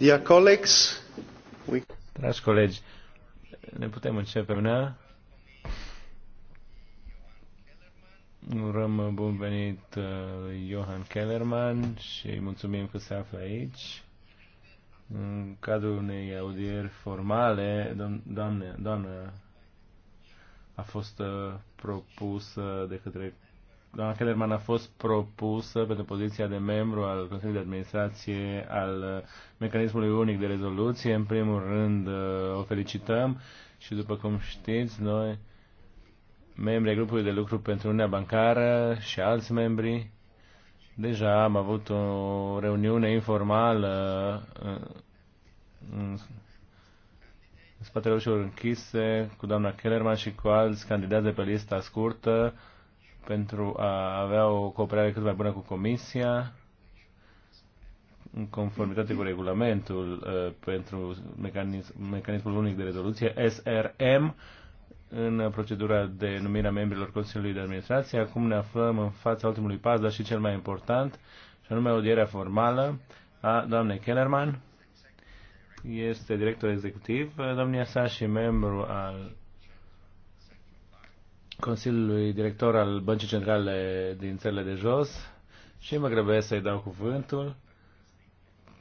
Dragi colegi, ne putem începe mea. Urăm bun venit uh, Johan Kellerman și mulțumim că se află aici. În cadrul unei audieri formale, doamne, doamne, a fost uh, propusă de către Doamna Kellerman a fost propusă pentru poziția de membru al Consiliului de Administrație al uh, Mecanismului Unic de Rezoluție. În primul rând uh, o felicităm și după cum știți, noi, membrii grupului de lucru pentru Uniunea Bancară și alți membri, deja am avut o reuniune informală uh, în spatele ușilor închise cu doamna Kellerman și cu alți candidați de pe lista scurtă pentru a avea o cooperare cât mai bună cu Comisia, în conformitate cu regulamentul uh, pentru mecanism, mecanismul unic de rezoluție, SRM, în procedura de numire a membrilor Consiliului de Administrație. Acum ne aflăm în fața ultimului pas, dar și cel mai important, și anume audierea formală a doamnei Kellerman. Este director executiv, domnia sa și membru al Consiliului Director al Băncii Centrale din țările de jos și mă grăbesc să-i dau cuvântul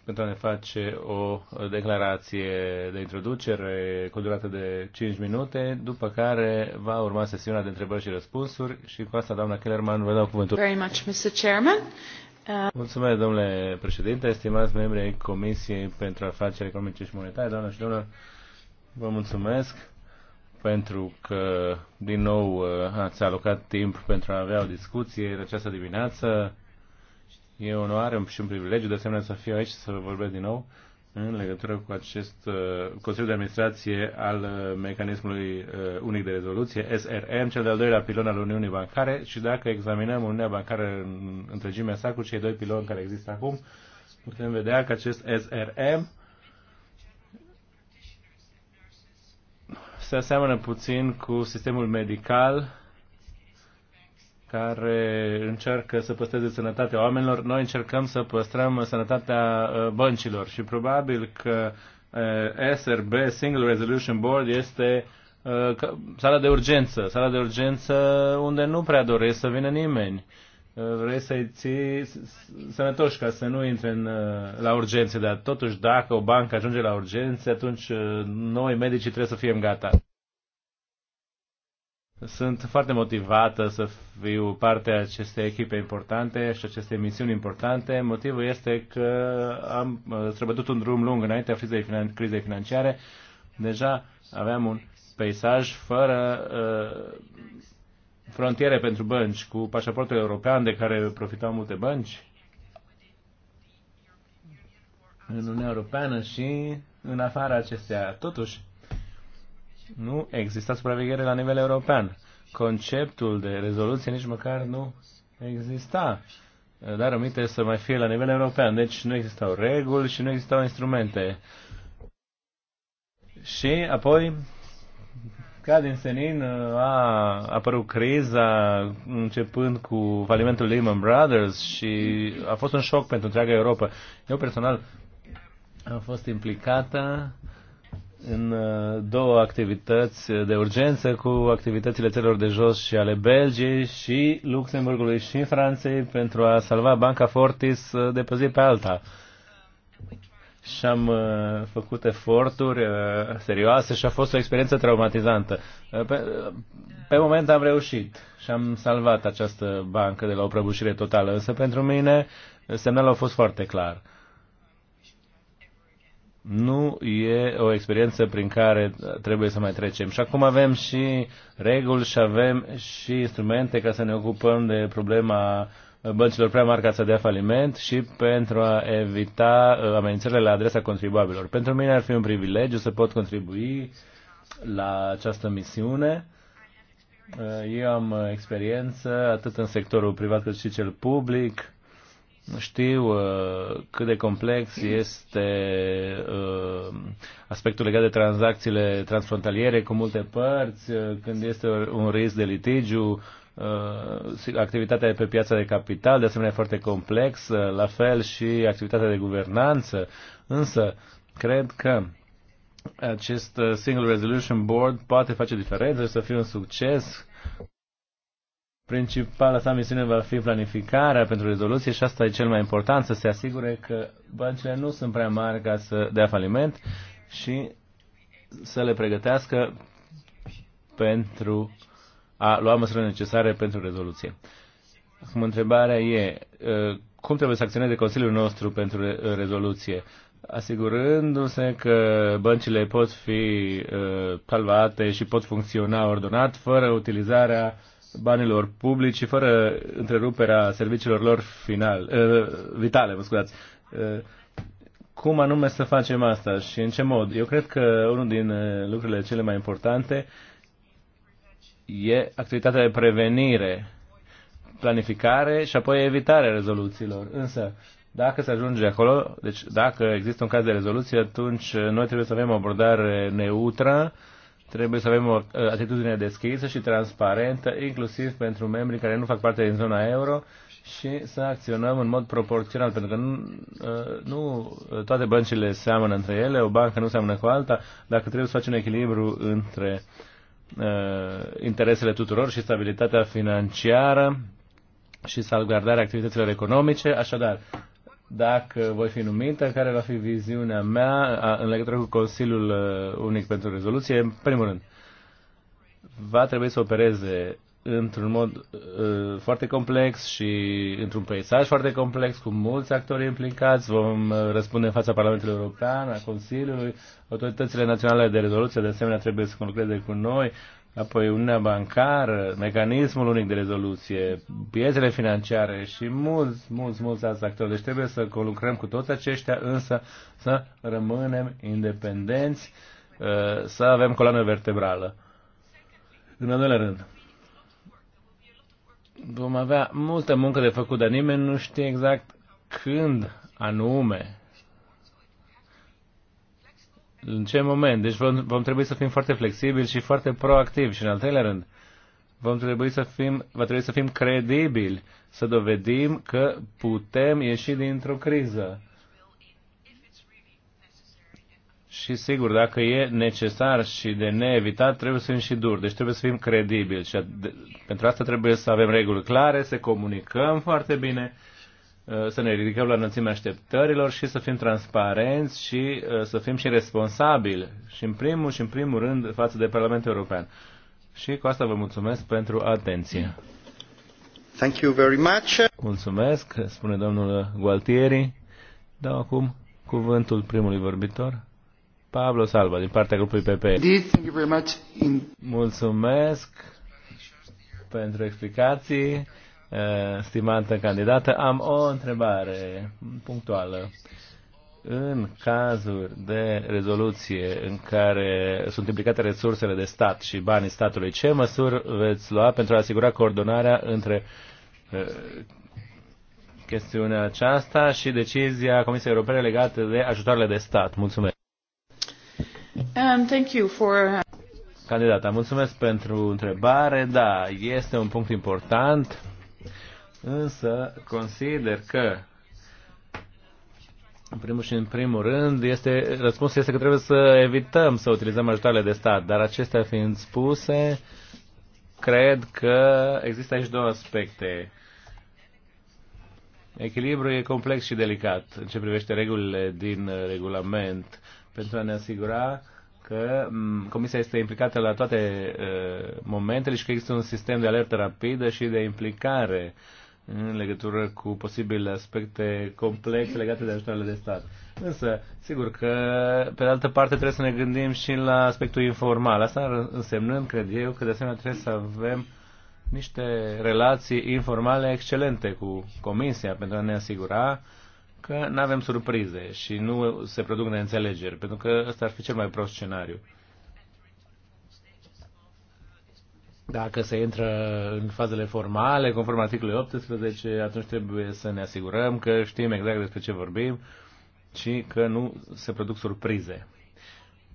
pentru a ne face o declarație de introducere cu durată de 5 minute, după care va urma sesiunea de întrebări și răspunsuri și cu asta, doamna Kellerman, vă dau cuvântul. Very much, Mr. Chairman. Uh, mulțumesc, domnule președinte, estimați membri ai Comisiei pentru Afaceri Economice și Monetare, doamna și domnilor, vă mulțumesc pentru că, din nou, uh, ați alocat timp pentru a avea o discuție în această dimineață. E onoare și un privilegiu, de asemenea, să fiu aici și să vă vorbesc din nou în legătură cu acest uh, Consiliu de Administrație al uh, Mecanismului Unic de Rezoluție, SRM, cel de-al doilea pilon al Uniunii Bancare și dacă examinăm Uniunea Bancară în întregimea sa cu cei doi piloni care există acum, putem vedea că acest SRM se aseamănă puțin cu sistemul medical care încearcă să păstreze sănătatea oamenilor. Noi încercăm să păstrăm sănătatea uh, băncilor și probabil că uh, SRB, Single Resolution Board, este uh, sala de urgență, sala de urgență unde nu prea doresc să vină nimeni vrei să-i ții sănătoși ca să nu intre în, uh, la urgențe, dar totuși dacă o bancă ajunge la urgențe, atunci uh, noi medicii trebuie să fim gata. Sunt foarte motivată să fiu parte a acestei echipe importante și aceste misiuni importante. Motivul este că am uh, străbătut un drum lung înaintea crizei, finan- crizei financiare. Deja aveam un peisaj fără uh, frontiere pentru bănci cu pașaportul european de care profitau multe bănci în Uniunea Europeană și în afara acestea. Totuși, nu exista supraveghere la nivel european. Conceptul de rezoluție nici măcar nu exista. Dar omite să mai fie la nivel european. Deci nu existau reguli și nu existau instrumente. Și apoi ca din senin uh, a apărut criza începând cu falimentul Lehman Brothers și a fost un șoc pentru întreaga Europa. Eu personal am fost implicată în uh, două activități de urgență cu activitățile țărilor de jos și ale Belgiei și Luxemburgului și Franței pentru a salva Banca Fortis uh, de pe zi pe alta și am uh, făcut eforturi uh, serioase și a fost o experiență traumatizantă. Uh, pe, uh, pe moment am reușit și am salvat această bancă de la o prăbușire totală, însă pentru mine uh, semnalul a fost foarte clar. Nu e o experiență prin care uh, trebuie să mai trecem. Și acum avem și reguli și avem și instrumente ca să ne ocupăm de problema uh, băncilor prea mari ca să dea faliment și pentru a evita uh, amenințările la adresa contribuabilor. Pentru mine ar fi un privilegiu să pot contribui la această misiune. Uh, eu am uh, experiență atât în sectorul privat cât și cel public. Știu cât de complex este aspectul legat de tranzacțiile transfrontaliere cu multe părți, când este un risc de litigiu, Uh, activitatea pe piața de capital, de asemenea foarte complexă, la fel și activitatea de guvernanță, însă cred că acest uh, Single Resolution Board poate face diferență și să fie un succes. Principala sa misiune va fi planificarea pentru rezoluție și asta e cel mai important, să se asigure că băncile nu sunt prea mari ca să dea faliment și să le pregătească pentru a lua măsurile necesare pentru rezoluție. Acum, întrebarea e, ă, cum trebuie să acționeze Consiliul nostru pentru ă, rezoluție? asigurându-se că băncile pot fi ă, salvate și pot funcționa ordonat fără utilizarea banilor publici și fără întreruperea serviciilor lor final, vitale, mă scuzați. cum anume să facem asta și în ce mod? Eu cred că unul din lucrurile cele mai importante uh, e activitatea de prevenire, planificare și apoi evitare rezoluțiilor. Însă, dacă se ajunge acolo, deci dacă există un caz de rezoluție, atunci uh, noi trebuie să avem o abordare neutră, trebuie să avem o uh, atitudine deschisă și transparentă, inclusiv pentru membrii care nu fac parte din zona euro și să acționăm în mod proporțional, pentru că nu, uh, nu toate băncile seamănă între ele, o bancă nu seamănă cu alta, dacă trebuie să facem un echilibru între uh, Uh, interesele tuturor și stabilitatea financiară și salvgardarea activităților economice. Așadar, dacă voi fi numită, care va fi viziunea mea în legătură cu Consiliul uh, Unic pentru Rezoluție? În primul rând, va trebui să opereze într-un mod uh, foarte complex și într-un peisaj foarte complex cu mulți actori implicați. Vom uh, răspunde în fața Parlamentului European, a Consiliului. Autoritățile naționale de rezoluție de asemenea trebuie să concludeze cu noi. Apoi Uniunea Bancară, mecanismul unic de rezoluție, piețele financiare și mulți, mulți, mulți alți actori. Deci trebuie să lucrăm cu toți aceștia, însă să rămânem independenți, uh, să avem coloană vertebrală. În al doilea rând, vom avea multă muncă de făcut, dar nimeni nu știe exact când anume, în ce moment. Deci vom, vom trebui să fim foarte flexibili și foarte proactivi. Și în al treilea rând, vom trebui să fim, va trebui să fim credibili, să dovedim că putem ieși dintr-o criză. Și sigur, dacă e necesar și de neevitat, trebuie să fim și duri. Deci trebuie să fim credibili. Și pentru asta trebuie să avem reguli clare, să comunicăm foarte bine, uh, să ne ridicăm la înălțimea așteptărilor și să fim transparenți și uh, să fim și responsabili. Și în primul și în primul rând față de Parlamentul European. Și cu asta vă mulțumesc pentru atenție. Thank you very much. Mulțumesc, spune domnul Gualtieri. Dau acum cuvântul primului vorbitor Pablo Salva, din partea grupului PP. Mulțumesc pentru explicații, eh, stimată candidată. Am o întrebare punctuală. În cazuri de rezoluție în care sunt implicate resursele de stat și banii statului, ce măsuri veți lua pentru a asigura coordonarea între eh, chestiunea aceasta și decizia Comisiei Europene legată de ajutoarele de stat? Mulțumesc! Um, uh, Candidata, mulțumesc pentru întrebare. Da, este un punct important, însă consider că în primul și în primul rând, este, răspunsul este că trebuie să evităm să utilizăm ajutoarele de stat, dar acestea fiind spuse, cred că există aici două aspecte. Echilibrul e complex și delicat în ce privește regulile din regulament pentru a ne asigura că Comisia este implicată la toate momentele și că există un sistem de alertă rapidă și de implicare în legătură cu posibile aspecte complexe legate de ajutoarele de stat. Însă, sigur că, pe de altă parte, trebuie să ne gândim și la aspectul informal. Asta însemnând, cred eu, că de asemenea trebuie să avem niște relații informale excelente cu Comisia pentru a ne asigura că nu avem surprize și nu se produc neînțelegeri, pentru că ăsta ar fi cel mai prost scenariu. Dacă se intră în fazele formale, conform articolului 18, atunci trebuie să ne asigurăm că știm exact despre ce vorbim și că nu se produc surprize.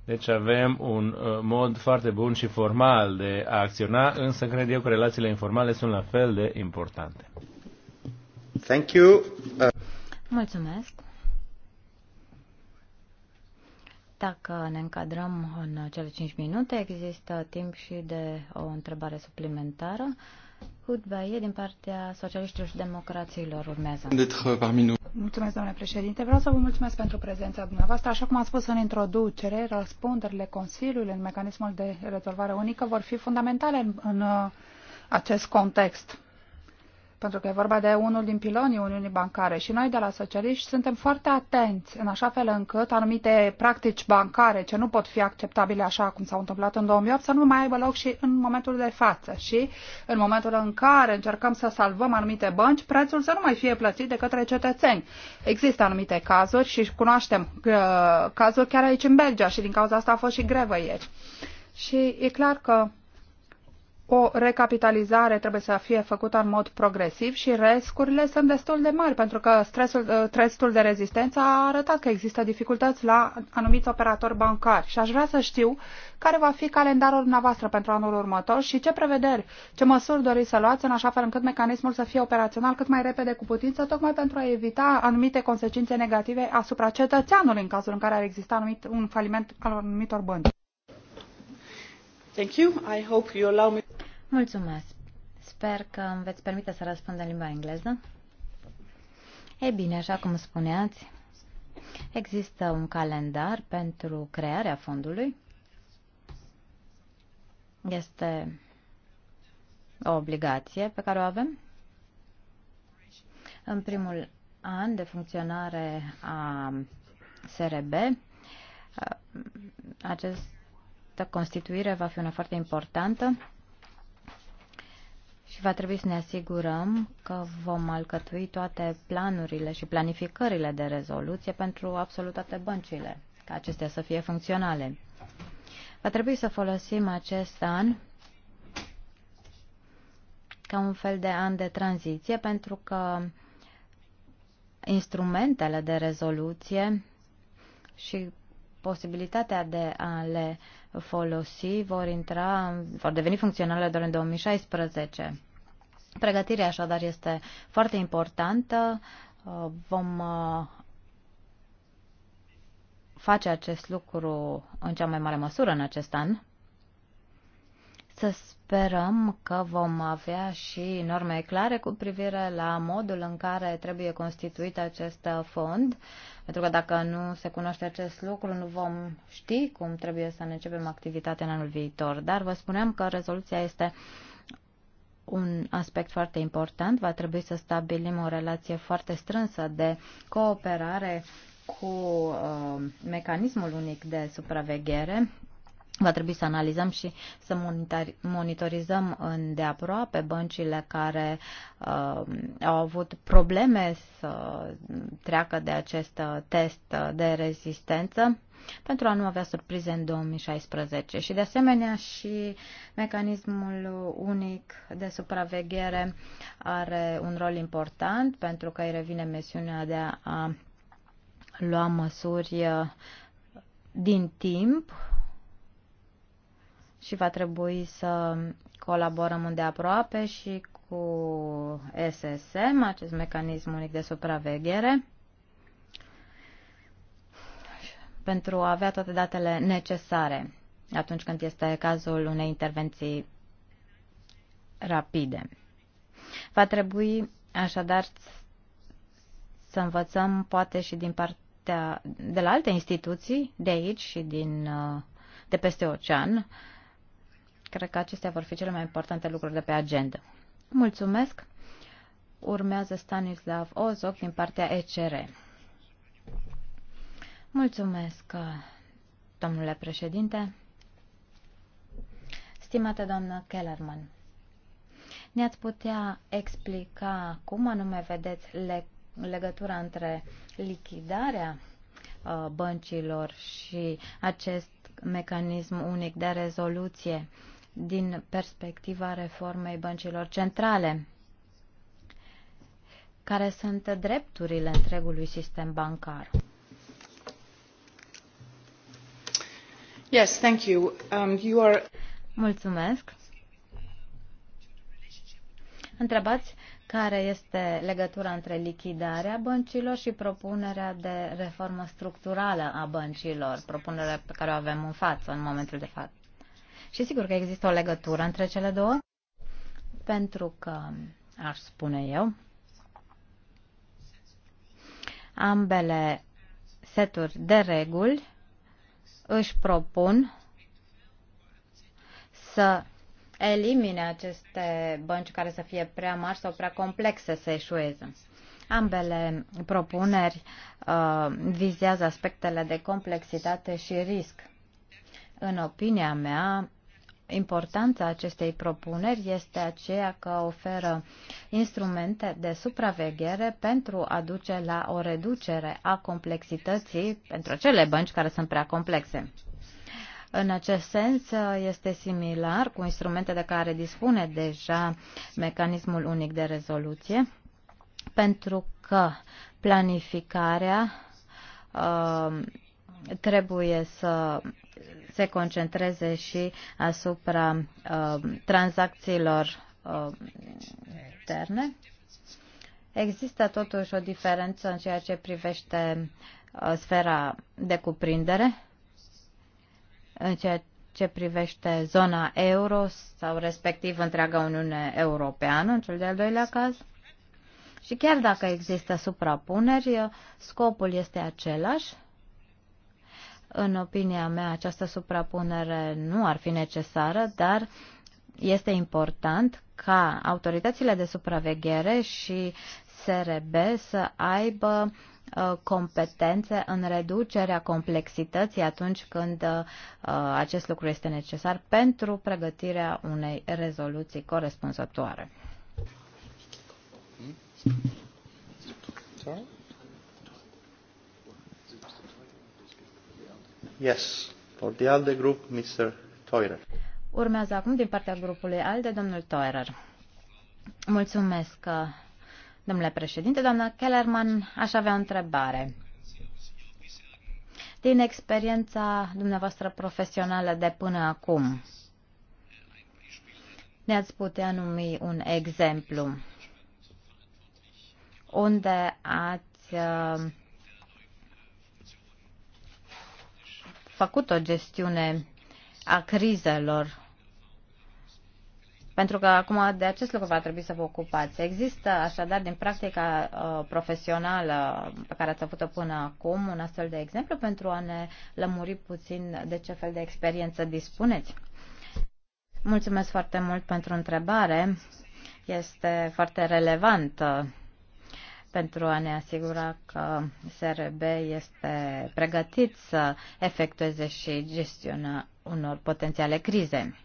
Deci avem un uh, mod foarte bun și formal de a acționa, însă cred eu că relațiile informale sunt la fel de importante. Thank you. Uh... Mulțumesc. Dacă ne încadrăm în cele 5 minute, există timp și de o întrebare suplimentară. Hudbaie din partea socialiștilor și democrațiilor urmează. Mulțumesc, domnule președinte. Vreau să vă mulțumesc pentru prezența dumneavoastră. Așa cum am spus în introducere, răspunderile Consiliului în mecanismul de rezolvare unică vor fi fundamentale în, în uh, acest context pentru că e vorba de unul din pilonii Uniunii Bancare și noi de la socialiști suntem foarte atenți în așa fel încât anumite practici bancare ce nu pot fi acceptabile așa cum s-au întâmplat în 2008 să nu mai aibă loc și în momentul de față și în momentul în care încercăm să salvăm anumite bănci, prețul să nu mai fie plătit de către cetățeni. Există anumite cazuri și cunoaștem uh, cazuri chiar aici în Belgia și din cauza asta a fost și grevă ieri. Și e clar că o recapitalizare trebuie să fie făcută în mod progresiv și riscurile sunt destul de mari, pentru că stresul, ă, stresul de rezistență a arătat că există dificultăți la anumiți operatori bancari. Și aș vrea să știu care va fi calendarul dumneavoastră pentru anul următor și ce prevederi, ce măsuri doriți să luați în așa fel încât mecanismul să fie operațional cât mai repede cu putință, tocmai pentru a evita anumite consecințe negative asupra cetățeanului în cazul în care ar exista anumit, un faliment al anumitor bănci. Thank you. I hope you allow me Mulțumesc. Sper că îmi veți permite să răspund în limba engleză. E bine, așa cum spuneați, există un calendar pentru crearea fondului. Este o obligație pe care o avem. În primul an de funcționare a SRB, această constituire va fi una foarte importantă și va trebui să ne asigurăm că vom alcătui toate planurile și planificările de rezoluție pentru absolut toate băncile, ca acestea să fie funcționale. Va trebui să folosim acest an ca un fel de an de tranziție, pentru că instrumentele de rezoluție și posibilitatea de a le folosi vor intra, vor deveni funcționale doar în 2016. Pregătirea așadar este foarte importantă. Uh, vom uh, face acest lucru în cea mai mare măsură în acest an. Să sperăm că vom avea și norme clare cu privire la modul în care trebuie constituit acest fond, pentru că dacă nu se cunoaște acest lucru, nu vom ști cum trebuie să ne începem activitatea în anul viitor. Dar vă spuneam că rezoluția este uh, un aspect foarte important. Va trebui să stabilim o relație foarte strânsă de cooperare cu uh, mecanismul unic de supraveghere. Va trebui să analizăm și să monitorizăm îndeaproape băncile care uh, au avut probleme să treacă de acest test de rezistență pentru a nu avea surprize în 2016 și de asemenea și mecanismul unic de supraveghere are un rol important pentru că îi revine misiunea de a lua măsuri uh, din timp și va trebui să colaborăm îndeaproape și cu SSM, acest mecanism unic de supraveghere. pentru a avea toate datele necesare atunci când este cazul unei intervenții rapide. Va trebui așadar să învățăm poate și din partea de la alte instituții de aici și din de peste ocean. Cred că acestea vor fi cele mai importante lucruri de pe agenda. Mulțumesc! Urmează Stanislav Ozok din partea ECR. Mulțumesc, domnule președinte. Stimată doamnă Kellerman, ne-ați putea explica cum anume vedeți le- legătura între lichidarea uh, băncilor și acest mecanism unic de rezoluție din perspectiva reformei băncilor centrale? Care sunt drepturile întregului sistem bancar? Yes, um, Mulțumesc. Întrebați care este legătura între lichidarea băncilor și propunerea de reformă structurală a băncilor, propunerea pe care o avem în față în momentul de față. Și sigur că există o legătură între cele două, pentru că, aș spune eu, ambele seturi de reguli își propun să elimine aceste bănci care să fie prea mari sau prea complexe să eșueze. Ambele propuneri uh, vizează aspectele de complexitate și risc. În opinia mea, importanța acestei propuneri este aceea că oferă instrumente de supraveghere pentru a duce la o reducere a complexității pentru acele bănci care sunt prea complexe. În acest sens, este similar cu instrumente de care dispune deja mecanismul unic de rezoluție, pentru că planificarea uh, trebuie să se concentreze și asupra uh, tranzacțiilor uh, interne. Există totuși o diferență în ceea ce privește uh, sfera de cuprindere, în ceea ce privește zona euro sau respectiv întreaga Uniune Europeană, în cel de-al doilea caz. Și chiar dacă există suprapuneri, uh, scopul este același, în opinia mea, această suprapunere nu ar fi necesară, dar este important ca autoritățile de supraveghere și SRB să aibă uh, competențe în reducerea complexității atunci când uh, acest lucru este necesar pentru pregătirea unei rezoluții corespunzătoare. Hmm? Sorry? Yes. For the ALDE group, Mr. Urmează acum din partea grupului ALDE, domnul Teurer. Mulțumesc, uh, domnule președinte. Doamna Kellerman, aș avea o întrebare. Din experiența dumneavoastră profesională de până acum, ne-ați putea numi un exemplu unde ați uh, făcut o gestiune a crizelor. Pentru că acum de acest lucru va trebui să vă ocupați. Există așadar din practica uh, profesională pe care ați avut-o până acum un astfel de exemplu pentru a ne lămuri puțin de ce fel de experiență dispuneți? Mulțumesc foarte mult pentru întrebare. Este foarte relevantă. Uh, pentru a ne asigura că SRB este pregătit să efectueze și gestiona unor potențiale crize.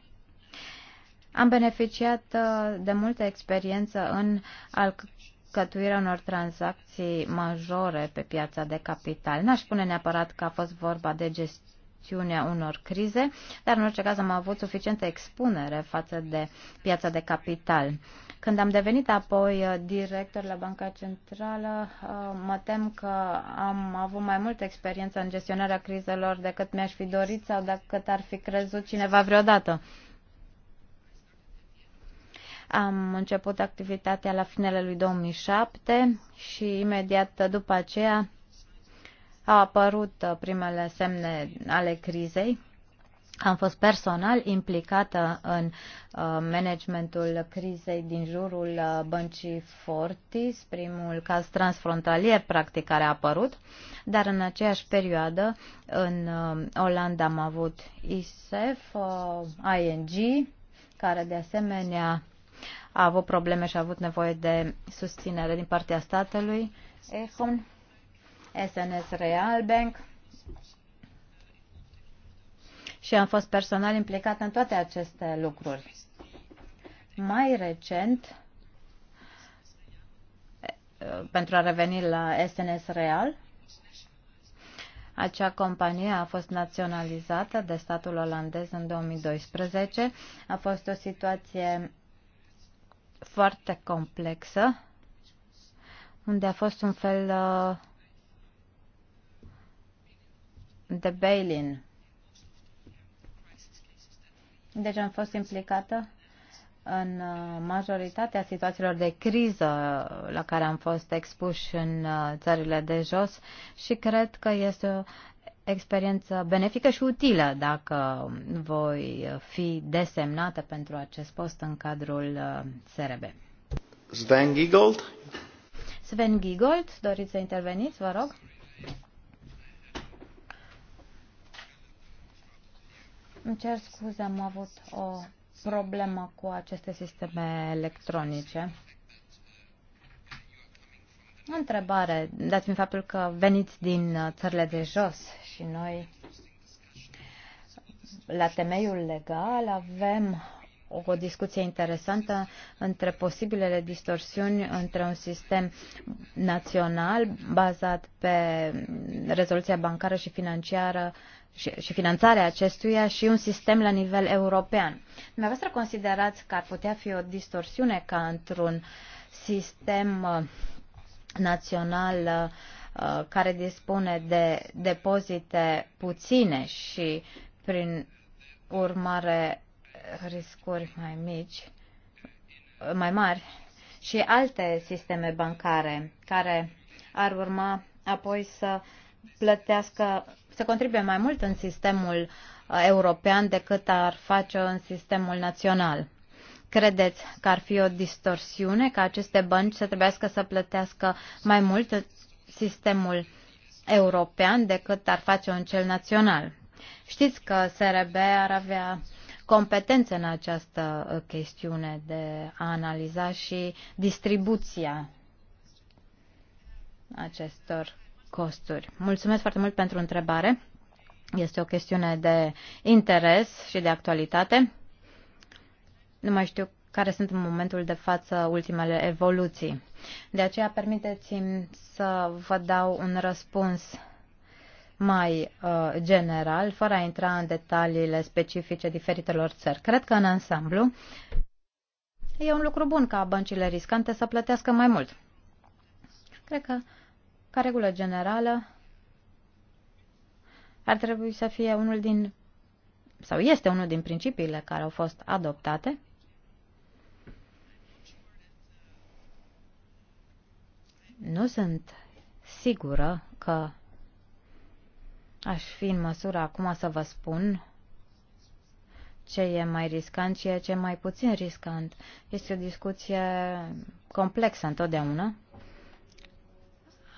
Am beneficiat uh, de multă experiență în alcătuirea unor tranzacții majore pe piața de capital. N-aș spune neapărat că a fost vorba de gestiune gestiunea unor crize, dar în orice caz am avut suficientă expunere față de piața de capital. Când am devenit apoi uh, director la Banca Centrală, uh, mă tem că am avut mai multă experiență în gestionarea crizelor decât mi-aș fi dorit sau decât ar fi crezut cineva vreodată. Am început activitatea la finele lui 2007 și imediat după aceea au apărut uh, primele semne ale crizei am fost personal implicată în uh, managementul crizei din jurul uh, băncii Fortis, primul caz transfrontalier practic care a apărut, dar în aceeași perioadă în uh, Olanda am avut ISEF, ING, care de asemenea a avut probleme și a avut nevoie de susținere din partea statului, SNS Real Bank și am fost personal implicat în toate aceste lucruri. Mai recent, pentru a reveni la SNS Real, acea companie a fost naționalizată de statul olandez în 2012. A fost o situație foarte complexă, unde a fost un fel uh, de bail-in. Deci am fost implicată în uh, majoritatea situațiilor de criză la care am fost expuși în uh, țările de jos și cred că este o experiență benefică și utilă dacă voi fi desemnată pentru acest post în cadrul uh, SRB. Sven Giegold. Sven Giegold, doriți să interveniți, vă rog. Îmi cer scuze, am avut o problemă cu aceste sisteme electronice. Întrebare, dați mi faptul că veniți din uh, țările de jos și noi la temeiul legal avem o discuție interesantă între posibilele distorsiuni între un sistem național bazat pe rezoluția bancară și financiară și, și finanțarea acestuia și un sistem la nivel european. Dumneavoastră considerați că ar putea fi o distorsiune ca într-un sistem uh, național uh, care dispune de depozite puține și prin urmare riscuri mai mici, mai mari și alte sisteme bancare care ar urma apoi să plătească, să contribuie mai mult în sistemul uh, european decât ar face în sistemul național. Credeți că ar fi o distorsiune ca aceste bănci să trebuiască să plătească mai mult în sistemul european decât ar face în cel național? Știți că SRB ar avea competență în această uh, chestiune de a analiza și distribuția acestor costuri. Mulțumesc foarte mult pentru întrebare. Este o chestiune de interes și de actualitate. Nu mai știu care sunt în momentul de față ultimele evoluții. De aceea permiteți-mi să vă dau un răspuns mai uh, general, fără a intra în detaliile specifice diferitelor țări. Cred că în ansamblu e un lucru bun ca băncile riscante să plătească mai mult. Cred că, ca regulă generală, ar trebui să fie unul din, sau este unul din principiile care au fost adoptate. Nu sunt sigură că aș fi în măsură acum să vă spun ce e mai riscant și ce e mai puțin riscant. Este o discuție complexă întotdeauna.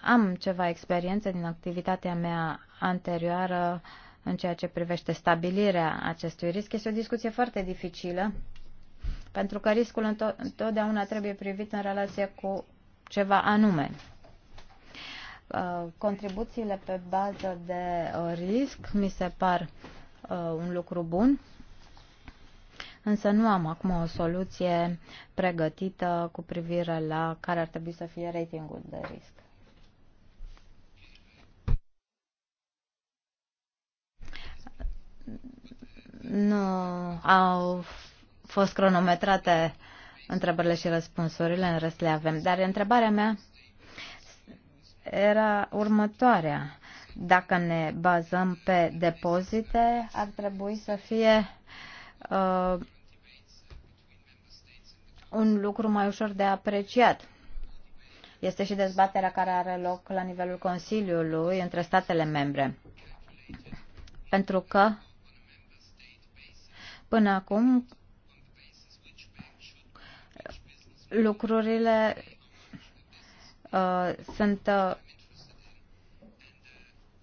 Am ceva experiență din activitatea mea anterioară în ceea ce privește stabilirea acestui risc. Este o discuție foarte dificilă, pentru că riscul întotdeauna trebuie privit în relație cu ceva anume. Uh, contribuțiile pe bază de uh, risc mi se par uh, un lucru bun, însă nu am acum o soluție pregătită cu privire la care ar trebui să fie ratingul de risc. Nu au fost cronometrate întrebările și răspunsurile, în rest le avem. Dar întrebarea mea era următoarea. Dacă ne bazăm pe depozite, ar trebui să fie uh, un lucru mai ușor de apreciat. Este și dezbaterea care are loc la nivelul Consiliului între statele membre. Pentru că până acum lucrurile Uh, sunt uh,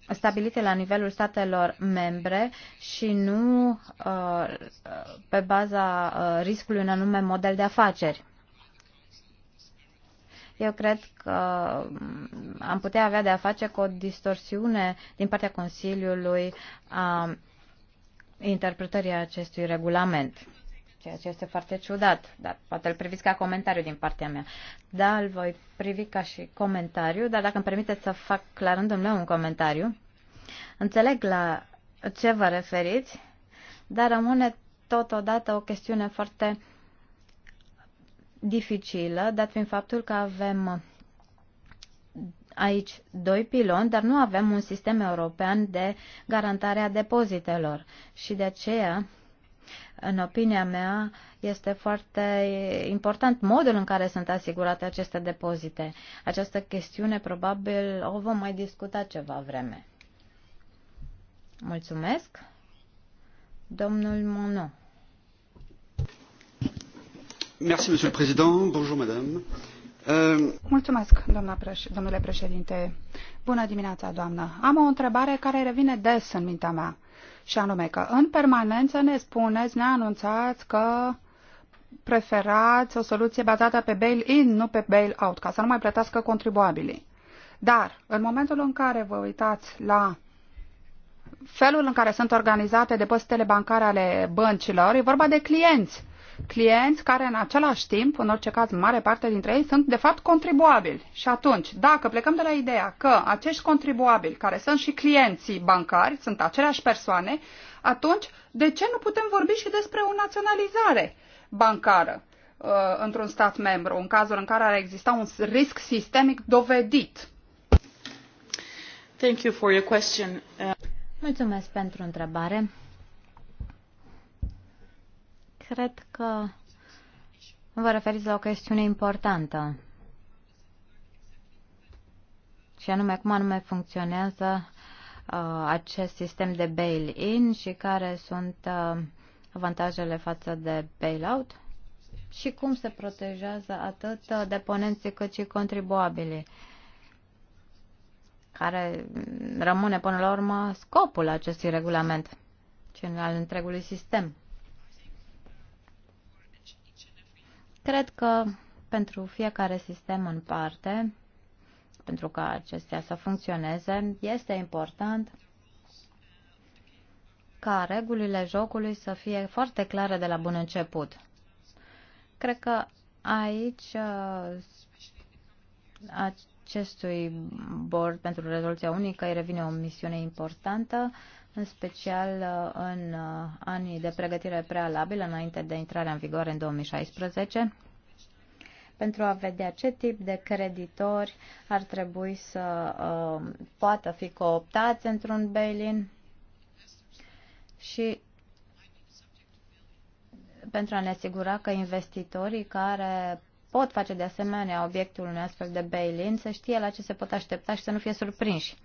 stabilite la nivelul statelor membre și nu uh, pe baza riscului în anume model de afaceri. Eu cred că um, am putea avea de a face cu o distorsiune din partea Consiliului a interpretării acestui regulament ceea ce este foarte ciudat, dar poate îl priviți ca comentariu din partea mea. Da, îl voi privi ca și comentariu, dar dacă îmi permiteți să fac la rândul meu un comentariu, înțeleg la ce vă referiți, dar rămâne totodată o chestiune foarte dificilă, dat fiind faptul că avem aici doi piloni, dar nu avem un sistem european de garantare a depozitelor. Și de aceea în opinia mea, este foarte important modul în care sunt asigurate aceste depozite. Această chestiune probabil o vom mai discuta ceva vreme. Mulțumesc. Domnul Mono. Merci, Monsieur le Président. Bonjour, Madame. Euh, Mulțumesc, preș domnule președinte. Bună dimineața, doamnă. Am o întrebare care revine des în mintea mea și anume că în permanență ne spuneți, ne anunțați că preferați o soluție bazată pe bail-in, nu pe bail-out, ca să nu mai plătească contribuabilii. Dar, în momentul în care vă uitați la felul în care sunt organizate depozitele bancare ale băncilor, e vorba de clienți clienți care în același timp, în orice caz mare parte dintre ei, sunt de fapt contribuabili. Și atunci, dacă plecăm de la ideea că acești contribuabili, care sunt și clienții bancari, sunt aceleași persoane, atunci de ce nu putem vorbi și despre o naționalizare bancară uh, într-un stat membru, în cazul în care ar exista un risc sistemic dovedit? Thank you for your question. Uh... Mulțumesc pentru întrebare cred că vă referiți la o chestiune importantă. Și anume, cum anume funcționează uh, acest sistem de bail-in și care sunt uh, avantajele față de bail-out și cum se protejează atât uh, deponenții cât și contribuabilii, care mm, rămâne până la urmă scopul acestui regulament și al întregului sistem. Cred că pentru fiecare sistem în parte, pentru ca acestea să funcționeze, este important ca regulile jocului să fie foarte clare de la bun început. Cred că aici uh, acestui board pentru rezoluția unică îi revine o misiune importantă în special uh, în uh, anii de pregătire prealabilă, înainte de intrarea în vigoare în 2016, pentru a vedea ce tip de creditori ar trebui să uh, poată fi cooptați într-un bail-in și pentru a ne asigura că investitorii care pot face de asemenea obiectul unui astfel de bail-in să știe la ce se pot aștepta și să nu fie surprinși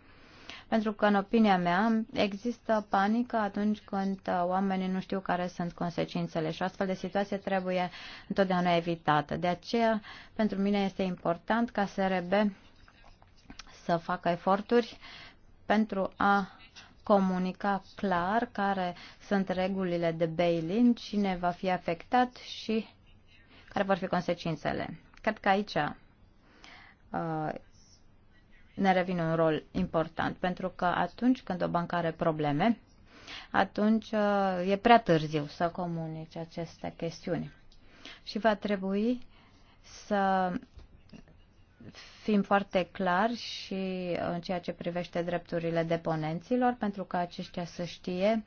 pentru că, în opinia mea, există panică atunci când uh, oamenii nu știu care sunt consecințele și o astfel de situație trebuie întotdeauna evitată. De aceea, pentru mine este important ca SRB să facă eforturi pentru a comunica clar care sunt regulile de bail-in, cine va fi afectat și care vor fi consecințele. Cred că aici uh, ne revine un rol important, pentru că atunci când o bancă are probleme, atunci uh, e prea târziu să comunice aceste chestiuni. Și va trebui să fim foarte clari și în ceea ce privește drepturile deponenților, pentru că aceștia să știe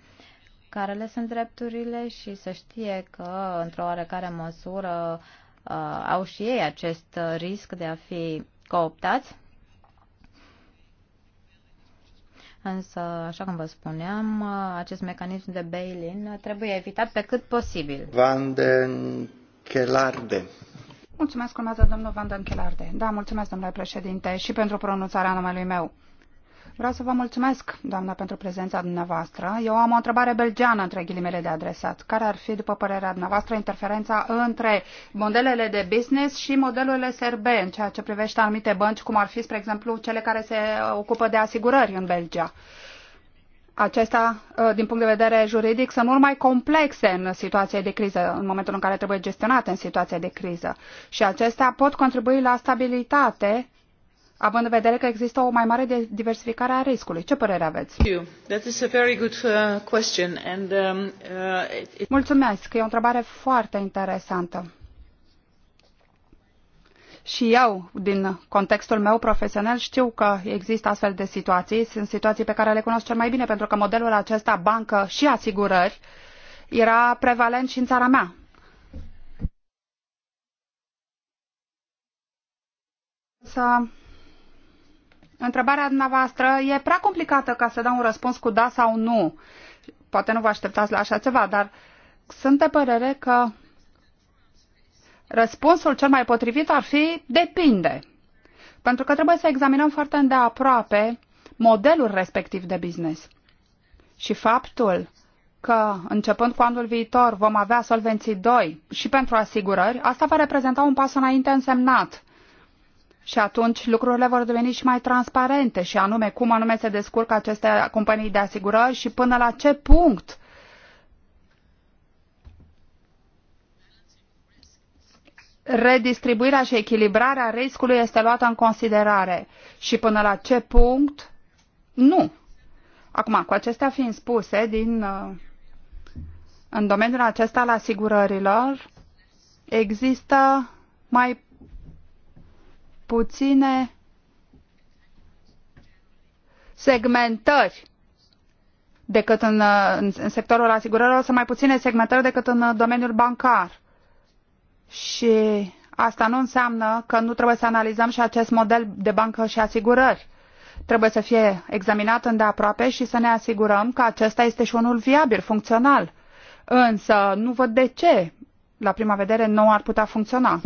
care le sunt drepturile și să știe că, într-o oarecare măsură, uh, au și ei acest risc de a fi cooptați însă, așa cum vă spuneam, acest mecanism de bail-in trebuie evitat pe cât posibil. Van den Kelarde. Mulțumesc, urmează domnul Van den Kelarde. Da, mulțumesc, domnule președinte, și pentru pronunțarea numelui meu. Vreau să vă mulțumesc, doamna, pentru prezența dumneavoastră. Eu am o întrebare belgeană, între ghilimele de adresat. Care ar fi, după părerea dumneavoastră, interferența între modelele de business și modelurile SRB în ceea ce privește anumite bănci, cum ar fi, spre exemplu, cele care se ocupă de asigurări în Belgia? acestea, ă, din punct de vedere juridic, sunt mult mai complexe în situația de criză, în momentul în care trebuie gestionate în situația de criză. Și acestea pot contribui la stabilitate având în vedere că există o mai mare diversificare a riscului. Ce părere aveți? Uh, um, uh, Mulțumesc, e o întrebare foarte interesantă. Și eu, din contextul meu profesional, știu că există astfel de situații. Sunt situații pe care le cunosc cel mai bine, pentru că modelul acesta, bancă și asigurări, era prevalent și în țara mea, să întrebarea dumneavoastră e prea complicată ca să dau un răspuns cu da sau nu. Poate nu vă așteptați la așa ceva, dar sunt de părere că răspunsul cel mai potrivit ar fi depinde. Pentru că trebuie să examinăm foarte îndeaproape modelul respectiv de business. Și faptul că, începând cu anul viitor, vom avea solvenții 2 și pentru asigurări, asta va reprezenta un pas înainte însemnat – și atunci lucrurile vor deveni și mai transparente și anume cum anume se descurcă aceste companii de asigurări și până la ce punct redistribuirea și echilibrarea riscului este luată în considerare și până la ce punct nu. Acum, cu acestea fiind spuse, din, uh, în domeniul acesta al asigurărilor există mai puține segmentări decât în, în sectorul asigurărilor, sunt mai puține segmentări decât în domeniul bancar. Și asta nu înseamnă că nu trebuie să analizăm și acest model de bancă și asigurări. Trebuie să fie examinat îndeaproape și să ne asigurăm că acesta este și unul viabil, funcțional. Însă nu văd de ce la prima vedere nu ar putea funcționa.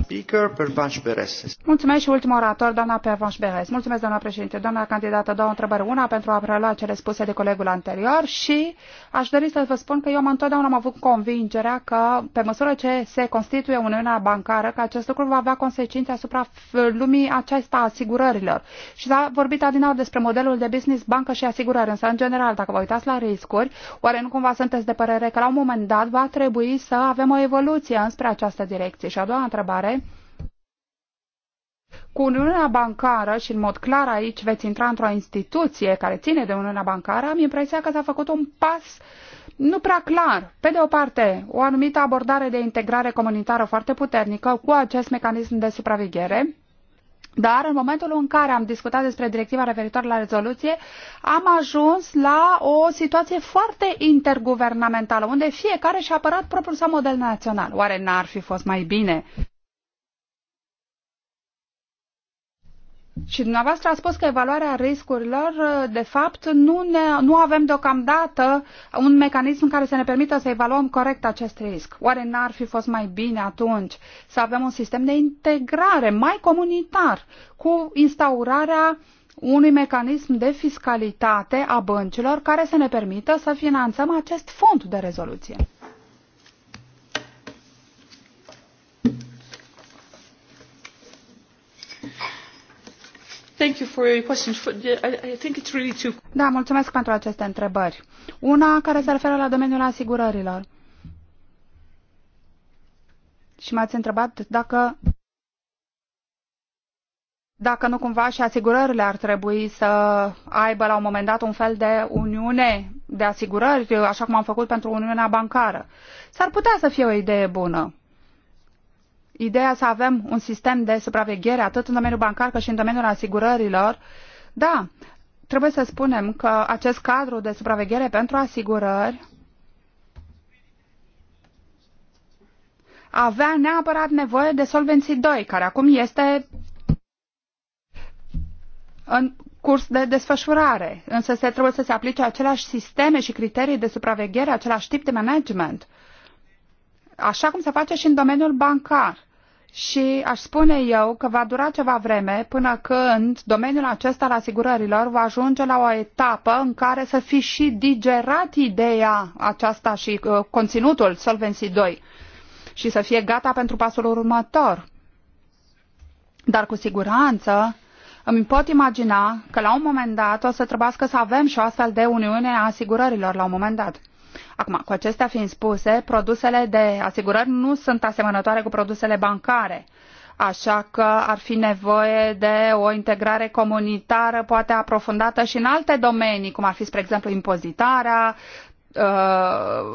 Mulțumesc și ultimul orator, doamna Pervanș Beres. Mulțumesc, doamna președinte. Doamna candidată, două întrebări. Una pentru a prelua cele spuse de colegul anterior și aș dori să vă spun că eu întotdeauna am avut convingerea că, pe măsură ce se constituie Uniunea Bancară, că acest lucru va avea consecințe asupra lumii aceasta a asigurărilor. Și s-a vorbit adinaur despre modelul de business bancă și asigurări, însă, în general, dacă vă uitați la riscuri, oare nu cumva sunteți de părere că la un moment dat va trebui să avem o evoluție Comisia înspre această direcție? Și a doua întrebare, cu Uniunea Bancară și în mod clar aici veți intra într-o instituție care ține de Uniunea Bancară, am impresia că s-a făcut un pas nu prea clar. Pe de o parte, o anumită abordare de integrare comunitară foarte puternică cu acest mecanism de supraveghere, dar în momentul în care am discutat despre directiva referitoare la rezoluție, am ajuns la o situație foarte interguvernamentală, unde fiecare și-a apărat propriul său model național. Oare n-ar fi fost mai bine Și dumneavoastră a spus că evaluarea riscurilor, de fapt, nu, ne, nu avem deocamdată un mecanism care să ne permită să evaluăm corect acest risc. Oare n-ar fi fost mai bine atunci să avem un sistem de integrare mai comunitar cu instaurarea unui mecanism de fiscalitate a băncilor care să ne permită să finanțăm acest fond de rezoluție? Da, mulțumesc pentru aceste întrebări. Una care se referă la domeniul asigurărilor. Și m-ați întrebat dacă dacă nu cumva și asigurările ar trebui să aibă la un moment dat un fel de uniune de asigurări, așa cum am făcut pentru Uniunea Bancară. S-ar putea să fie o idee bună ideea să avem un sistem de supraveghere atât în domeniul bancar cât și în domeniul asigurărilor, da, trebuie să spunem că acest cadru de supraveghere pentru asigurări avea neapărat nevoie de Solvency 2, care acum este în curs de desfășurare, însă se trebuie să se aplice aceleași sisteme și criterii de supraveghere, același tip de management, așa cum se face și în domeniul bancar și aș spune eu că va dura ceva vreme până când domeniul acesta al asigurărilor va ajunge la o etapă în care să fi și digerat ideea aceasta și uh, conținutul Solvency 2 și să fie gata pentru pasul următor. Dar cu siguranță îmi pot imagina că la un moment dat o să trebuiască să avem și o astfel de uniune a asigurărilor la un moment dat. Acum, cu acestea fiind spuse, produsele de asigurări nu sunt asemănătoare cu produsele bancare așa că ar fi nevoie de o integrare comunitară poate aprofundată și în alte domenii, cum ar fi, spre exemplu, impozitarea, ă,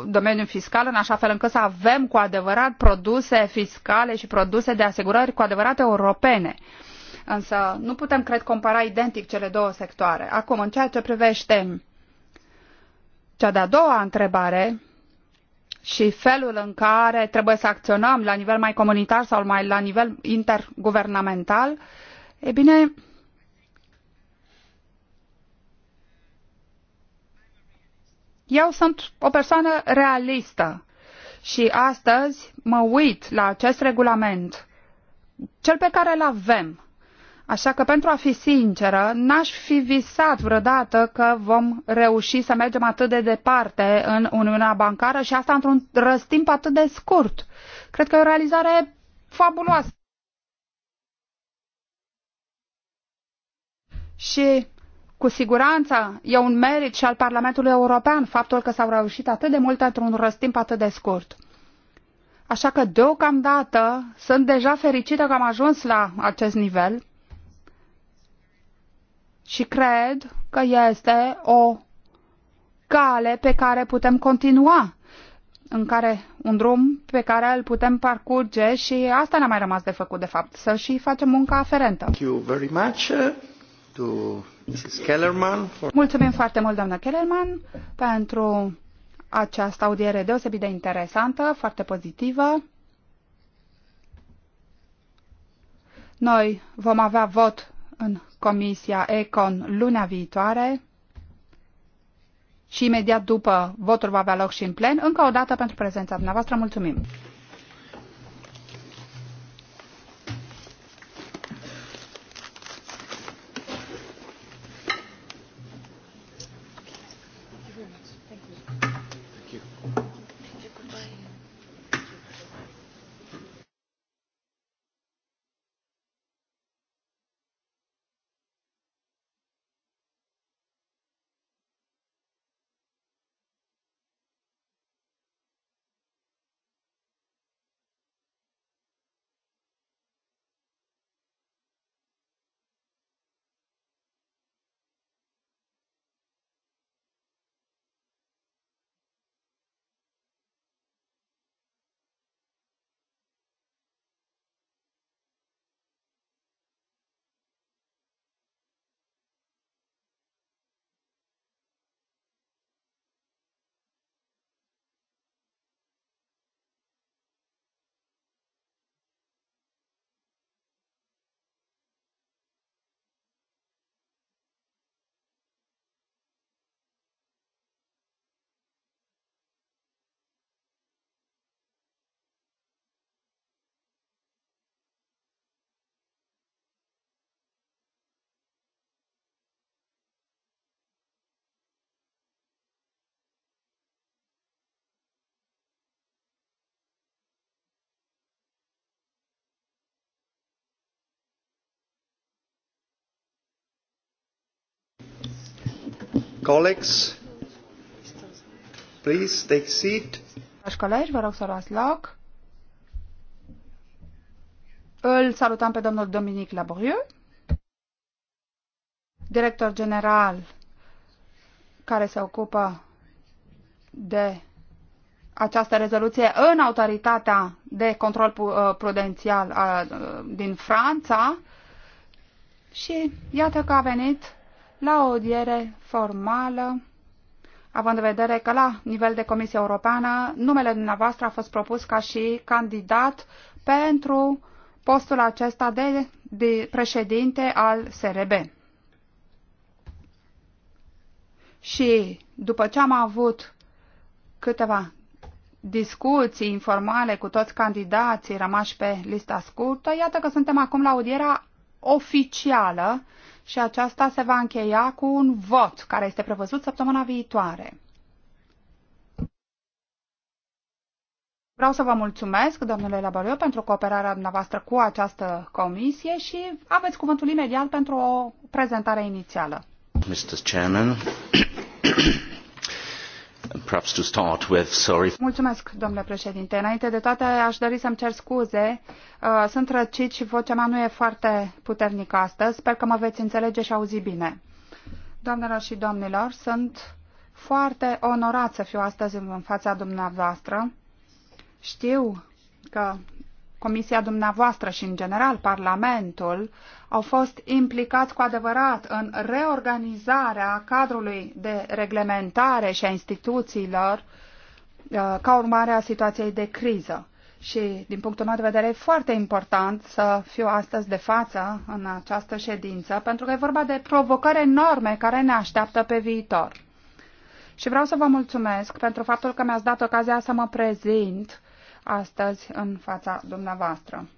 domeniul fiscal, în așa fel încât să avem cu adevărat produse fiscale și produse de asigurări cu adevărat europene. Însă nu putem, cred, compara identic cele două sectoare. Acum, în ceea ce privește cea de-a doua întrebare și felul în care trebuie să acționăm la nivel mai comunitar sau mai la nivel interguvernamental, e bine, eu sunt o persoană realistă și astăzi mă uit la acest regulament, cel pe care îl avem, Așa că, pentru a fi sinceră, n-aș fi visat vreodată că vom reuși să mergem atât de departe în Uniunea Bancară și asta într-un răstimp atât de scurt. Cred că e o realizare fabuloasă. Și cu siguranță e un merit și al Parlamentului European faptul că s-au reușit atât de multe într-un răstimp atât de scurt. Așa că deocamdată sunt deja fericită că am ajuns la acest nivel și cred că este o cale pe care putem continua, în care un drum pe care îl putem parcurge și asta ne-a mai rămas de făcut, de fapt, să și facem munca aferentă. Thank you very much uh, to Mrs. Kellerman for... Mulțumim foarte mult, doamna Kellerman, pentru această audiere deosebit de interesantă, foarte pozitivă. Noi vom avea vot în Comisia Econ luna viitoare și imediat după votul va avea loc și în plen. Încă o dată pentru prezența dumneavoastră mulțumim! Colleagues, please take seat. Dragi colegi, vă rog să luați loc. Îl salutăm pe domnul Dominic Laborieux, director general care se ocupă de această rezoluție în autoritatea de control uh, prudențial uh, din Franța și iată că a venit la o audiere formală, având în vedere că la nivel de Comisie Europeană numele dumneavoastră a fost propus ca și candidat pentru postul acesta de, de președinte al SRB. Și după ce am avut câteva discuții informale cu toți candidații rămași pe lista scurtă, iată că suntem acum la audierea oficială și aceasta se va încheia cu un vot care este prevăzut săptămâna viitoare. Vreau să vă mulțumesc, domnule labario pentru cooperarea dumneavoastră cu această comisie și aveți cuvântul imediat pentru o prezentare inițială. Mr. Chairman. Mulțumesc, domnule președinte. Înainte de toate, aș dori să-mi cer scuze. Uh, sunt răcit și vocea mea nu e foarte puternică astăzi. Sper că mă veți înțelege și auzi bine. Doamnelor și domnilor, sunt foarte onorat să fiu astăzi în fața dumneavoastră. Știu că Comisia dumneavoastră și, în general, Parlamentul au fost implicați cu adevărat în reorganizarea cadrului de reglementare și a instituțiilor uh, ca urmare a situației de criză. Și, din punctul meu de vedere, e foarte important să fiu astăzi de față în această ședință, pentru că e vorba de provocări enorme care ne așteaptă pe viitor. Și vreau să vă mulțumesc pentru faptul că mi-ați dat ocazia să mă prezint astăzi în fața dumneavoastră.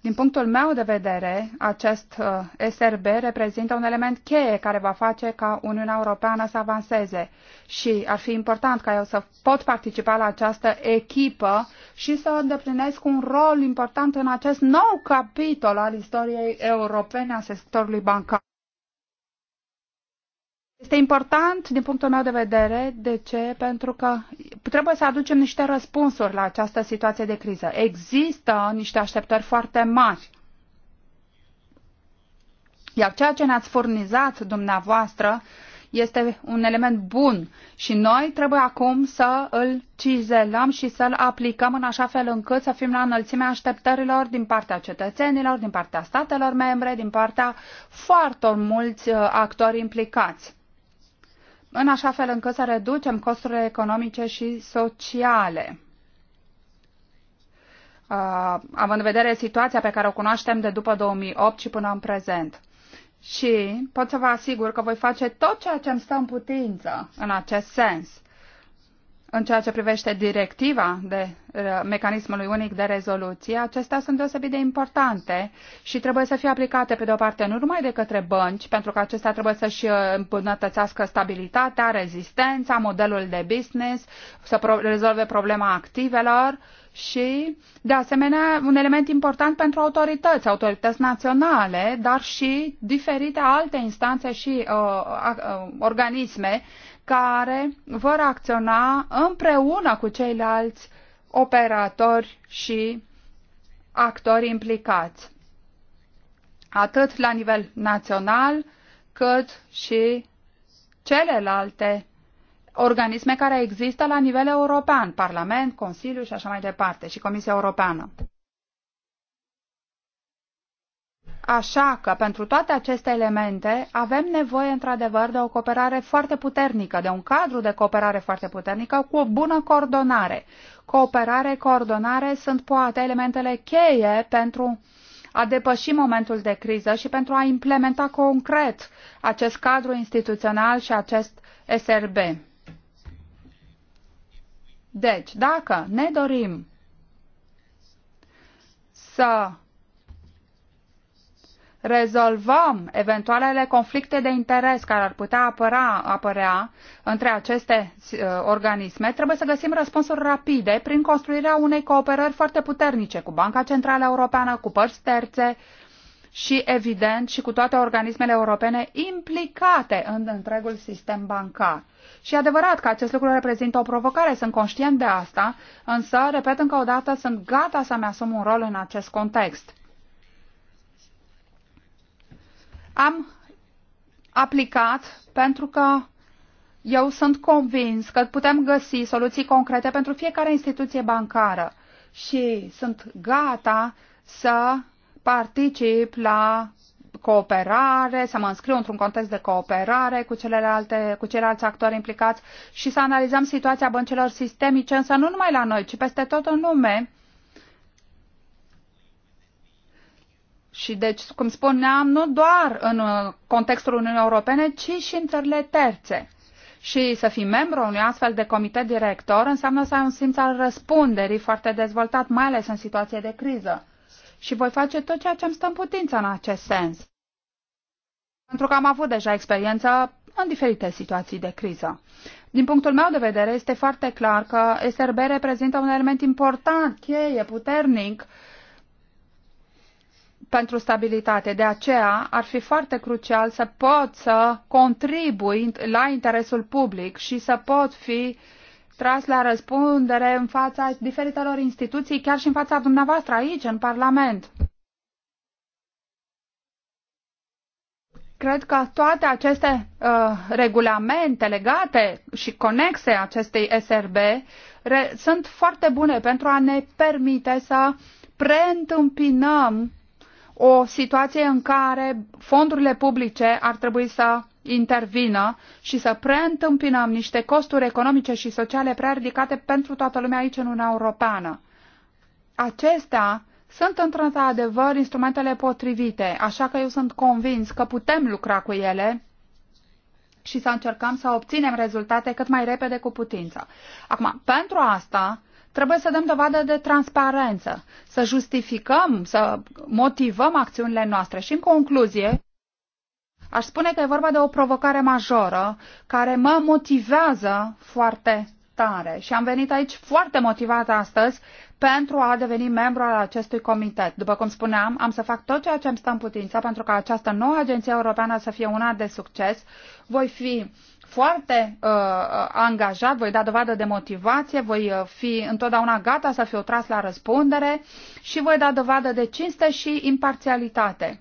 Din punctul meu de vedere, acest uh, SRB reprezintă un element cheie care va face ca Uniunea Europeană să avanseze și ar fi important ca eu să pot participa la această echipă și să îndeplinesc un rol important în acest nou capitol al istoriei europene a sectorului bancar. Este important din punctul meu de vedere. De ce? Pentru că trebuie să aducem niște răspunsuri la această situație de criză. Există niște așteptări foarte mari. Iar ceea ce ne-ați furnizat dumneavoastră este un element bun și noi trebuie acum să îl cizelăm și să l aplicăm în așa fel încât să fim la înălțimea așteptărilor din partea cetățenilor, din partea statelor membre, din partea foarte mulți uh, actori implicați în așa fel încât să reducem costurile economice și sociale. Uh, având în vedere situația pe care o cunoaștem de după 2008 și până în prezent. Și pot să vă asigur că voi face tot ceea ce îmi stă în putință în acest sens. În ceea ce privește directiva de uh, mecanismului unic de rezoluție, acestea sunt deosebit de importante și trebuie să fie aplicate, pe de o parte, nu numai de către bănci, pentru că acestea trebuie să-și uh, îmbunătățească stabilitatea, rezistența, modelul de business, să pro- rezolve problema activelor și, de asemenea, un element important pentru autorități, autorități naționale, dar și diferite alte instanțe și uh, uh, organisme care vor acționa împreună cu ceilalți operatori și actori implicați, atât la nivel național, cât și celelalte organisme care există la nivel european, Parlament, Consiliu și așa mai departe, și Comisia Europeană. Așa că, pentru toate aceste elemente, avem nevoie, într-adevăr, de o cooperare foarte puternică, de un cadru de cooperare foarte puternică cu o bună coordonare. Cooperare, coordonare sunt poate elementele cheie pentru a depăși momentul de criză și pentru a implementa concret acest cadru instituțional și acest SRB. Deci, dacă ne dorim să rezolvăm eventualele conflicte de interes care ar putea apăra, apărea între aceste uh, organisme, trebuie să găsim răspunsuri rapide prin construirea unei cooperări foarte puternice cu Banca Centrală Europeană, cu părți terțe și, evident, și cu toate organismele europene implicate în întregul sistem bancar. Și adevărat că acest lucru reprezintă o provocare, sunt conștient de asta, însă, repet încă o dată, sunt gata să-mi asum un rol în acest context. Am aplicat pentru că eu sunt convins că putem găsi soluții concrete pentru fiecare instituție bancară și sunt gata să particip la cooperare, să mă înscriu într-un context de cooperare cu, celelalte, cu ceilalți actori implicați și să analizăm situația băncilor sistemice, însă nu numai la noi, ci peste tot în lume, Și deci, cum spuneam, nu doar în uh, contextul Uniunii Europene, ci și în țările terțe. Și să fii membru unui astfel de comitet director înseamnă să ai un simț al răspunderii foarte dezvoltat, mai ales în situație de criză. Și voi face tot ceea ce îmi stă în putință în acest sens. Pentru că am avut deja experiență în diferite situații de criză. Din punctul meu de vedere, este foarte clar că SRB reprezintă un element important, cheie, puternic, uh, pentru stabilitate. De aceea ar fi foarte crucial să pot să contribui la interesul public și să pot fi tras la răspundere în fața diferitelor instituții, chiar și în fața dumneavoastră aici, în Parlament. Cred că toate aceste uh, regulamente legate și conexe acestei SRB re- sunt foarte bune pentru a ne permite să preîntâmpinăm o situație în care fondurile publice ar trebui să intervină și să preîntâmpinăm niște costuri economice și sociale prea ridicate pentru toată lumea aici în Uniunea Europeană. Acestea sunt într-adevăr instrumentele potrivite, așa că eu sunt convins că putem lucra cu ele și să încercăm să obținem rezultate cât mai repede cu putință. Acum, pentru asta Trebuie să dăm dovadă de transparență, să justificăm, să motivăm acțiunile noastre. Și în concluzie, aș spune că e vorba de o provocare majoră care mă motivează foarte tare și am venit aici foarte motivată astăzi pentru a deveni membru al acestui comitet. După cum spuneam, am să fac tot ceea ce îmi stă în putință pentru ca această nouă agenție europeană să fie una de succes. Voi fi foarte uh, uh, angajat, voi da dovadă de motivație, voi uh, fi întotdeauna gata să fiu tras la răspundere și voi da dovadă de cinste și imparțialitate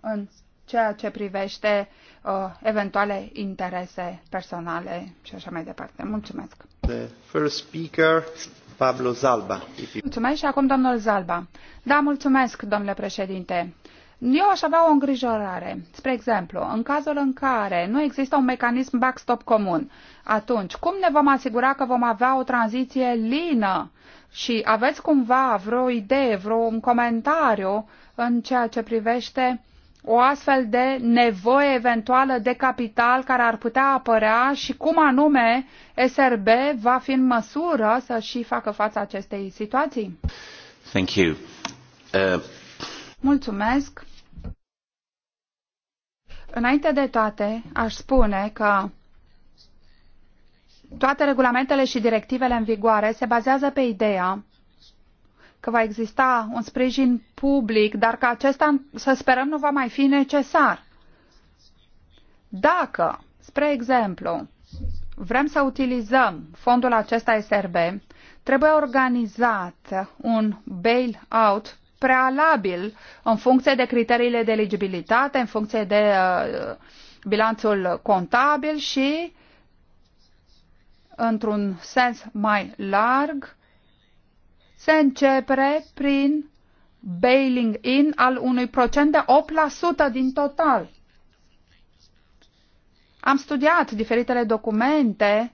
în ceea ce privește uh, eventuale interese personale și așa mai departe. Mulțumesc! The first speaker, Pablo Zalba. you... Mulțumesc și acum domnul Zalba. Da, mulțumesc, domnule președinte. Eu aș avea o îngrijorare. Spre exemplu, în cazul în care nu există un mecanism backstop comun, atunci cum ne vom asigura că vom avea o tranziție lină? Și aveți cumva vreo idee, un comentariu în ceea ce privește o astfel de nevoie eventuală de capital care ar putea apărea și cum anume SRB va fi în măsură să și facă față acestei situații? Thank you. Uh... Mulțumesc. Înainte de toate, aș spune că toate regulamentele și directivele în vigoare se bazează pe ideea că va exista un sprijin public, dar că acesta, să sperăm, nu va mai fi necesar. Dacă, spre exemplu, vrem să utilizăm fondul acesta SRB, trebuie organizat un bail-out prealabil în funcție de criteriile de eligibilitate, în funcție de uh, bilanțul contabil și, într-un sens mai larg, se începe prin bailing in al unui procent de 8% din total. Am studiat diferitele documente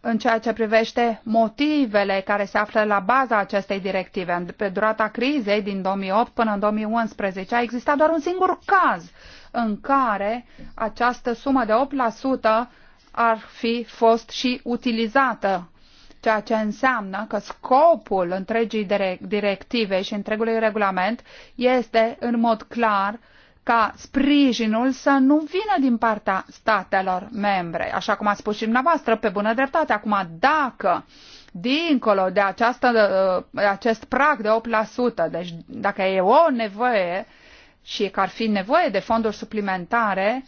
în ceea ce privește motivele care se află la baza acestei directive. Pe durata crizei din 2008 până în 2011 a existat doar un singur caz în care această sumă de 8% ar fi fost și utilizată, ceea ce înseamnă că scopul întregii directive și întregului regulament este în mod clar uh, ca sprijinul să nu vină din partea statelor membre, așa cum ați spus și dumneavoastră, pe bună dreptate. Acum, dacă dincolo de această, acest prag de 8%, deci dacă e o nevoie și că ar fi nevoie de fonduri suplimentare,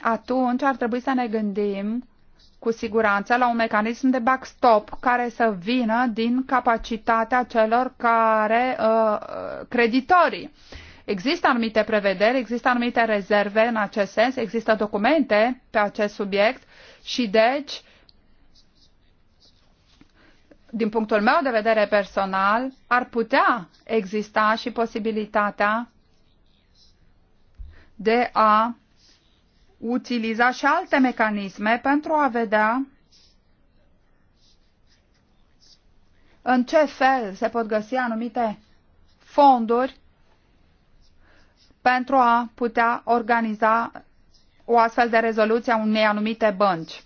atunci ar trebui să ne gândim cu siguranță la un mecanism de backstop care să vină din capacitatea celor care, uh, creditorii Există anumite prevederi, există anumite rezerve în acest sens, există documente pe acest subiect și deci, din punctul meu de vedere personal, ar putea exista și posibilitatea de a utiliza și alte mecanisme pentru a vedea în ce fel se pot găsi anumite fonduri pentru a putea organiza o astfel de rezoluție a unei anumite bănci.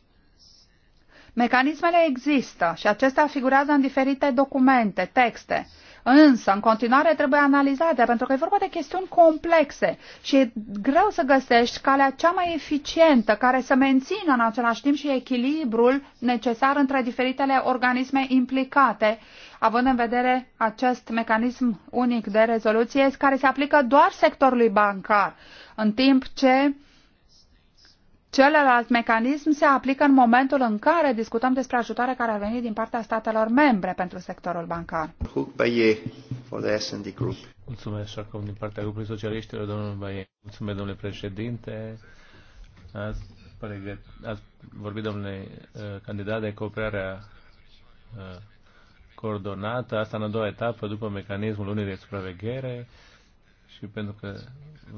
Mecanismele există și acestea figurează în diferite documente, texte. Însă, în continuare, trebuie analizate, pentru că e vorba de chestiuni complexe și e greu să găsești calea cea mai eficientă care să mențină în același timp și echilibrul necesar între diferitele organisme implicate având în vedere acest mecanism unic de rezoluție care se aplică doar sectorului bancar, în timp ce celălalt mecanism se aplică în momentul în care discutăm despre ajutoare care a venit din partea statelor membre pentru sectorul bancar. Mulțumesc, acum din partea grupului socialiștilor, domnul Baie. Mulțumesc, domnule președinte. Ați, pregăt... Ați vorbit, domnule uh, candidat, de cooperarea uh, coordonată, asta în a doua etapă, după mecanismul lunii de supraveghere și pentru că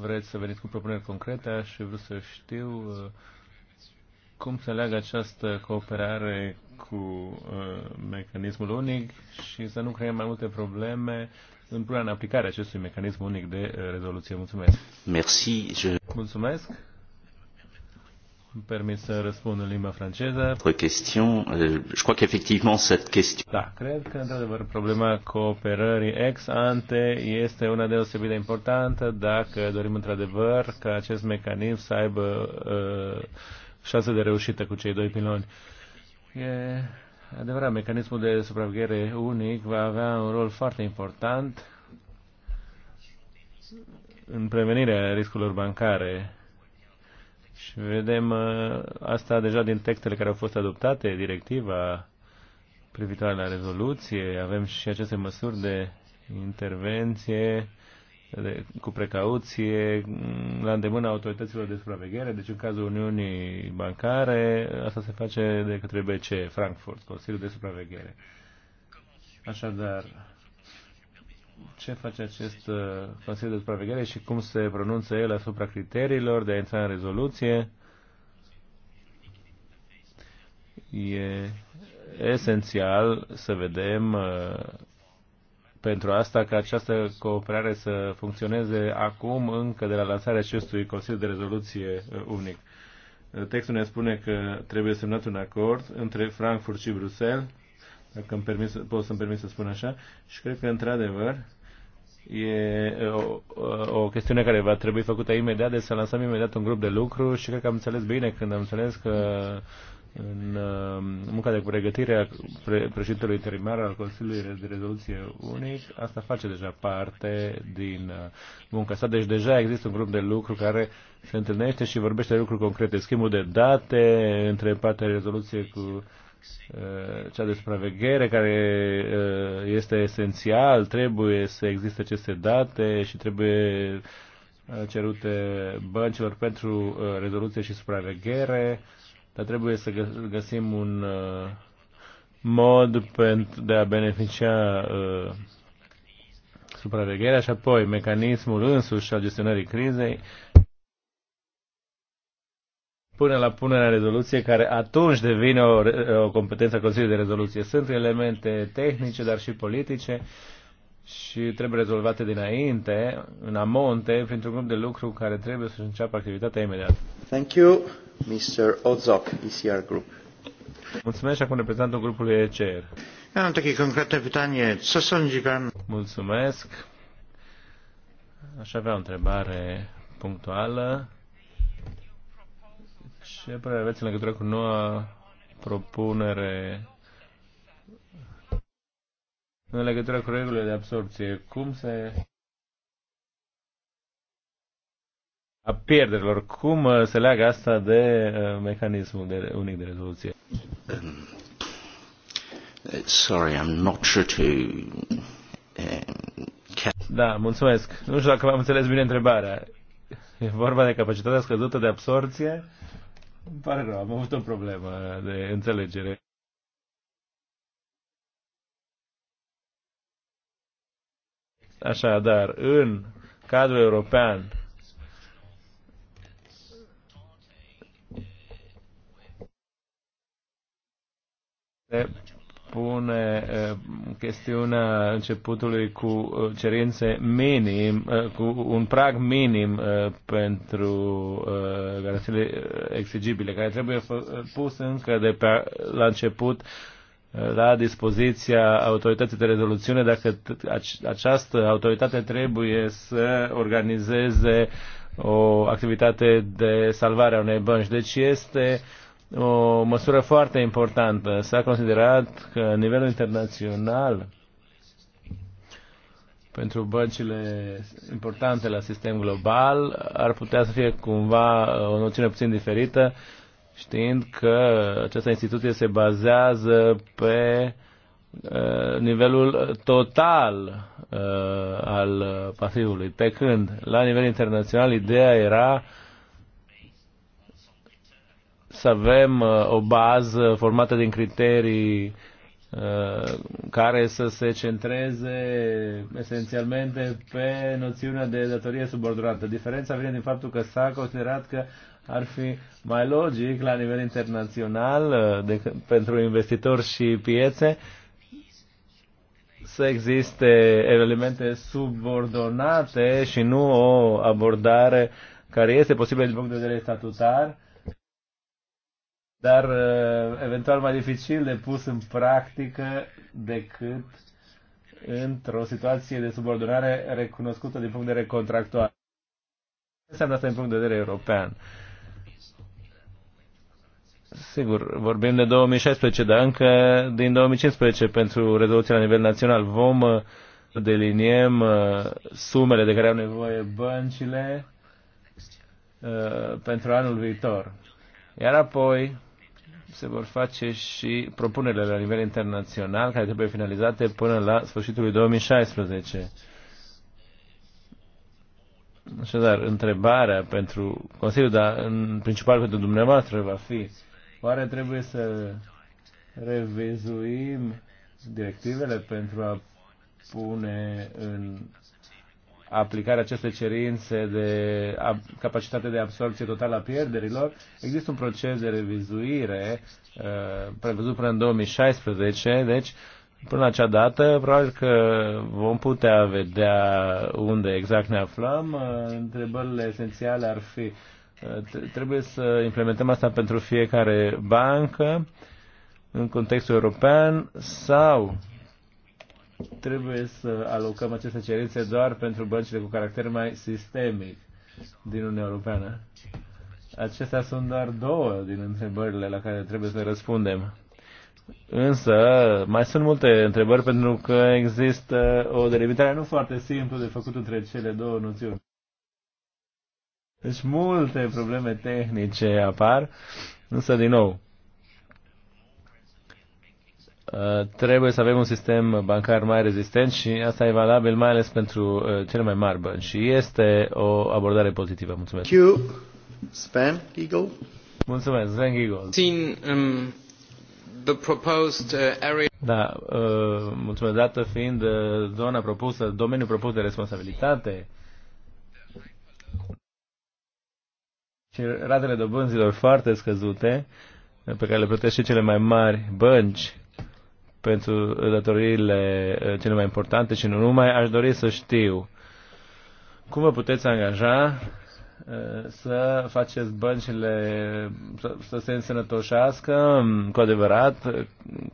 vreți să veniți cu propuneri concrete aș vreau să știu uh, cum se leagă această cooperare cu uh, mecanismul unic și să nu creăm mai multe probleme în plan aplicarea acestui mecanism unic de uh, rezoluție. Mulțumesc! Merci, je... Mulțumesc! permis să răspund în limba franceză. Euh, je crois qu'effectivement cette question... Da, cred că, într-adevăr, problema cooperării ex ante este una deosebit de importantă dacă dorim, într-adevăr, ca acest mecanism să aibă uh, șanse de reușită cu cei doi piloni. E adevărat, mecanismul de supraveghere unic va avea un rol foarte important în prevenirea riscurilor bancare și vedem uh, asta deja din textele care au fost adoptate, directiva privitoare la rezoluție, avem și aceste măsuri de intervenție de, cu precauție mm, la îndemână autorităților de supraveghere, deci în cazul Uniunii Bancare, asta se face de către BCE, Frankfurt, Consiliul de Supraveghere. Așadar, ce face acest uh, Consiliu de Supraveghere și cum se pronunță el asupra criteriilor de a intra în rezoluție. E esențial să vedem uh, pentru asta ca această cooperare să funcționeze acum încă de la lansarea acestui Consiliu de Rezoluție uh, unic. Textul ne spune că trebuie semnat un acord între Frankfurt și Bruxelles dacă îmi permis, pot să-mi permit să spun așa, și cred că, într-adevăr, e o, o chestiune care va trebui făcută imediat, deci să lansăm imediat un grup de lucru și cred că am înțeles bine când am înțeles că în um, munca de pregătire a pre președintelui interimar al Consiliului de Rezoluție Unic, asta face deja parte din uh, munca asta. Deci deja există un grup de lucru care se întâlnește și vorbește de lucruri concrete. Schimbul de date între partea rezoluție cu Eh, cea de supraveghere care eh, este esențial, trebuie să existe aceste date și trebuie eh, cerute băncilor pentru rezoluție și supraveghere, dar trebuie să găsim un mod pentru de a beneficia supravegherea și apoi mecanismul însuși al gestionării crizei până la punerea rezoluției, care atunci devine o, o competență a Consiliului de Rezoluție. Sunt elemente tehnice, dar și politice și trebuie rezolvate dinainte, în amonte, printr-un grup de lucru care trebuie să înceapă activitatea imediat. Thank you, Mr. Ozok, ECR Group. Mulțumesc și acum reprezentantul grupului ECR. Eu am takie konkretne pytanie. Co sunt pan? Mulțumesc. Aș avea o întrebare punctuală. Ce părere aveți în legătură cu noua propunere în legătură cu regulile de absorpție? Cum se... a pierderilor. Cum uh, se leagă asta de uh, mecanismul de, unic de rezoluție? Um, sorry, I'm not sure to... Um, da, mulțumesc. Nu știu dacă v-am înțeles bine întrebarea. E vorba de capacitatea scăzută de absorție îmi pare rău, am avut o problemă de înțelegere. Așadar, în cadrul european de pune eh, chestiunea începutului cu eh, cerințe minim, eh, cu un prag minim pentru garanțiile exigibile, care trebuie pus încă de pe la început la dispoziția autorității de rezoluțiune dacă această autoritate trebuie să organizeze o activitate de salvare a unei bănci. Deci este uh, o măsură foarte importantă. S-a considerat că la nivelul internațional pentru băncile importante la sistem global ar putea să fie cumva uh, o noțiune puțin diferită, știind că această instituție se bazează pe uh, nivelul total uh, al pasivului. Pe când, la nivel internațional, ideea era să avem uh, o bază formată din criterii uh, care să se centreze esențialmente pe noțiunea de datorie subordonată. Diferența vine din faptul că s-a considerat că ar fi mai logic la nivel internațional uh, de, pentru investitori și piețe să existe elemente subordonate și nu o abordare care este posibilă din punct de vedere statutar dar uh, eventual mai dificil de pus în practică decât într-o situație de subordonare recunoscută din punct de vedere contractual. Ce înseamnă asta din punct de vedere european? Sigur, vorbim de 2016, dar încă din 2015 pentru rezoluția la nivel național. Vom uh, deliniem uh, sumele de care au nevoie băncile pentru anul viitor. Iar apoi, se vor face și propunerile la nivel internațional care trebuie finalizate până la sfârșitul lui 2016. Așadar, întrebarea pentru Consiliu, dar în principal pentru dumneavoastră va fi, oare trebuie să revizuim directivele pentru a pune în aplicarea acestei cerințe de capacitate de absorpție totală a pierderilor, există un proces de revizuire uh, prevăzut până în 2016, deci până la acea dată, probabil că vom putea vedea unde exact ne aflăm. Uh, întrebările esențiale ar fi, uh, trebuie să implementăm asta pentru fiecare bancă în contextul european sau trebuie să alocăm aceste cerințe doar pentru băncile cu caracter mai sistemic din Uniunea Europeană. Acestea sunt doar două din întrebările la care trebuie să răspundem. Însă, mai sunt multe întrebări pentru că există o delimitare nu foarte simplu de făcut între cele două noțiuni. Deci multe probleme tehnice apar, însă din nou, Uh, trebuie să avem un sistem bancar mai rezistent și asta e valabil mai ales pentru uh, cele mai mari bănci și este o abordare pozitivă. Mulțumesc. Thank you, Sven Giegel. Mulțumesc, Sven Giegel. Seen, um, the proposed uh, area... Da, uh, mulțumesc. Dată fiind uh, zona propusă, domeniul propus de responsabilitate și ratele dobânzilor foarte scăzute pe care le plătesc și cele mai mari bănci, pentru datoriile eh, cele mai importante și nu numai, aș dori să știu cum vă puteți angaja eh, să faceți băncile să, să se însănătoșească mm, cu adevărat,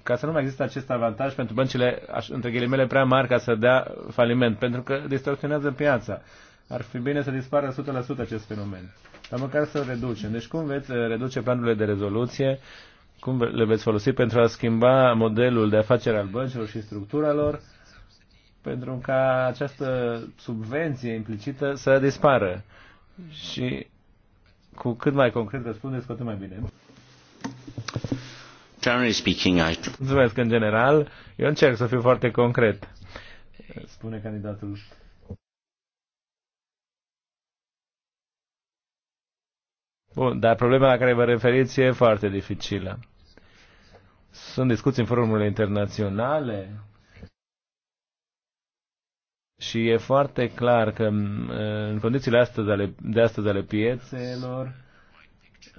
ca să nu mai există acest avantaj pentru băncile, între ghilimele, prea mari ca să dea faliment, pentru că distorsionează piața. Ar fi bine să dispară 100% acest fenomen, dar măcar să reducem. Deci cum veți eh, reduce planurile de rezoluție cum le veți folosi pentru a schimba modelul de afacere al băncilor și structura lor, pentru ca această subvenție implicită să dispară. Și cu cât mai concret răspundeți, cu atât mai bine. Mulțumesc, în general, eu încerc să fiu foarte concret, spune candidatul. Bun, dar problema la care vă referiți e foarte dificilă. Sunt discuții în forumurile internaționale și e foarte clar că în condițiile astăzi ale, de astăzi ale piețelor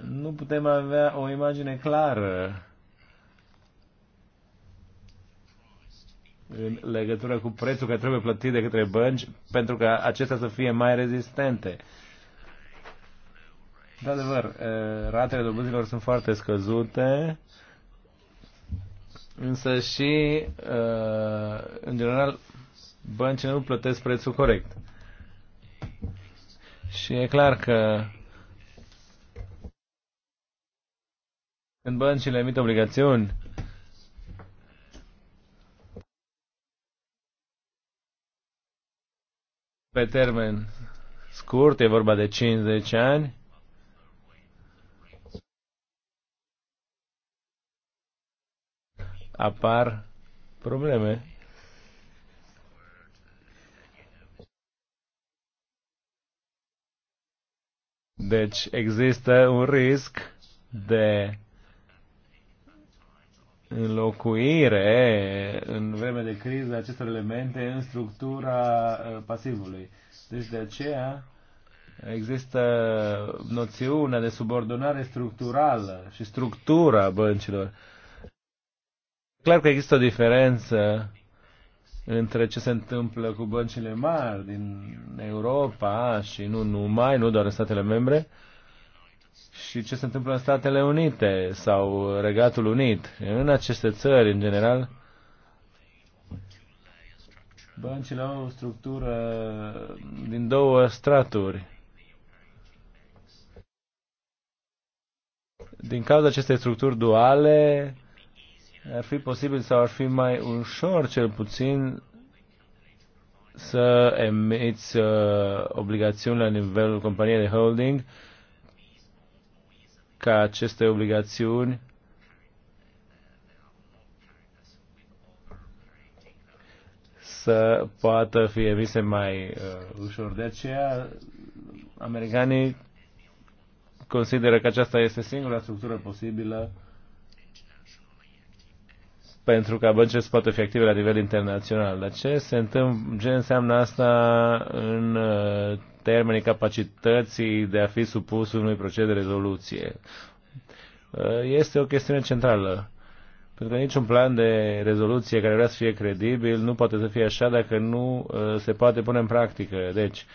nu putem avea o imagine clară în legătură cu prețul care trebuie plătit de către bănci pentru ca acestea să fie mai rezistente. De adevăr, eh, ratele dobânzilor sunt foarte scăzute însă și, uh, în general, băncile nu plătesc prețul corect. Și e clar că când băncile emit obligațiuni, pe termen scurt, e vorba de 50 ani, apar probleme. Deci există un risc de înlocuire în vreme de criză acestor elemente în structura uh, pasivului. Deci de aceea există noțiunea de subordonare structurală și structura băncilor clar că există o diferență între ce se întâmplă cu băncile mari din Europa și nu numai, nu doar în statele membre, și ce se întâmplă în Statele Unite sau Regatul Unit. În aceste țări, în general, băncile au o structură din două straturi. Din cauza acestei structuri duale, ar fi posibil sau ar fi mai ușor, cel puțin, să emiți uh, obligațiuni la nivelul companiei de holding ca aceste obligațiuni să poată fi emise mai uh, ușor. De aceea, americanii consideră că aceasta este singura structură posibilă pentru ca băncile să poată fi active la nivel internațional. Dar ce, se întâmplă, ce înseamnă asta în uh, termenii capacității de a fi supus unui proces de rezoluție? Uh, este o chestiune centrală. Pentru că niciun plan de rezoluție care vrea să fie credibil nu poate să fie așa dacă nu uh, se poate pune în practică. Deci,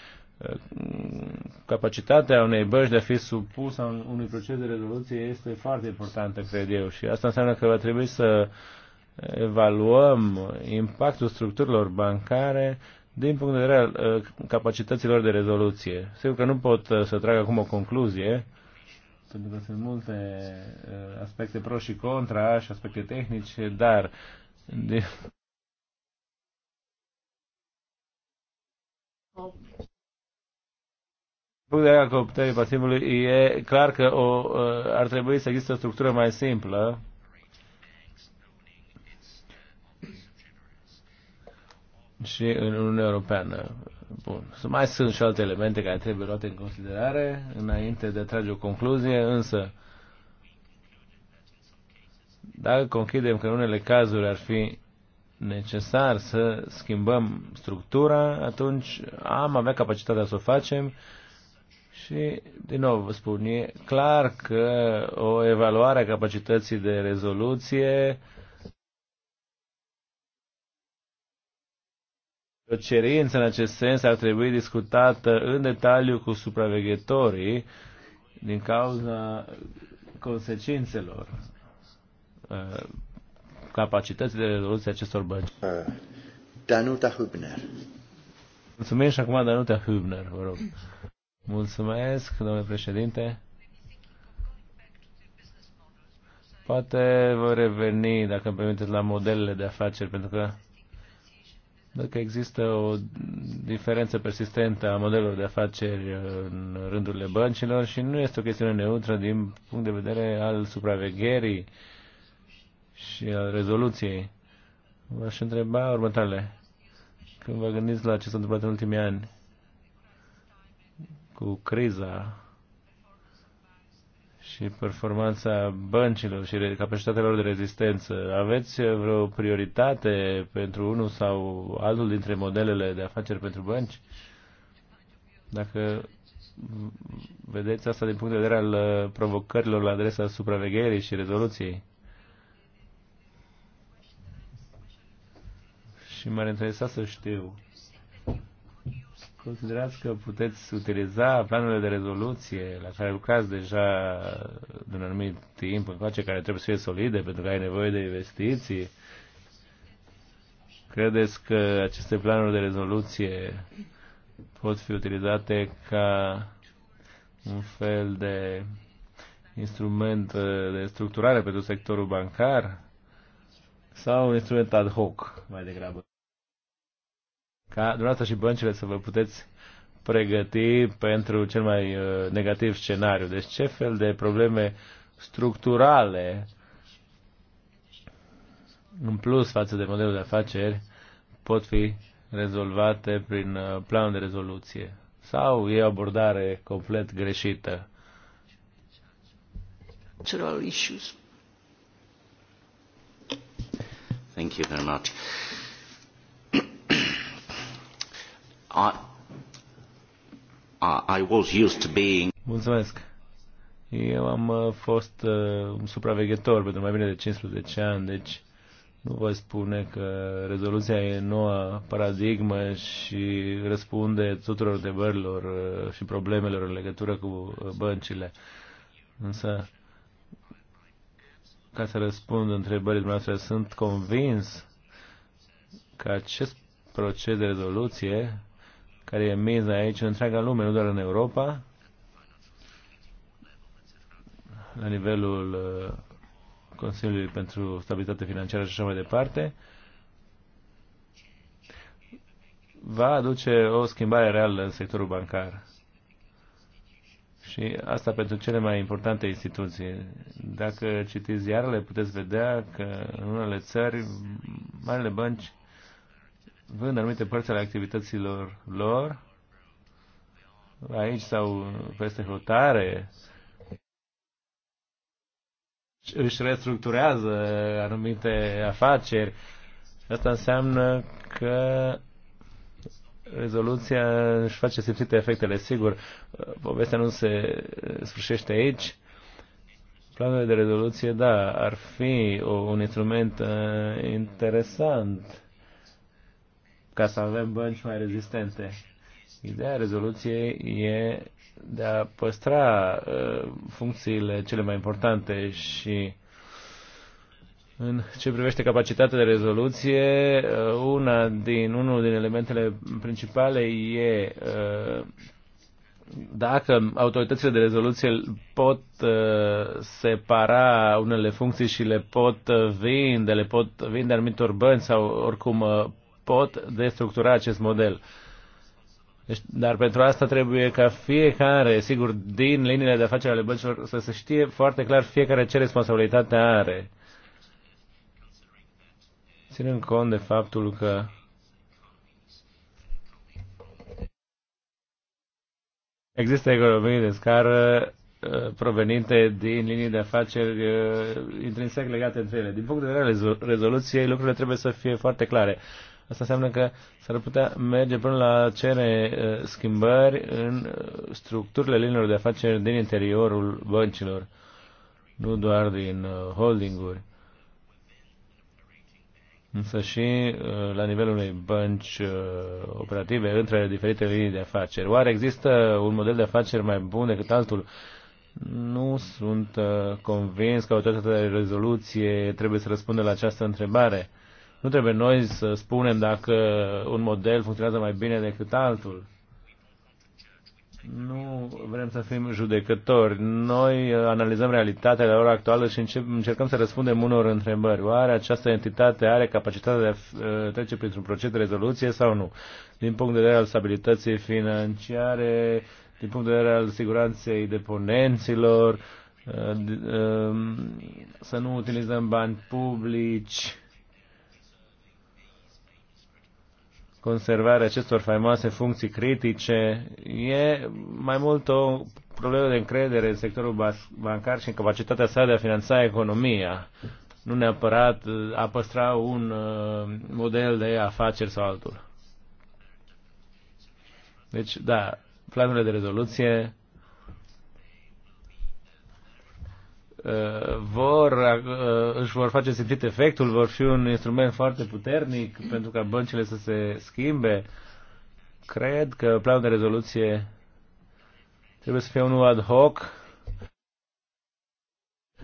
capacitatea unei bănci de a fi supusă unui proces de rezoluție este foarte importantă, cred eu. Și asta înseamnă că va trebui să uh, evaluăm impactul structurilor bancare din punct de vedere al uh, capacităților de rezoluție. Sigur că nu pot uh, să trag acum o concluzie, pentru că sunt multe uh, aspecte pro și contra și aspecte tehnice, dar de... punct de vedere al cooptării pasivului, e clar că o, ar trebui să există o structură mai simplă și în Uniunea Europeană. Bun. Mai sunt și alte elemente care trebuie luate în considerare înainte de a trage o concluzie, însă dacă conchidem că în unele cazuri ar fi necesar să schimbăm structura, atunci am avea capacitatea să o facem și, din nou vă spun, e clar că o evaluare a capacității de rezoluție uh, O cerință în acest sens ar trebui discutată în detaliu cu supraveghetorii din cauza consecințelor uh, capacității de rezoluție acestor bănci. Uh, Danuta Hübner. Mulțumim și acum Danuta Hübner, vă rog. Mulțumesc, domnule președinte. Poate vă reveni, dacă îmi permiteți, la modelele de afaceri, pentru că dacă că există o diferență persistentă a modelului de afaceri în rândurile băncilor și nu este o chestiune neutră din punct de vedere al supravegherii și al rezoluției. V-aș întreba următoarele. Când vă gândiți la ce s-a întâmplat în ultimii ani cu criza și performanța băncilor și capacitatea lor de rezistență. Aveți vreo prioritate pentru unul sau altul dintre modelele de afaceri pentru bănci? Dacă vedeți asta din punct de vedere al uh, provocărilor la adresa supravegherii și rezoluției. Și m-ar interesa să știu considerați că puteți utiliza planurile de rezoluție la care lucrați deja de un anumit timp face care trebuie să fie solide pentru că ai nevoie de investiții? Credeți că aceste planuri de rezoluție pot fi utilizate ca un fel de instrument uh, de structurare pentru sectorul bancar sau un instrument ad hoc mai degrabă? ca dumneavoastră și băncile să vă puteți pregăti pentru cel mai uh, negativ scenariu. Deci ce fel de probleme structurale în plus față de modelul de afaceri pot fi rezolvate prin uh, plan de rezoluție sau e o abordare complet greșită? Cultural issues. Thank you very much. I, was used to being... Mulțumesc. Eu am uh, fost uh, un supraveghetor pentru mai bine de 15 ani, deci nu vă spune că rezoluția e noua paradigmă și răspunde tuturor uh, și problemelor în legătură cu uh, băncile. Însă, ca să răspund întrebările dumneavoastră, sunt convins că acest proces de rezoluție care e meza aici în întreaga lume, nu doar în Europa, la nivelul uh, Consiliului pentru Stabilitate Financiară și așa mai departe, va aduce o schimbare reală în sectorul bancar. Și asta pentru cele mai importante instituții. Dacă citiți ziarele, puteți vedea că în unele țări, marile bănci vând anumite părți ale activităților lor aici sau peste hotare, își restructurează anumite afaceri. Asta înseamnă că rezoluția își face simțite efectele, sigur. Povestea nu se sfârșește aici. Planurile de rezoluție, da, ar fi un instrument uh, interesant ca să avem bănci mai rezistente. Ideea rezoluției e de a păstra uh, funcțiile cele mai importante și în ce privește capacitatea de rezoluție, uh, una din, unul din elementele principale e uh, dacă autoritățile de rezoluție pot separa unele funcții și le pot vinde, le pot vinde anumitor bani sau oricum pot destructura acest model. Deci, dar pentru asta trebuie ca fiecare, sigur, din liniile de afacere ale băncilor să se știe foarte clar fiecare ce responsabilitate are. Ținând cont de faptul că există economii de scară uh, provenite din linii de afaceri uh, intrinsec legate între ele. Din punct de vedere al rezoluției, lucrurile trebuie să fie foarte clare. Asta înseamnă că s-ar putea merge până la cere uh, schimbări în uh, structurile linilor de afaceri din interiorul băncilor, nu doar din uh, holdinguri, însă și la nivelul unei bănci operative între diferite linii de afaceri. Oare există un model de afaceri mai bun decât altul? Nu sunt convins că autoritatea de rezoluție trebuie să răspundă la această întrebare. Nu trebuie noi să spunem dacă un model funcționează mai bine decât altul. Nu vrem să fim judecători. Noi uh, analizăm realitatea la ora actuală și încercăm să răspundem unor întrebări. Oare această entitate are capacitatea de a uh, trece printr-un proces de rezoluție sau nu? Din punct de vedere al stabilității financiare, din punct de vedere al siguranței deponenților, uh, um, să nu utilizăm bani publici conservarea acestor faimoase funcții critice e mai mult o problemă de încredere în sectorul bancar și în capacitatea sa de a finanța economia, nu neapărat uh, a păstra un uh, model de afaceri sau altul. Deci, da, planurile de rezoluție Uh, vor, uh, își vor face simțit efectul, vor fi un instrument foarte puternic pentru ca băncile să se schimbe. Cred că planul de rezoluție trebuie să fie unul ad hoc,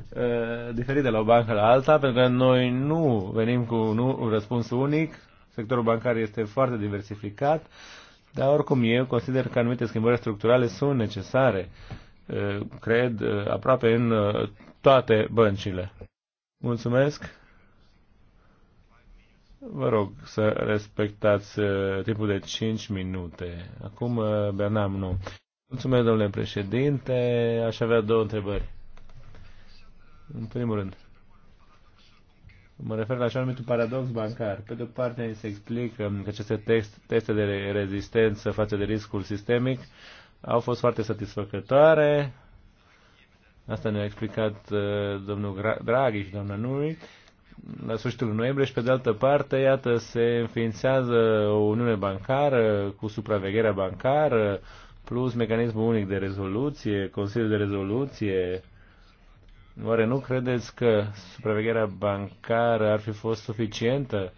uh, diferit de la o bancă la alta, pentru că noi nu venim cu un răspuns unic, sectorul bancar este foarte diversificat, dar oricum eu consider că anumite schimbări structurale sunt necesare Uh, cred, uh, aproape în uh, toate băncile. Mulțumesc! Vă rog să respectați timpul de 5 minute. Acum, Bernam, nu. Mulțumesc, domnule președinte. Aș avea două întrebări. În primul rând, mă refer la așa numitul paradox bancar. Pe de-o parte, se explică că aceste teste de rezistență față de riscul sistemic au fost foarte satisfăcătoare. Asta ne-a explicat uh, domnul Draghi și doamna Nui la sfârșitul noiembrie și pe de altă parte, iată, se înființează o uniune bancară cu supravegherea bancară plus mecanismul unic de rezoluție, Consiliul de rezoluție. Oare nu credeți că supravegherea bancară ar fi fost suficientă,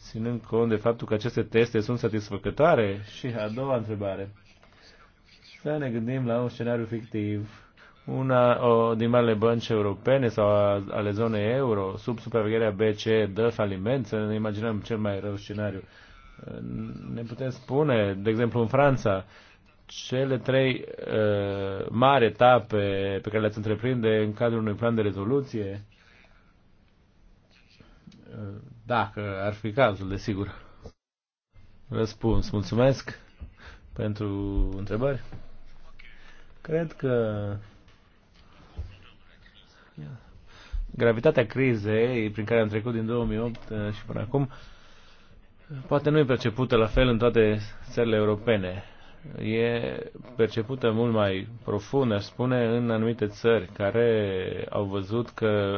ținând cont de faptul că aceste teste sunt satisfăcătoare? Și a doua întrebare să da, ne gândim la un scenariu fictiv. Una o, din marile bănci europene sau a, ale zonei euro, sub supravegherea BCE, dă faliment, să ne imaginăm cel mai rău scenariu. Ne putem spune, de exemplu, în Franța, cele trei uh, mari etape pe care le-ați întreprinde în cadrul unui plan de rezoluție? dacă ar fi cazul, desigur. Răspuns. Mulțumesc pentru întrebări. Cred că gravitatea crizei prin care am trecut din 2008 uh, și până acum poate nu e percepută la fel în toate țările europene. E percepută mult mai profund, aș spune, în anumite țări care au văzut că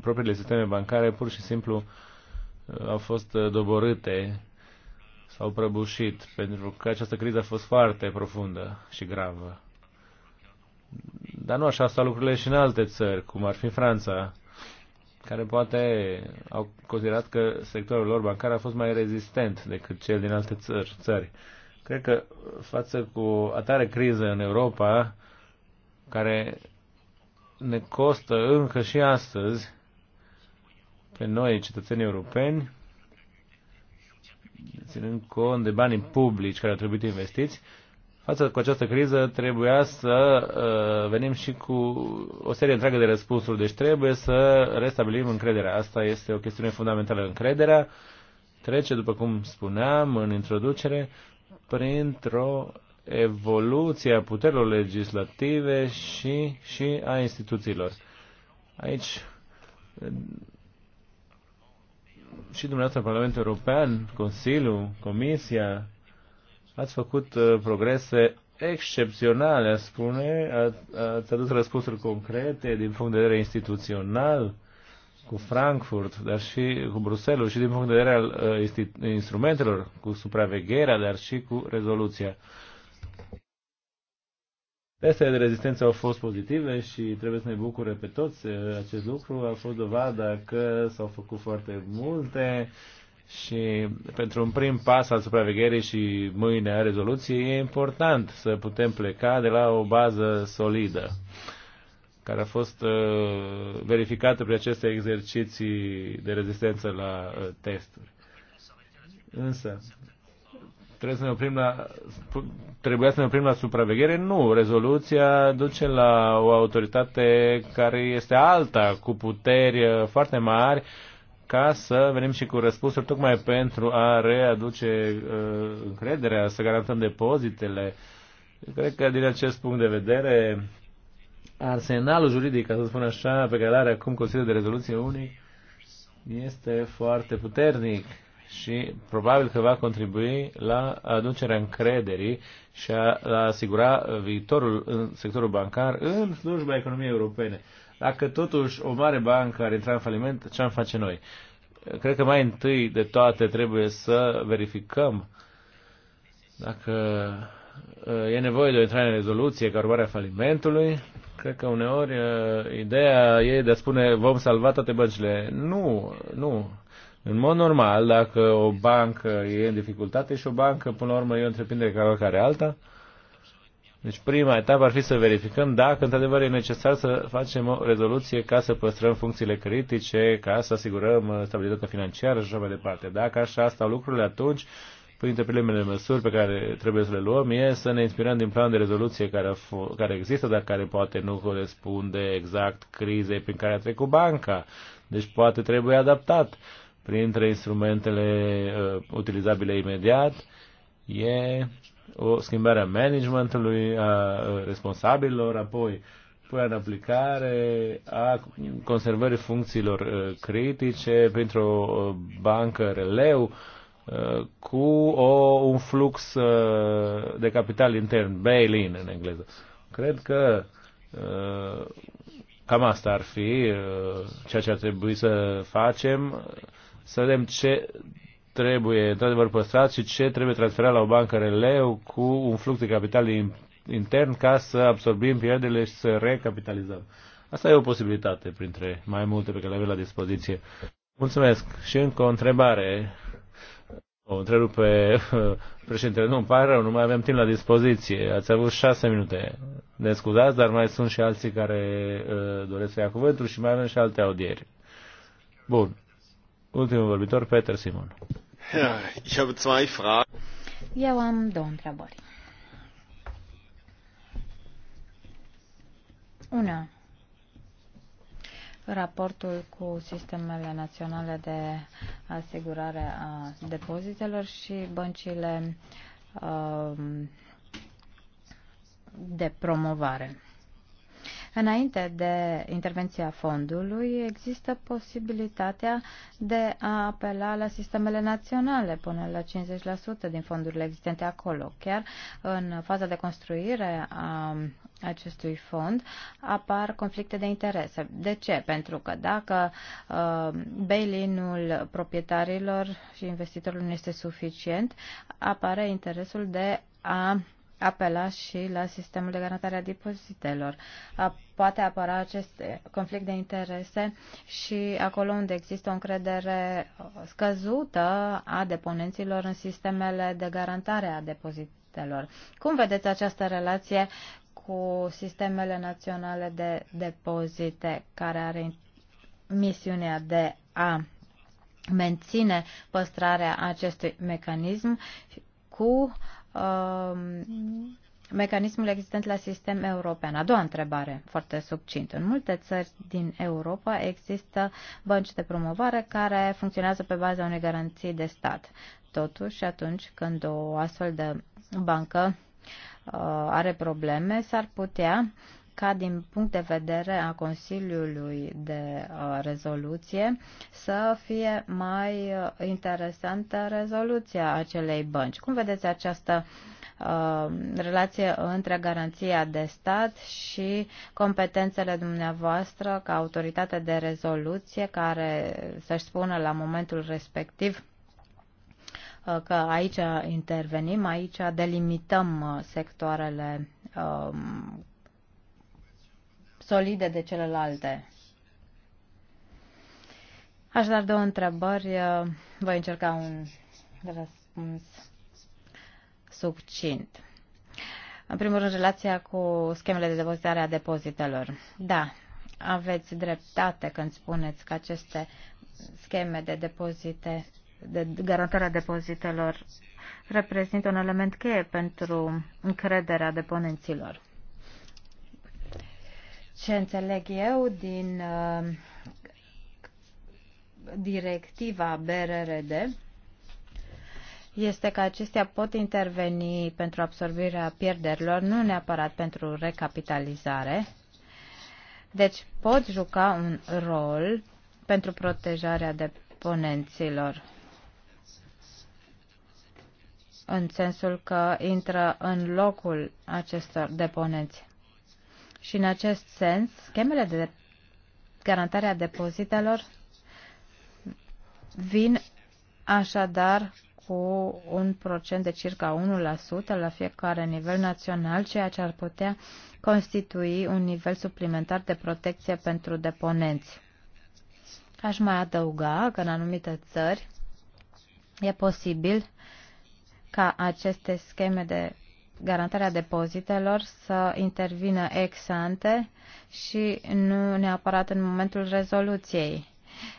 propriile sisteme bancare pur și simplu uh, au fost uh, doborâte sau prăbușit, pentru că această criză a fost foarte profundă și gravă. Dar nu așa stau lucrurile și în alte țări, cum ar fi Franța, care poate au considerat că sectorul lor bancar a fost mai rezistent decât cel din alte țări. țări. Cred că față cu atare criză în Europa, care ne costă încă și astăzi pe noi, cetățenii europeni, ținând cont de banii publici care au trebuit investiți, față cu această criză trebuia să uh, venim și cu o serie întreagă de răspunsuri. Deci trebuie să restabilim încrederea. Asta este o chestiune fundamentală. Încrederea trece, după cum spuneam în introducere, printr-o evoluție a puterilor legislative și, și a instituțiilor. Aici și dumneavoastră Parlamentul European, Consiliul, Comisia, Ați făcut uh, progrese excepționale, a spune, ați adus răspunsuri concrete din punct de vedere instituțional cu Frankfurt, dar și cu Bruselul și din punct de vedere al uh, instrumentelor, cu supravegherea, dar și cu rezoluția. Testele de rezistență au fost pozitive și trebuie să ne bucure pe toți uh, acest lucru. A fost dovada că s-au făcut foarte multe și pentru un prim pas al supravegherii și mâine a rezoluției e important să putem pleca de la o bază solidă care a fost uh, verificată prin aceste exerciții de rezistență la uh, testuri. Însă, trebuie să ne oprim la, trebuia să ne oprim la supraveghere? Nu. Rezoluția duce la o autoritate care este alta, cu puteri uh, foarte mari, ca să venim și cu răspunsuri tocmai pentru a readuce uh, încrederea, să garantăm depozitele. Cred că din acest punct de vedere, arsenalul juridic, ca să spun așa, pe care are acum Consiliul de Rezoluție unii, este foarte puternic și probabil că va contribui la aducerea încrederii și a, la asigura viitorul în sectorul bancar în slujba economiei europene. Dacă totuși o mare bancă ar intra în faliment, ce am face noi? Cred că mai întâi de toate trebuie să verificăm dacă uh, e nevoie de o intrare în rezoluție ca urmare a falimentului. Cred că uneori uh, ideea e de a spune vom salva toate băncile. Nu, nu. În mod normal, dacă o bancă e în dificultate și o bancă, până la urmă, e o întreprindere ca oricare alta, uh, deci prima etapă ar fi să verificăm dacă într-adevăr e necesar să facem o rezoluție ca să păstrăm funcțiile critice, ca să asigurăm uh, stabilitatea financiară și așa mai departe. Dacă așa stau lucrurile, atunci printre primele măsuri pe care trebuie să le luăm e să ne inspirăm din plan de rezoluție care, care există, dar care poate nu corespunde exact crizei prin care a trecut banca. Deci poate trebuie adaptat printre instrumentele uh, utilizabile imediat. E o schimbare a managementului, a responsabililor, apoi punerea în aplicare a conservării funcțiilor critice pentru o bancă releu cu o, un flux de capital intern, bail-in în engleză. Cred că cam asta ar fi ceea ce ar trebui să facem, să vedem ce trebuie într-adevăr păstrat și ce trebuie transferat la o bancă releu cu un flux de capital intern ca să absorbim pierderile și să recapitalizăm. Asta e o posibilitate printre mai multe pe care le avem la dispoziție. Mulțumesc. Și încă o întrebare. O întrerup pe președintele. Nu, pare rău, nu mai avem timp la dispoziție. Ați avut șase minute. Ne scuzați, dar mai sunt și alții care uh, doresc să ia cuvântul și mai avem și alte audieri. Bun. Ultimul vorbitor, Peter Simon. Eu am două întrebări. Una, raportul cu sistemele naționale de asigurare a depozitelor și băncile uh, de promovare. Înainte de intervenția fondului, există posibilitatea de a apela la sistemele naționale până la 50% din fondurile existente acolo. Chiar în faza de construire a acestui fond apar conflicte de interese. De ce? Pentru că dacă uh, bail-in-ul proprietarilor și investitorilor nu este suficient, apare interesul de a uh, apela și la sistemul de garantare a depozitelor. Poate apăra acest conflict de interese și acolo unde există o încredere scăzută a deponenților în sistemele de garantare a depozitelor. Cum vedeți această relație cu sistemele naționale de depozite care are misiunea de a menține păstrarea acestui mecanism cu Um, mecanismul existent la sistem european. A doua întrebare, foarte succint. În multe țări din Europa există bănci de promovare care funcționează pe baza unei garanții de stat. Totuși, atunci când o astfel de bancă uh, are probleme, s-ar putea ca din punct de vedere a Consiliului de uh, rezoluție să fie mai uh, interesantă rezoluția acelei bănci. Cum vedeți această uh, relație între garanția de stat și competențele dumneavoastră ca autoritate de rezoluție care să-și spună la momentul respectiv că aici intervenim, aici delimităm sectoarele um, solide de celelalte. Așadar, două întrebări. Uh, voi încerca un răspuns succint. În primul rând, relația cu schemele de depozitare a depozitelor. Da, aveți dreptate când spuneți că aceste scheme de depozite, de garantarea depozitelor, reprezintă un element cheie pentru încrederea deponenților ce înțeleg eu din uh, directiva BRRD este că acestea pot interveni pentru absorbirea pierderilor, nu neapărat pentru recapitalizare. Deci pot juca un rol pentru protejarea deponenților în sensul că intră în locul acestor deponenți. Și în acest sens, schemele de garantare a depozitelor vin așadar cu un procent de circa 1% la fiecare nivel național, ceea ce ar putea constitui un nivel suplimentar de protecție pentru deponenți. Aș mai adăuga că în anumite țări e posibil ca aceste scheme de garantarea depozitelor să intervină ex ante și nu neapărat în momentul rezoluției.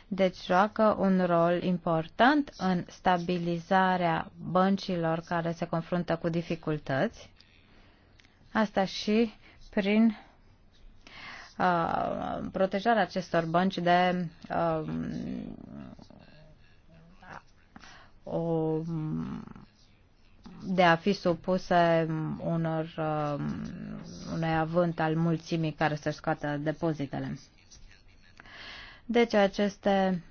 Deci joacă un rol important în stabilizarea băncilor care se confruntă cu dificultăți. Asta și prin uh, protejarea acestor bănci de uh, o de a fi supuse unor, um, unui avânt al mulțimii care să scoată depozitele. Deci aceste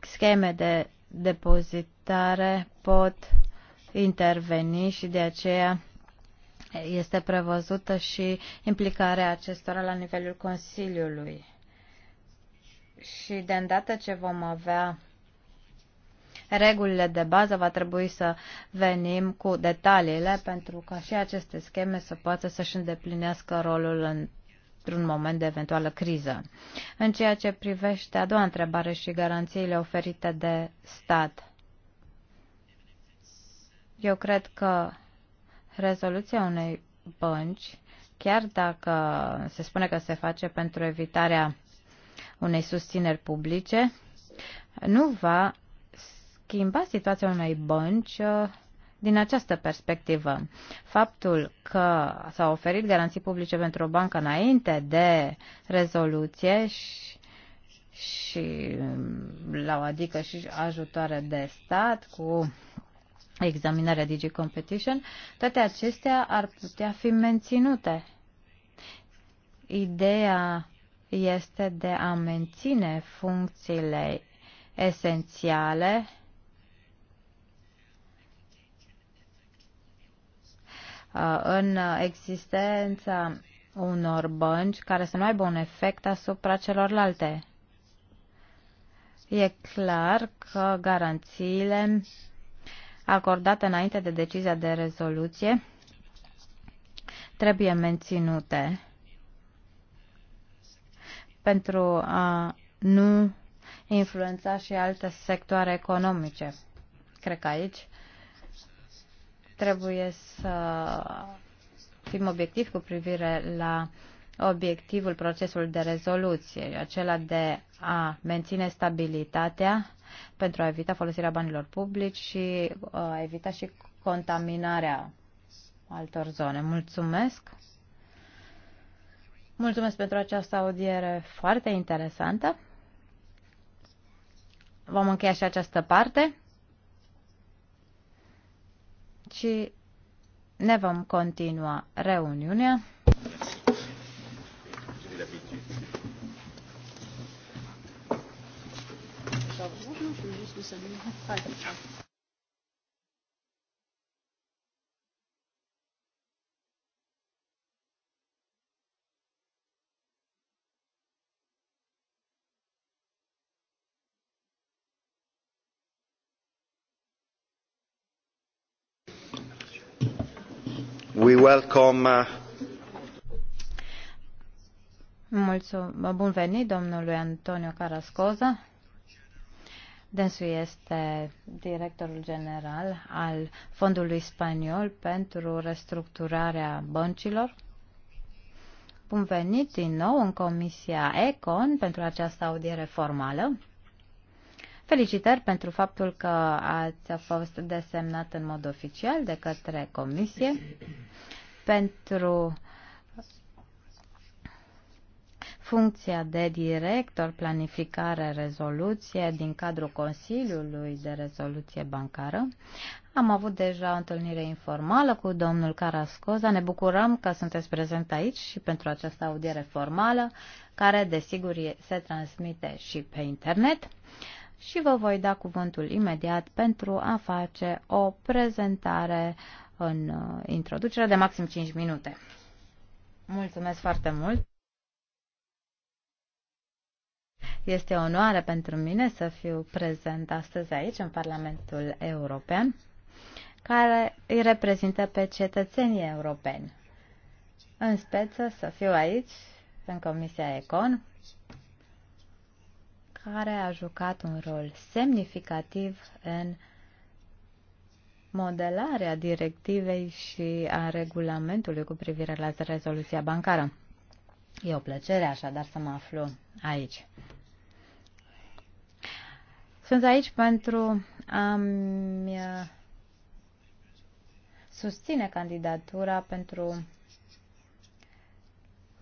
scheme de depozitare pot interveni și de aceea este prevăzută și implicarea acestora la nivelul Consiliului. Și de îndată ce vom avea regulile de bază, va trebui să venim cu detaliile pentru ca și aceste scheme să poată să-și îndeplinească rolul în într-un moment de eventuală criză. În ceea ce privește a doua întrebare și garanțiile oferite de stat, eu cred că rezoluția unei bănci, chiar dacă se spune că se face pentru evitarea unei susțineri publice, nu va schimba situația unei bănci uh, din această perspectivă. Faptul că s-au oferit garanții publice pentru o bancă înainte de rezoluție și și um, la adică și ajutoare de stat cu examinarea Digi Competition, toate acestea ar putea fi menținute. Ideea este de a menține funcțiile esențiale Uh, în existența unor bănci care să nu aibă un efect asupra celorlalte. E clar că garanțiile acordate înainte de decizia de rezoluție trebuie menținute pentru a nu influența și alte sectoare economice. Cred că aici Trebuie să fim obiectivi cu privire la obiectivul procesului de rezoluție, acela de a menține stabilitatea pentru a evita folosirea banilor publici și uh, a evita și contaminarea altor zone. Mulțumesc! Mulțumesc pentru această audiere foarte interesantă. Vom încheia și această parte și ne vom continua reuniunea. Să vă veux pentru vous welcome. Uh, Mulțum- bun venit domnului Antonio Carascoza. Dânsul este directorul general al Fondului Spaniol pentru restructurarea băncilor. Bun venit din nou în Comisia ECON pentru această audiere formală. Felicitări pentru faptul că ați fost desemnat în mod oficial de către Comisie pentru funcția de director, planificare, rezoluție din cadrul Consiliului de Rezoluție Bancară. Am avut deja o întâlnire informală cu domnul Carascoza. Ne bucurăm că sunteți prezent aici și pentru această audiere formală, care desigur se transmite și pe internet. Și vă voi da cuvântul imediat pentru a face o prezentare uh, în uh, introducere de maxim 5 minute. Mulțumesc foarte mult! Este o onoare pentru mine să fiu prezent astăzi aici, în Parlamentul European, care îi reprezintă pe cetățenii europeni. În speță să fiu aici, în Comisia Econ, care a jucat un rol semnificativ în modelarea directivei și a regulamentului cu privire la rezoluția bancară. E o plăcere așadar să mă aflu aici. Sunt aici pentru a uh, susține candidatura pentru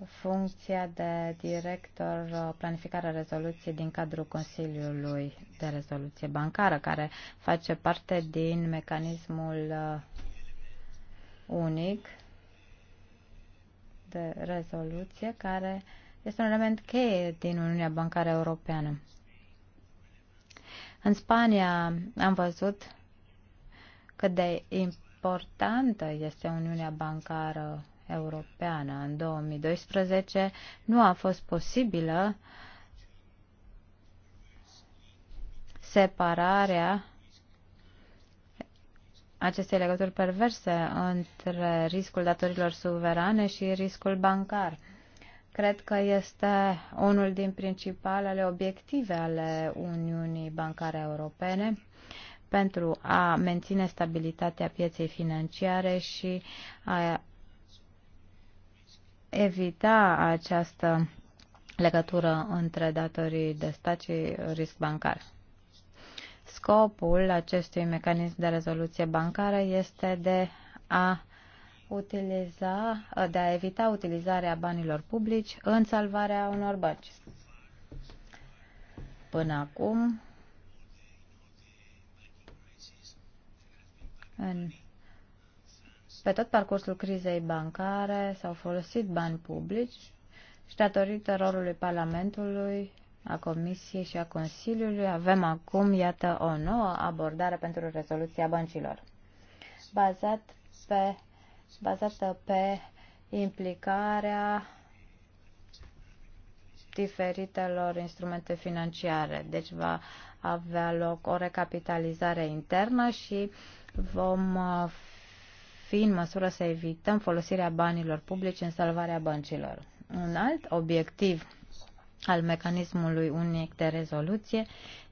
funcția de director uh, planificare rezoluție din cadrul Consiliului de Rezoluție Bancară, care face parte din mecanismul uh, unic de rezoluție, care este un element cheie din Uniunea Bancară Europeană. În Spania am văzut cât de importantă este Uniunea Bancară europeană în 2012 nu a fost posibilă separarea acestei legături perverse între riscul datorilor suverane și riscul bancar. Cred că este unul din principalele obiective ale Uniunii Bancare Europene pentru a menține stabilitatea pieței financiare și a evita această legătură între datorii de stat și risc bancar. Scopul acestui mecanism de rezoluție bancară este de a utiliza, de a evita utilizarea banilor publici în salvarea unor bănci. Până acum, în pe tot parcursul crizei bancare s-au folosit bani publici și datorită rolului Parlamentului, a Comisiei și a Consiliului avem acum, iată, o nouă abordare pentru rezoluția băncilor, bazat pe, bazată pe implicarea diferitelor instrumente financiare. Deci va avea loc o recapitalizare internă și vom uh, fi în măsură să evităm folosirea banilor publici în salvarea băncilor. Un alt obiectiv al mecanismului unic de rezoluție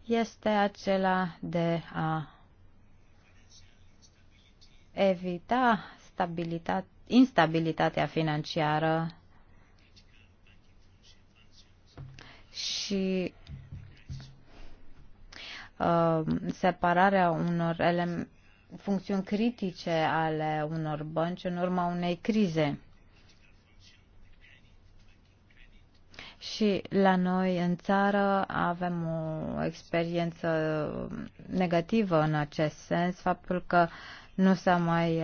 este acela de a evita instabilitatea financiară și uh, separarea unor elemente funcțiuni critice ale unor bănci în urma unei crize. Și la noi în țară avem o experiență negativă în acest sens, faptul că nu s-a mai,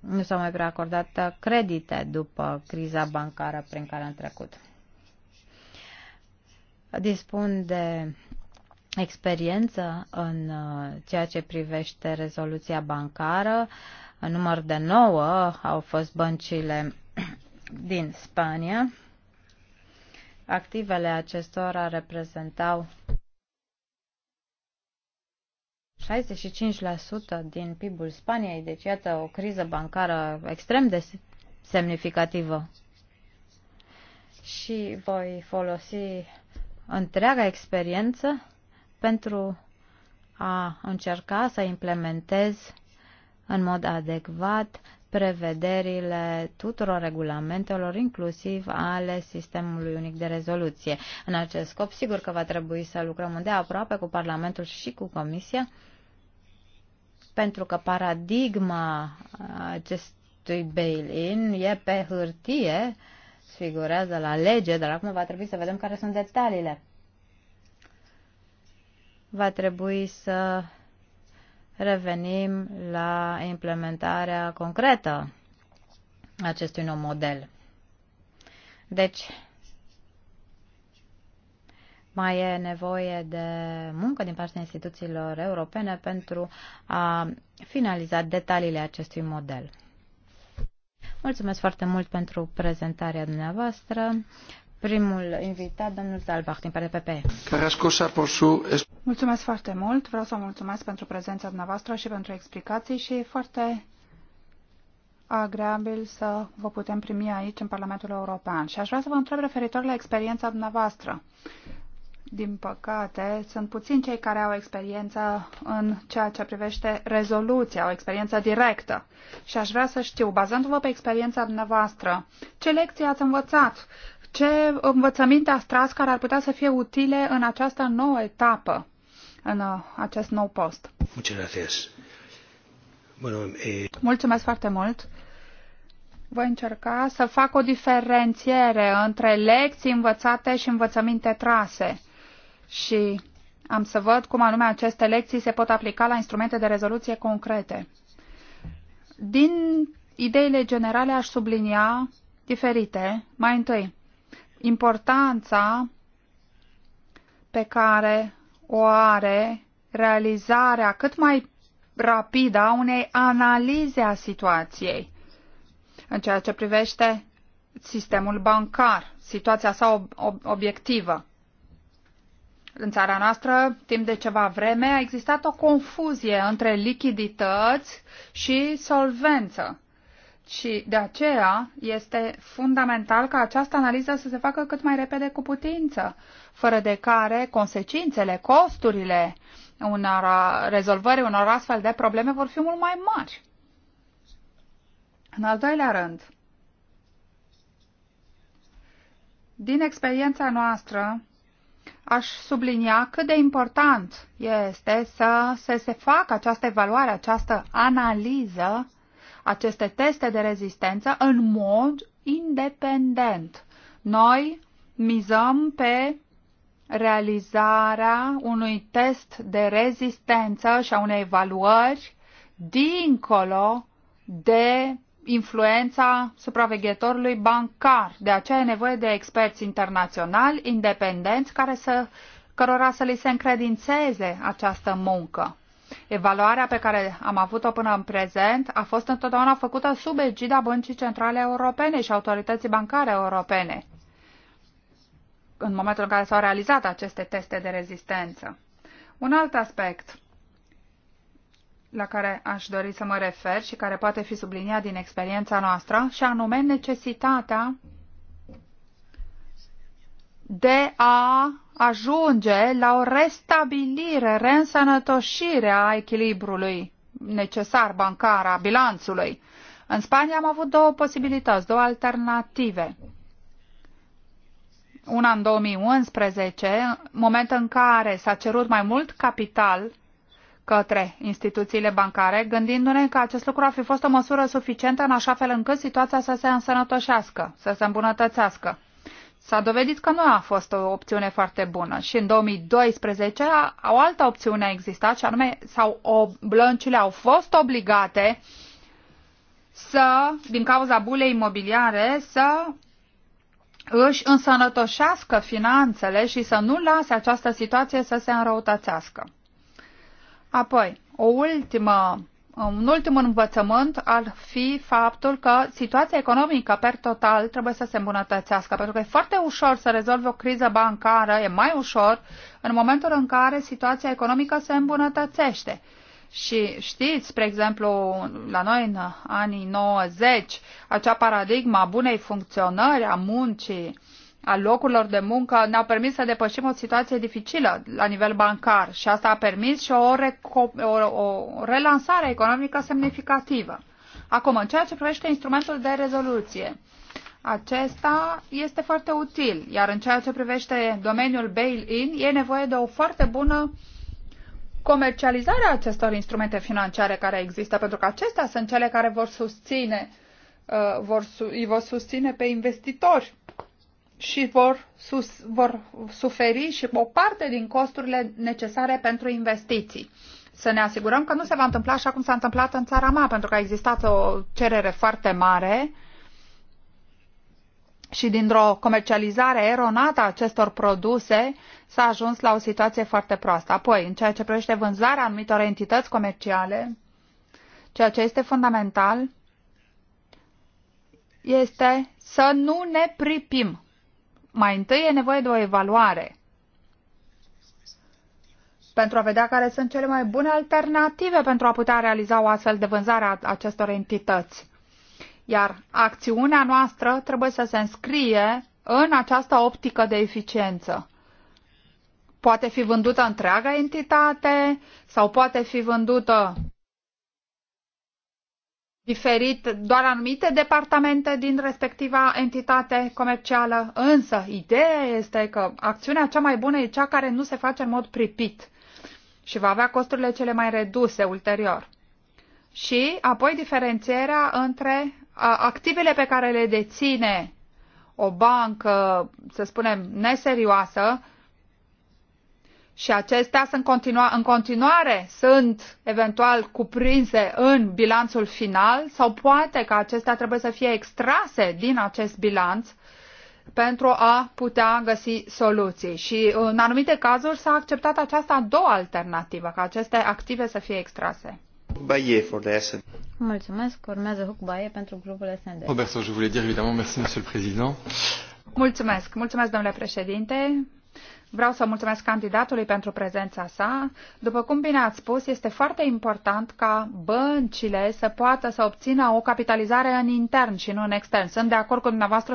nu s-a mai preacordat credite după criza bancară prin care am trecut. Dispun de experiență în uh, ceea ce privește rezoluția bancară. În număr de 9 au fost băncile din Spania. Activele acestora reprezentau 65% din PIB-ul Spaniei, deci iată o criză bancară extrem de semnificativă. Și voi folosi întreaga experiență pentru a încerca să implementez în mod adecvat prevederile tuturor regulamentelor, inclusiv ale sistemului unic de rezoluție. În acest scop, sigur că va trebui să lucrăm îndeaproape cu Parlamentul și cu Comisia, pentru că paradigma acestui bail-in e pe hârtie, figurează la lege, dar acum va trebui să vedem care sunt detaliile va trebui să revenim la implementarea concretă acestui nou model. Deci, mai e nevoie de muncă din partea instituțiilor europene pentru a finaliza detaliile acestui model. Mulțumesc foarte mult pentru prezentarea dumneavoastră. Primul invitat, domnul Zalbach, din partea Mulțumesc foarte mult. Vreau să mulțumesc pentru prezența dumneavoastră și pentru explicații și e foarte agreabil să vă putem primi aici în Parlamentul European. Și aș vrea să vă întreb referitor la experiența dumneavoastră. Din păcate, sunt puțini cei care au experiență în ceea ce privește rezoluția, o experiență directă. Și aș vrea să știu, bazându-vă pe experiența dumneavoastră, ce lecții ați învățat ce învățăminte a tras care ar putea să fie utile în această nouă etapă, în uh, acest nou post? Mulțumesc, eh, Mulțumesc foarte mult! voi încerca să fac o diferențiere între lecții învățate și învățăminte trase și am să văd cum anume aceste lecții se pot aplica la instrumente de rezoluție concrete. Din ideile generale aș sublinia diferite. Mai întâi, importanța pe care o are realizarea cât mai rapidă a unei analize a situației în ceea ce privește sistemul bancar, situația sa ob- ob- obiectivă. În țara noastră, timp de ceva vreme, a existat o confuzie între lichidități și solvență. Și de aceea este fundamental ca această analiză să se facă cât mai repede cu putință, fără de care consecințele, costurile unor rezolvări unor astfel de probleme vor fi mult mai mari. În al doilea rând, din experiența noastră, aș sublinia cât de important este să, să se facă această evaluare, această analiză aceste teste de rezistență în mod independent. Noi mizăm pe realizarea unui test de rezistență și a unei evaluări dincolo de influența supraveghetorului bancar. De aceea e nevoie de experți internaționali, independenți, care să, cărora să li se încredințeze această muncă. Evaluarea pe care am avut-o până în prezent a fost întotdeauna făcută sub egida Băncii Centrale Europene și Autorității Bancare Europene, în momentul în care s-au realizat aceste teste de rezistență. Un alt aspect la care aș dori să mă refer și care poate fi subliniat din experiența noastră, și anume necesitatea de a ajunge la o restabilire, reînsănătoșire a echilibrului necesar bancar, a bilanțului. În Spania am avut două posibilități, două alternative. Una în 2011, moment în care s-a cerut mai mult capital către instituțiile bancare, gândindu-ne că acest lucru ar fi fost o măsură suficientă în așa fel încât situația să se însănătoșească, să se îmbunătățească. S-a dovedit că nu a fost o opțiune foarte bună și în 2012 o altă opțiune a existat și anume sau o, blăncile au fost obligate să, din cauza bulei imobiliare, să își însănătoșească finanțele și să nu lase această situație să se înrăutățească. Apoi, o ultimă Um, un ultim învățământ ar fi faptul că situația economică per total trebuie să se îmbunătățească, pentru că e foarte ușor să rezolvi o criză bancară, e mai ușor în momentul în care situația economică se îmbunătățește. Și știți, spre exemplu, la noi în anii 90, acea paradigma bunei funcționări a muncii, a locurilor de muncă ne-au permis să depășim o situație dificilă la nivel bancar și asta a permis și o, o, o relansare economică semnificativă. Acum, în ceea ce privește instrumentul de rezoluție, acesta este foarte util, iar în ceea ce privește domeniul bail-in, e nevoie de o foarte bună comercializare a acestor instrumente financiare care există, pentru că acestea sunt cele care vor susține, uh, vor, îi vor susține pe investitori și vor, sus, vor suferi și o parte din costurile necesare pentru investiții. Să ne asigurăm că nu se va întâmpla așa cum s-a întâmplat în țara mea, pentru că a existat o cerere foarte mare și dintr-o comercializare eronată a acestor produse s-a ajuns la o situație foarte proastă. Apoi, în ceea ce privește vânzarea anumitor entități comerciale, ceea ce este fundamental este să nu ne pripim mai întâi e nevoie de o evaluare pentru a vedea care sunt cele mai bune alternative pentru a putea realiza o astfel de vânzare a acestor entități. Iar acțiunea noastră trebuie să se înscrie în această optică de eficiență. Poate fi vândută întreaga entitate sau poate fi vândută diferit doar anumite departamente din respectiva entitate comercială, însă ideea este că acțiunea cea mai bună e cea care nu se face în mod pripit și va avea costurile cele mai reduse ulterior. Și apoi diferențierea între activele pe care le deține o bancă, să spunem, neserioasă, și acestea sunt continua, în continuare sunt eventual cuprinse în bilanțul final sau poate că acestea trebuie să fie extrase din acest bilanț pentru a putea găsi soluții. Și în anumite cazuri s-a acceptat această a doua alternativă, ca aceste active să fie extrase. Baie for the SND. Mulțumesc. Urmează Huc Baie pentru grupul SND. Roberto, je voulais dire évidemment merci, monsieur le président. Mulțumesc. Mulțumesc, domnule președinte. Vreau să mulțumesc candidatului pentru prezența sa. După cum bine ați spus, este foarte important ca băncile să poată să obțină o capitalizare în intern și nu în extern. Sunt de acord cu dumneavoastră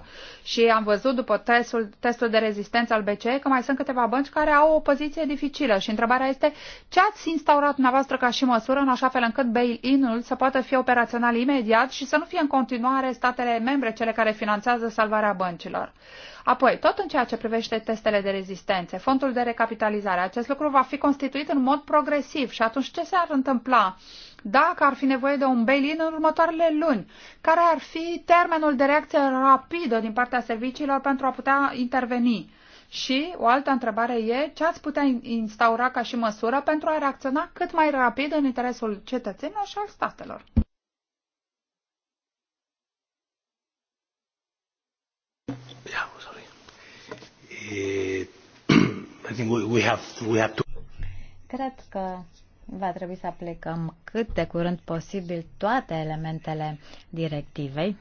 100%. Și am văzut după testul, testul de rezistență al BCE că mai sunt câteva bănci care au o poziție dificilă. Și întrebarea este ce ați instaurat dumneavoastră ca și măsură în așa fel încât bail-in-ul să poată fi operațional imediat și să nu fie în continuare statele membre cele care finanțează salvarea băncilor. Apoi, tot în ceea ce privește testele de rezistențe, fondul de recapitalizare, acest lucru va fi constituit în mod progresiv și atunci ce s-ar întâmpla dacă ar fi nevoie de un bail-in în următoarele luni? Care ar fi termenul de reacție rapidă din partea serviciilor pentru a putea interveni? Și o altă întrebare e ce ați putea instaura ca și măsură pentru a reacționa cât mai rapid în interesul cetățenilor și al statelor. Yeah. Eh, I think we have, we have to... Cred că va trebui să aplicăm cât de curând posibil toate elementele directivei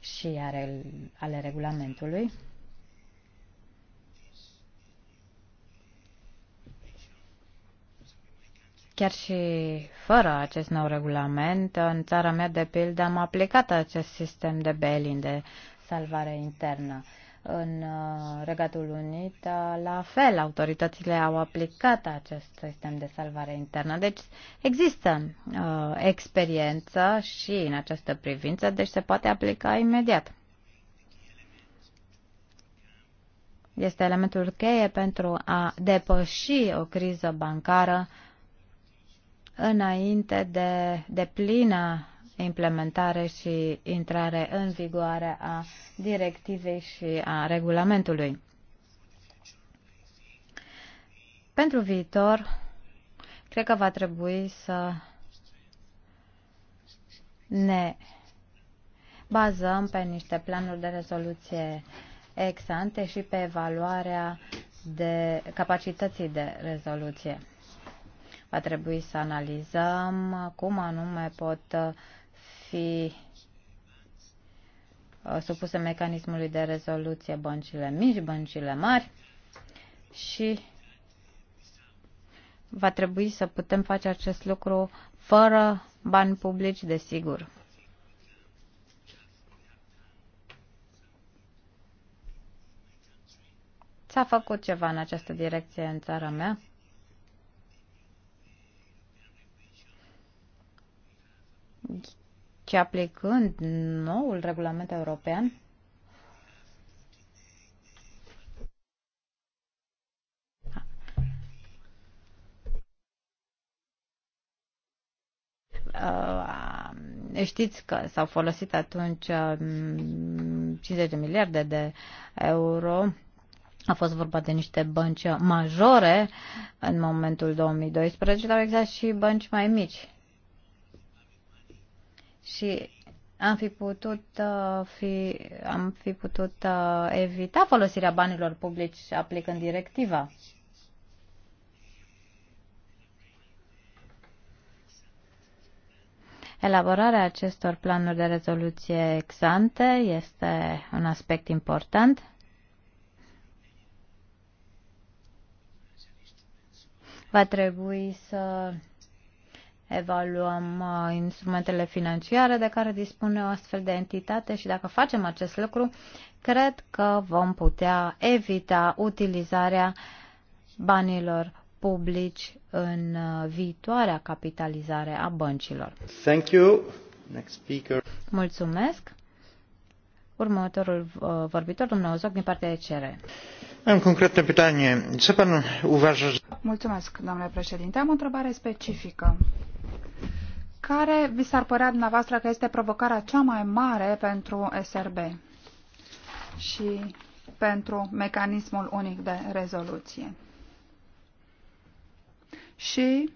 și ale, ale regulamentului. Chiar și fără acest nou regulament, în țara mea, de pildă, am aplicat acest sistem de bail de salvare internă. Uh, în uh, Regatul Unit, uh, la fel, autoritățile au aplicat acest sistem de salvare internă. Deci există uh, experiență și în această privință, deci se poate aplica imediat. Este elementul cheie pentru a depăși o criză bancară înainte de, de implementare și intrare în vigoare a directivei și a regulamentului. Pentru viitor, cred că va trebui să ne bazăm pe niște planuri de rezoluție ex ante și pe evaluarea de capacității de rezoluție. Va trebui să analizăm cum anume pot fi uh, supuse mecanismului de rezoluție băncile mici, băncile mari și va trebui să putem face acest lucru fără bani publici, desigur. S-a făcut ceva în această direcție în țara mea ci aplicând noul regulament european, uh, știți că s-au folosit atunci 50 um, de miliarde de euro. A fost vorba de niște bănci majore în momentul 2012, dar exact și bănci mai mici și am fi putut, uh, fi, am fi putut uh, evita folosirea banilor publici aplicând directiva. Elaborarea acestor planuri de rezoluție exante este un aspect important. Va trebui să evaluăm uh, instrumentele financiare de care dispune o astfel de entitate și dacă facem acest lucru, cred că vom putea evita utilizarea banilor publici în uh, viitoarea capitalizare a băncilor. Thank you. Next speaker. Mulțumesc. Următorul uh, vorbitor, domnul Ozoc, din partea ECR. Am concretă pytanie. Ce pan uważa, Mulțumesc, domnule președinte. Am o întrebare specifică. Care vi s-ar părea dumneavoastră că este provocarea cea mai mare pentru SRB și pentru mecanismul unic de rezoluție? Și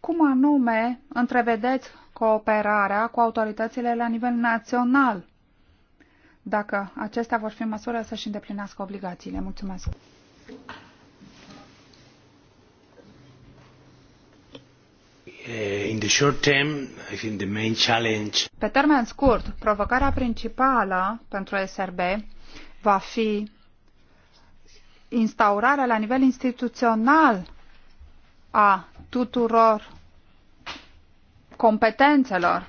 cum anume întrevedeți cooperarea cu autoritățile la nivel național, dacă acestea vor fi măsură să-și îndeplinească obligațiile? Mulțumesc! Pe termen scurt, provocarea principală pentru SRB va fi instaurarea la nivel instituțional a tuturor competențelor,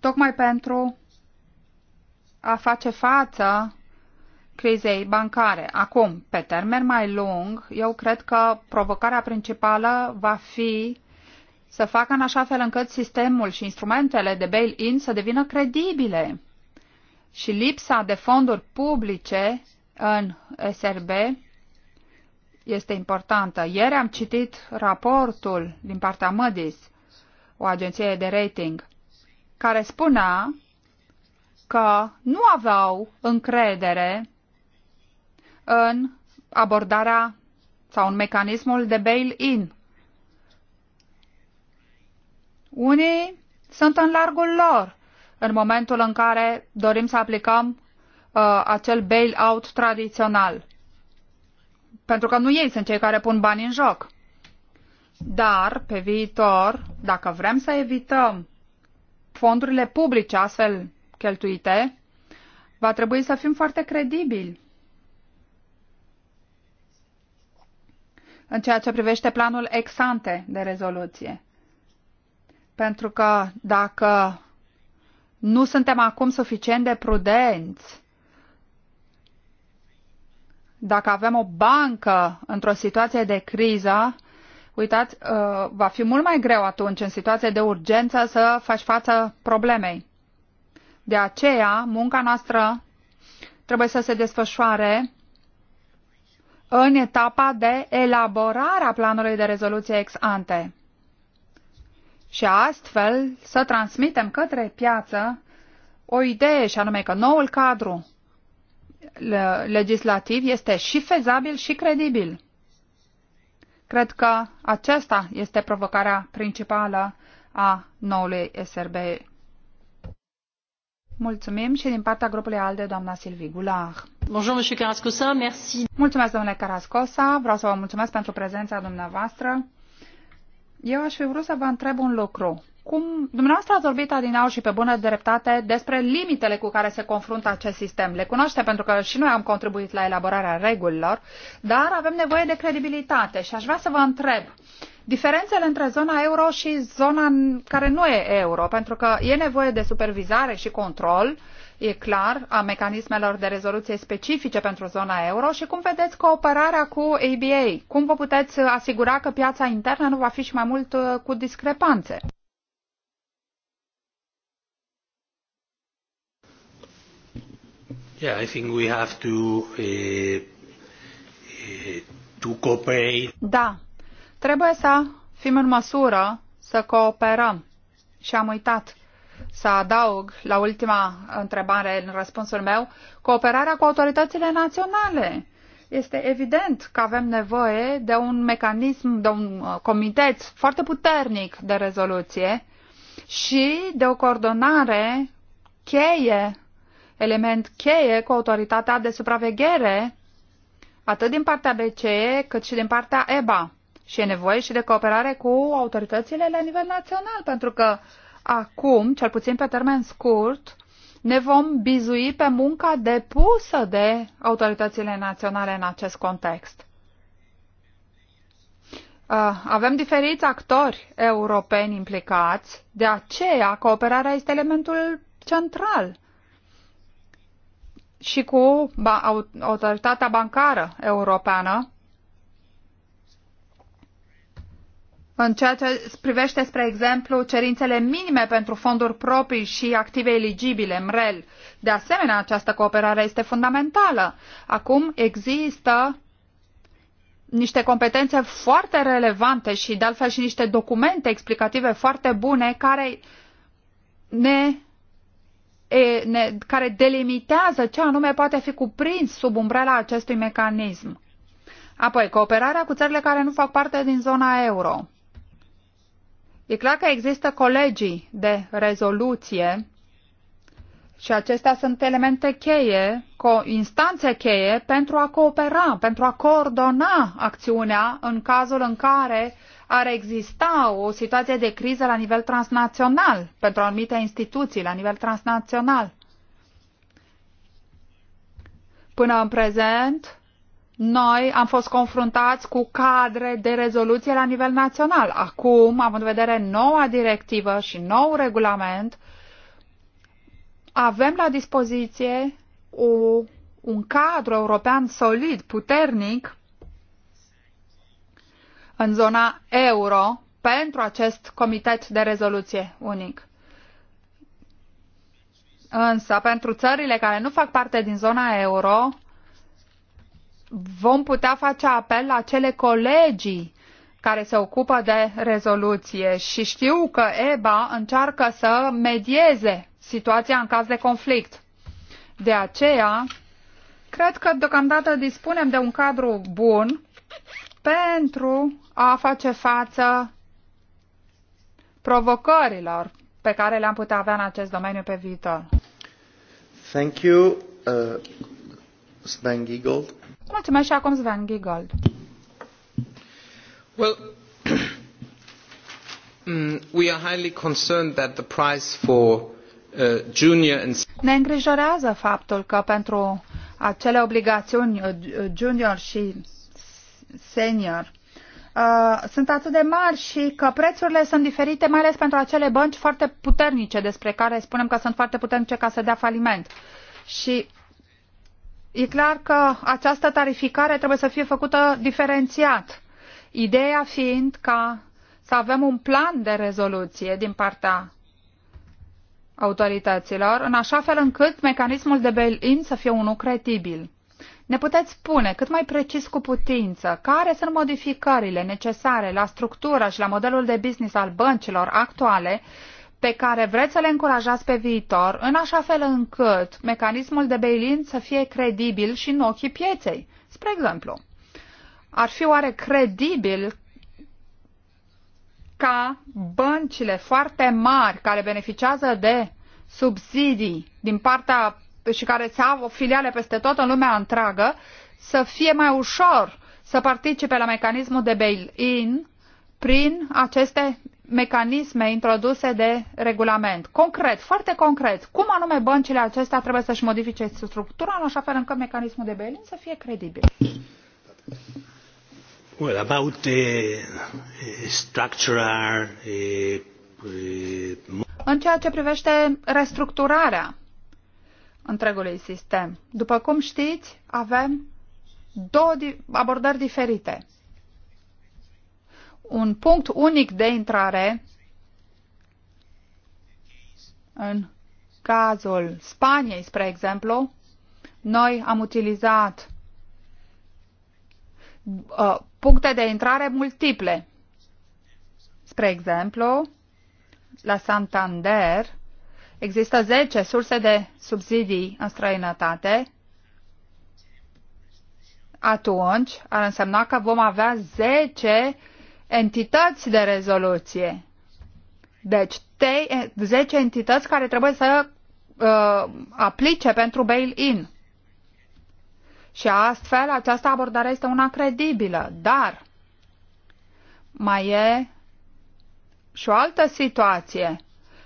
tocmai pentru a face față crizei bancare. Acum, pe termen mai lung, eu cred că provocarea principală va fi să facă în așa fel încât sistemul și instrumentele de bail-in să devină credibile. Și lipsa de fonduri publice în SRB este importantă. Ieri am citit raportul din partea Moody's, o agenție de rating, care spunea că nu aveau încredere în abordarea sau în mecanismul de bail-in. Unii sunt în largul lor în momentul în care dorim să aplicăm uh, acel bail-out tradițional. Pentru că nu ei sunt cei care pun bani în joc. Dar, pe viitor, dacă vrem să evităm fondurile publice astfel cheltuite, va trebui să fim foarte credibili în ceea ce privește planul exante de rezoluție. Pentru că dacă nu suntem acum suficient de prudenți, dacă avem o bancă într-o situație de criză, uitați, uh, va fi mult mai greu atunci, în situație de urgență, să faci față problemei. De aceea, munca noastră trebuie să se desfășoare în etapa de elaborare a planului de rezoluție ex ante și astfel să transmitem către piață o idee și anume că noul cadru legislativ este și fezabil și credibil. Cred că aceasta este provocarea principală a noului SRB. Mulțumim și din partea grupului ALDE, doamna Silvi Gulah. Bonjour, Carrascosa, Mulțumesc, domnule Carascosa, vreau să vă mulțumesc pentru prezența dumneavoastră. Eu aș fi vrut să vă întreb un lucru. Cum dumneavoastră ați vorbit nou și pe bună dreptate despre limitele cu care se confruntă acest sistem. Le cunoaște pentru că și noi am contribuit la elaborarea regulilor, dar avem nevoie de credibilitate și aș vrea să vă întreb diferențele între zona euro și zona care nu e euro, pentru că e nevoie de supervizare și control uh, e clar, a mecanismelor de rezoluție specifice pentru zona euro și cum vedeți cooperarea cu ABA? Cum vă puteți asigura că piața internă nu va fi și mai mult uh, cu discrepanțe? Yeah, I think we have to, uh, uh, to cooperate. Da, trebuie să fim în măsură să cooperăm. Și am uitat să adaug la ultima întrebare în răspunsul meu, cooperarea cu autoritățile naționale. Este evident că avem nevoie de un mecanism, de un uh, comitet foarte puternic de rezoluție și de o coordonare cheie, element cheie cu autoritatea de supraveghere, atât din partea BCE cât și din partea EBA. Și e nevoie și de cooperare cu autoritățile la nivel național, pentru că uh, acum, cel puțin pe termen scurt, ne vom bizui pe munca depusă de autoritățile naționale în acest context. Uh, avem diferiți actori europeni implicați, de aceea cooperarea este elementul central și cu autoritatea bancară europeană în ceea ce privește, spre exemplu, cerințele minime pentru fonduri proprii și active eligibile, MREL. De asemenea, această cooperare este fundamentală. Acum există niște competențe foarte relevante și, de altfel, și niște documente explicative foarte bune care ne, e, ne, care delimitează ce anume poate fi cuprins sub umbrela acestui mecanism. Apoi, cooperarea cu țările care nu fac parte din zona euro. E clar că există colegii de rezoluție și acestea sunt elemente cheie, instanțe cheie pentru a coopera, pentru a coordona acțiunea în cazul în care ar exista o situație de criză la nivel transnațional, pentru anumite instituții la nivel transnațional. Până în prezent, noi am fost confruntați cu cadre de rezoluție la nivel național. Acum, având în vedere noua directivă și nou regulament, avem la dispoziție o, un cadru european solid, puternic, în zona euro pentru acest comitet de rezoluție unic. Însă, pentru țările care nu fac parte din zona euro, vom putea face apel la cele colegii care se ocupă de rezoluție și știu că EBA încearcă să medieze situația în caz de conflict. De aceea, cred că deocamdată dispunem de un cadru bun pentru a face față provocărilor pe care le-am putea avea în acest domeniu pe viitor. Thank you, uh, Sven Giegold. Mulțumesc și acum Sven Giegold. Well, mm, we are highly concerned that the price for uh, junior and ne îngrijorează faptul că pentru acele obligațiuni uh, uh, junior și senior uh, sunt atât de mari și că prețurile sunt diferite, mai ales pentru acele bănci foarte puternice despre care spunem că sunt foarte puternice ca să dea faliment. Și e clar că această tarificare trebuie să fie făcută diferențiat. Ideea fiind ca să avem un plan de rezoluție din partea autorităților, în așa fel încât mecanismul de bail-in să fie unul credibil. Ne puteți spune cât mai precis cu putință care sunt modificările necesare la structura și la modelul de business al băncilor actuale pe care vreți să le încurajați pe viitor, în așa fel încât mecanismul de bail-in să fie credibil și în ochii pieței. Spre exemplu, ar fi oare credibil ca băncile foarte mari care beneficiază de subsidii din partea și care se au filiale peste tot în lumea întreagă, să fie mai ușor să participe la mecanismul de bail-in prin aceste mecanisme introduse de regulament. Concret, foarte concret, cum anume băncile acestea trebuie să-și modifice structura în așa fel încât mecanismul de bail să fie credibil? Well, about the eh, structural, uh, eh, eh, În ceea ce privește restructurarea întregului sistem, după cum știți, avem două abordări diferite un punct unic de intrare în cazul Spaniei, spre exemplu, noi am utilizat uh, puncte de intrare multiple. Spre exemplu, la Santander există 10 surse de subsidii în străinătate. Atunci ar însemna că vom avea 10 entități de rezoluție. Deci 10 entități care trebuie să uh, aplice pentru bail-in. Și astfel această abordare este una credibilă, dar mai e și o altă situație.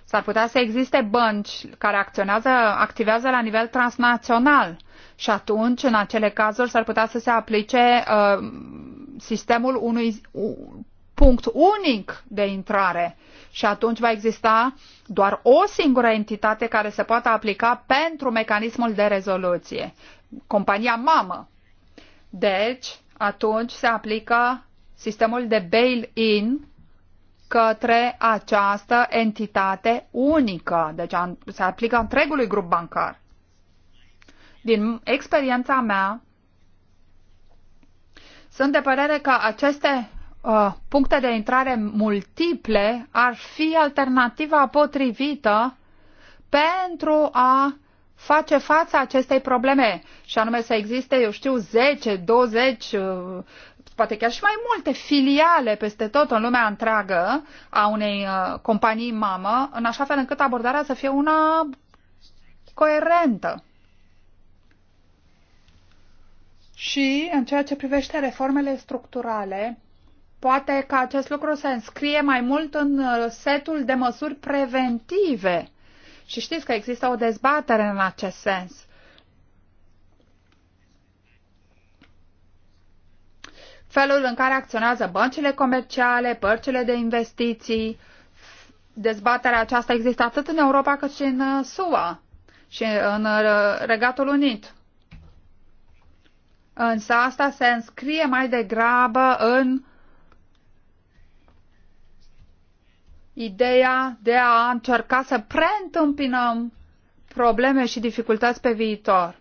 S-ar putea să existe bănci care acționează, activează la nivel transnațional și atunci, în acele cazuri, s-ar putea să se aplice uh, sistemul unui, punct unic de intrare și atunci va exista doar o singură entitate care se poate aplica pentru mecanismul de rezoluție, compania mamă. Deci, atunci se aplică sistemul de bail-in către această entitate unică, deci se aplică întregului grup bancar. Din experiența mea, sunt de părere că aceste Uh, puncte de intrare multiple ar fi alternativa potrivită pentru a face față acestei probleme și anume să existe, eu știu, 10, 20, uh, poate chiar și mai multe filiale peste tot în lumea întreagă a unei uh, companii mamă, în așa fel încât abordarea să fie una coerentă. Și în ceea ce privește reformele structurale, Poate că acest lucru se înscrie mai mult în uh, setul de măsuri preventive. Și știți că există o dezbatere în acest sens. Felul în care acționează băncile comerciale, părțile de investiții, dezbaterea aceasta există atât în Europa cât și în uh, SUA și în uh, Regatul Unit. Însă asta se înscrie mai degrabă în ideea de a încerca să preîntâmpinăm probleme și dificultăți pe viitor.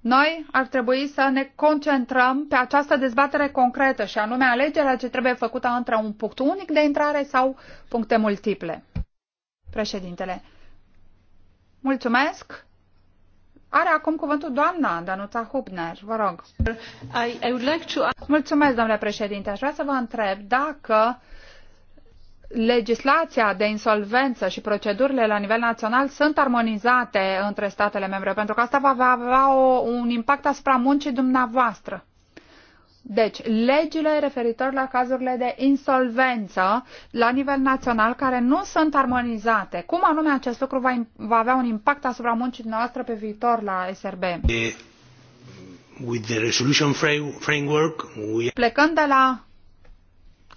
Noi ar trebui să ne concentrăm pe această dezbatere concretă și anume alegerea ce trebuie făcută între un punct unic de intrare sau puncte multiple. Președintele, mulțumesc. Are acum cuvântul doamna Danuța Hubner, vă rog. I, I would like to... Mulțumesc, domnule președinte. Aș vrea să vă întreb dacă uh, legislația de insolvență și procedurile la nivel național sunt armonizate între statele membre, pentru că asta va avea o, un impact asupra muncii dumneavoastră. Deci, legile referitor la cazurile de insolvență la nivel național care nu sunt armonizate. Cum anume acest lucru va, va avea un impact asupra muncii noastre pe viitor la SRB? The, eh, with the resolution framework, we... Plecând de la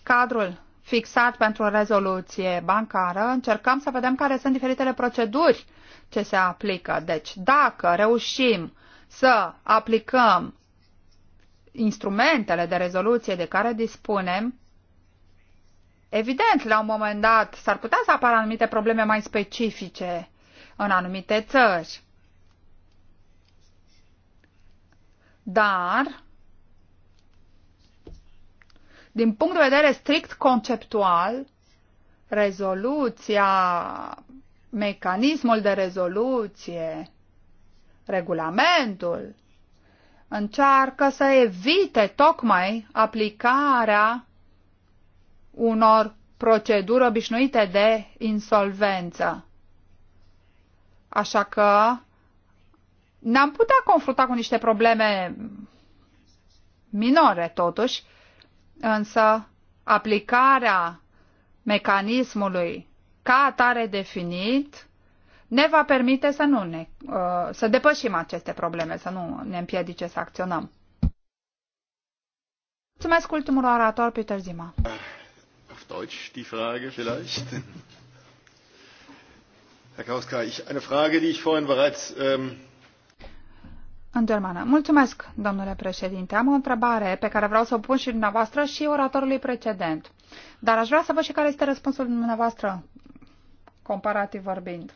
cadrul fixat pentru o rezoluție bancară, încercăm să vedem care sunt diferitele proceduri ce se aplică. Deci, dacă reușim să aplicăm instrumentele de rezoluție de care dispunem, evident, la un moment dat s-ar putea să apară anumite probleme mai specifice în anumite țări. Dar din punct de vedere strict conceptual, rezoluția, mecanismul de rezoluție, regulamentul, încearcă să evite tocmai aplicarea unor proceduri obișnuite de insolvență. Așa că ne-am putea confrunta cu niște probleme minore, totuși, însă aplicarea mecanismului ca atare definit ne va permite să nu ne, uh, să depășim aceste probleme, să nu ne împiedice să acționăm. Mulțumesc ultimul orator, Peter Zima. Auf Deutsch die Frage vielleicht. Herr Kauska, ich, eine Frage, die ich vorhin bereits ähm, Îndermană. Mulțumesc, domnule președinte. Am o întrebare pe care vreau să o pun și dumneavoastră și oratorului precedent. Dar aș vrea să văd și care este răspunsul dumneavoastră, comparativ vorbind.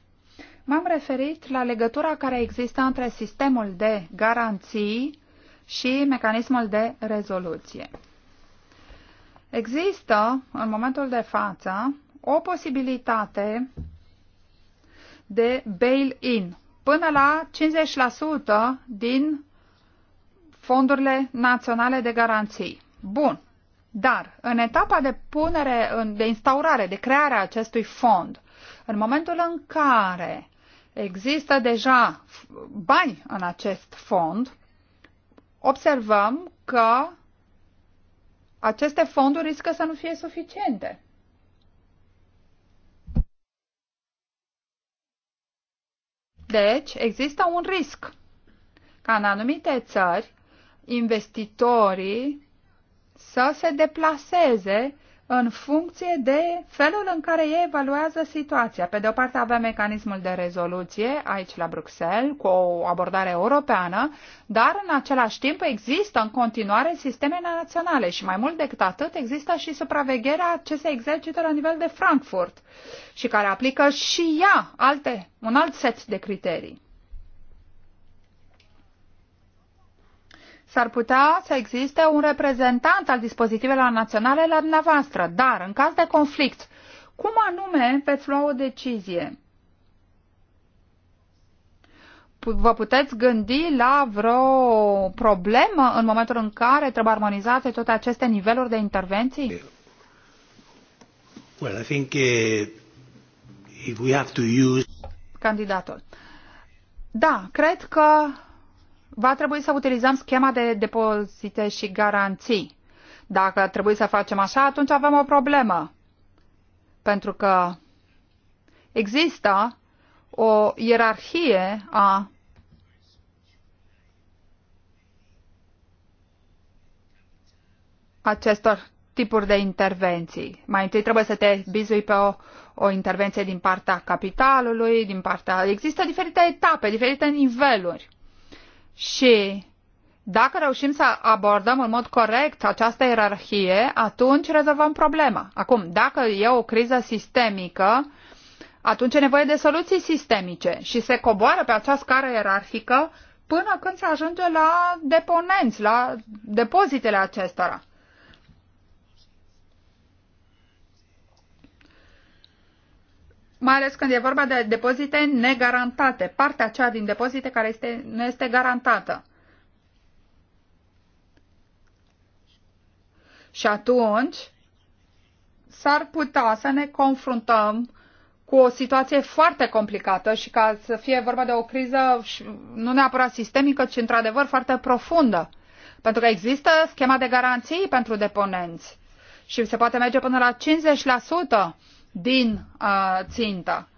M-am referit la legătura care există între sistemul de garanții și mecanismul de rezoluție. Există, în momentul de față, o posibilitate de bail-in, până la 50% din fondurile naționale de garanții. Bun. Dar în etapa de punere, de instaurare, de creare a acestui fond, în momentul în care există deja bani în acest fond, observăm că aceste fonduri riscă să nu fie suficiente. Deci, există un risc ca în anumite țări investitorii să se deplaseze în funcție de felul în care ei evaluează situația. Pe de o parte avem mecanismul de rezoluție aici la Bruxelles cu o abordare europeană, dar în același timp există în continuare sisteme naționale și mai mult decât atât există și supravegherea ce se exercită la nivel de Frankfurt și care aplică și ea alte, un alt set de criterii. s-ar putea să existe un reprezentant al dispozitivelor naționale la dumneavoastră, dar în caz de conflict, cum anume veți lua o decizie? Vă puteți gândi la vreo problemă în momentul în care trebuie armonizate toate aceste niveluri de intervenții? Well, I think uh, if we have to use... Candidatul. Da, cred că va trebui să utilizăm schema de depozite și garanții. Dacă trebuie să facem așa, atunci avem o problemă. Pentru că există o ierarhie a acestor tipuri de intervenții. Mai întâi trebuie să te bizui pe o, o intervenție din partea capitalului, din partea... Există diferite etape, diferite niveluri. Și dacă reușim să abordăm în mod corect această ierarhie, atunci rezolvăm problema. Acum, dacă e o criză sistemică, atunci e nevoie de soluții sistemice și se coboară pe această scară ierarhică până când se ajunge la deponenți, la depozitele acestora. mai ales când e vorba de depozite negarantate, partea aceea din depozite care este, nu este garantată. Și atunci s-ar putea să ne confruntăm cu o situație foarte complicată și ca să fie vorba de o criză nu neapărat sistemică, ci într-adevăr foarte profundă. Pentru că există schema de garanții pentru deponenți și se poate merge până la 50% din uh, țintă.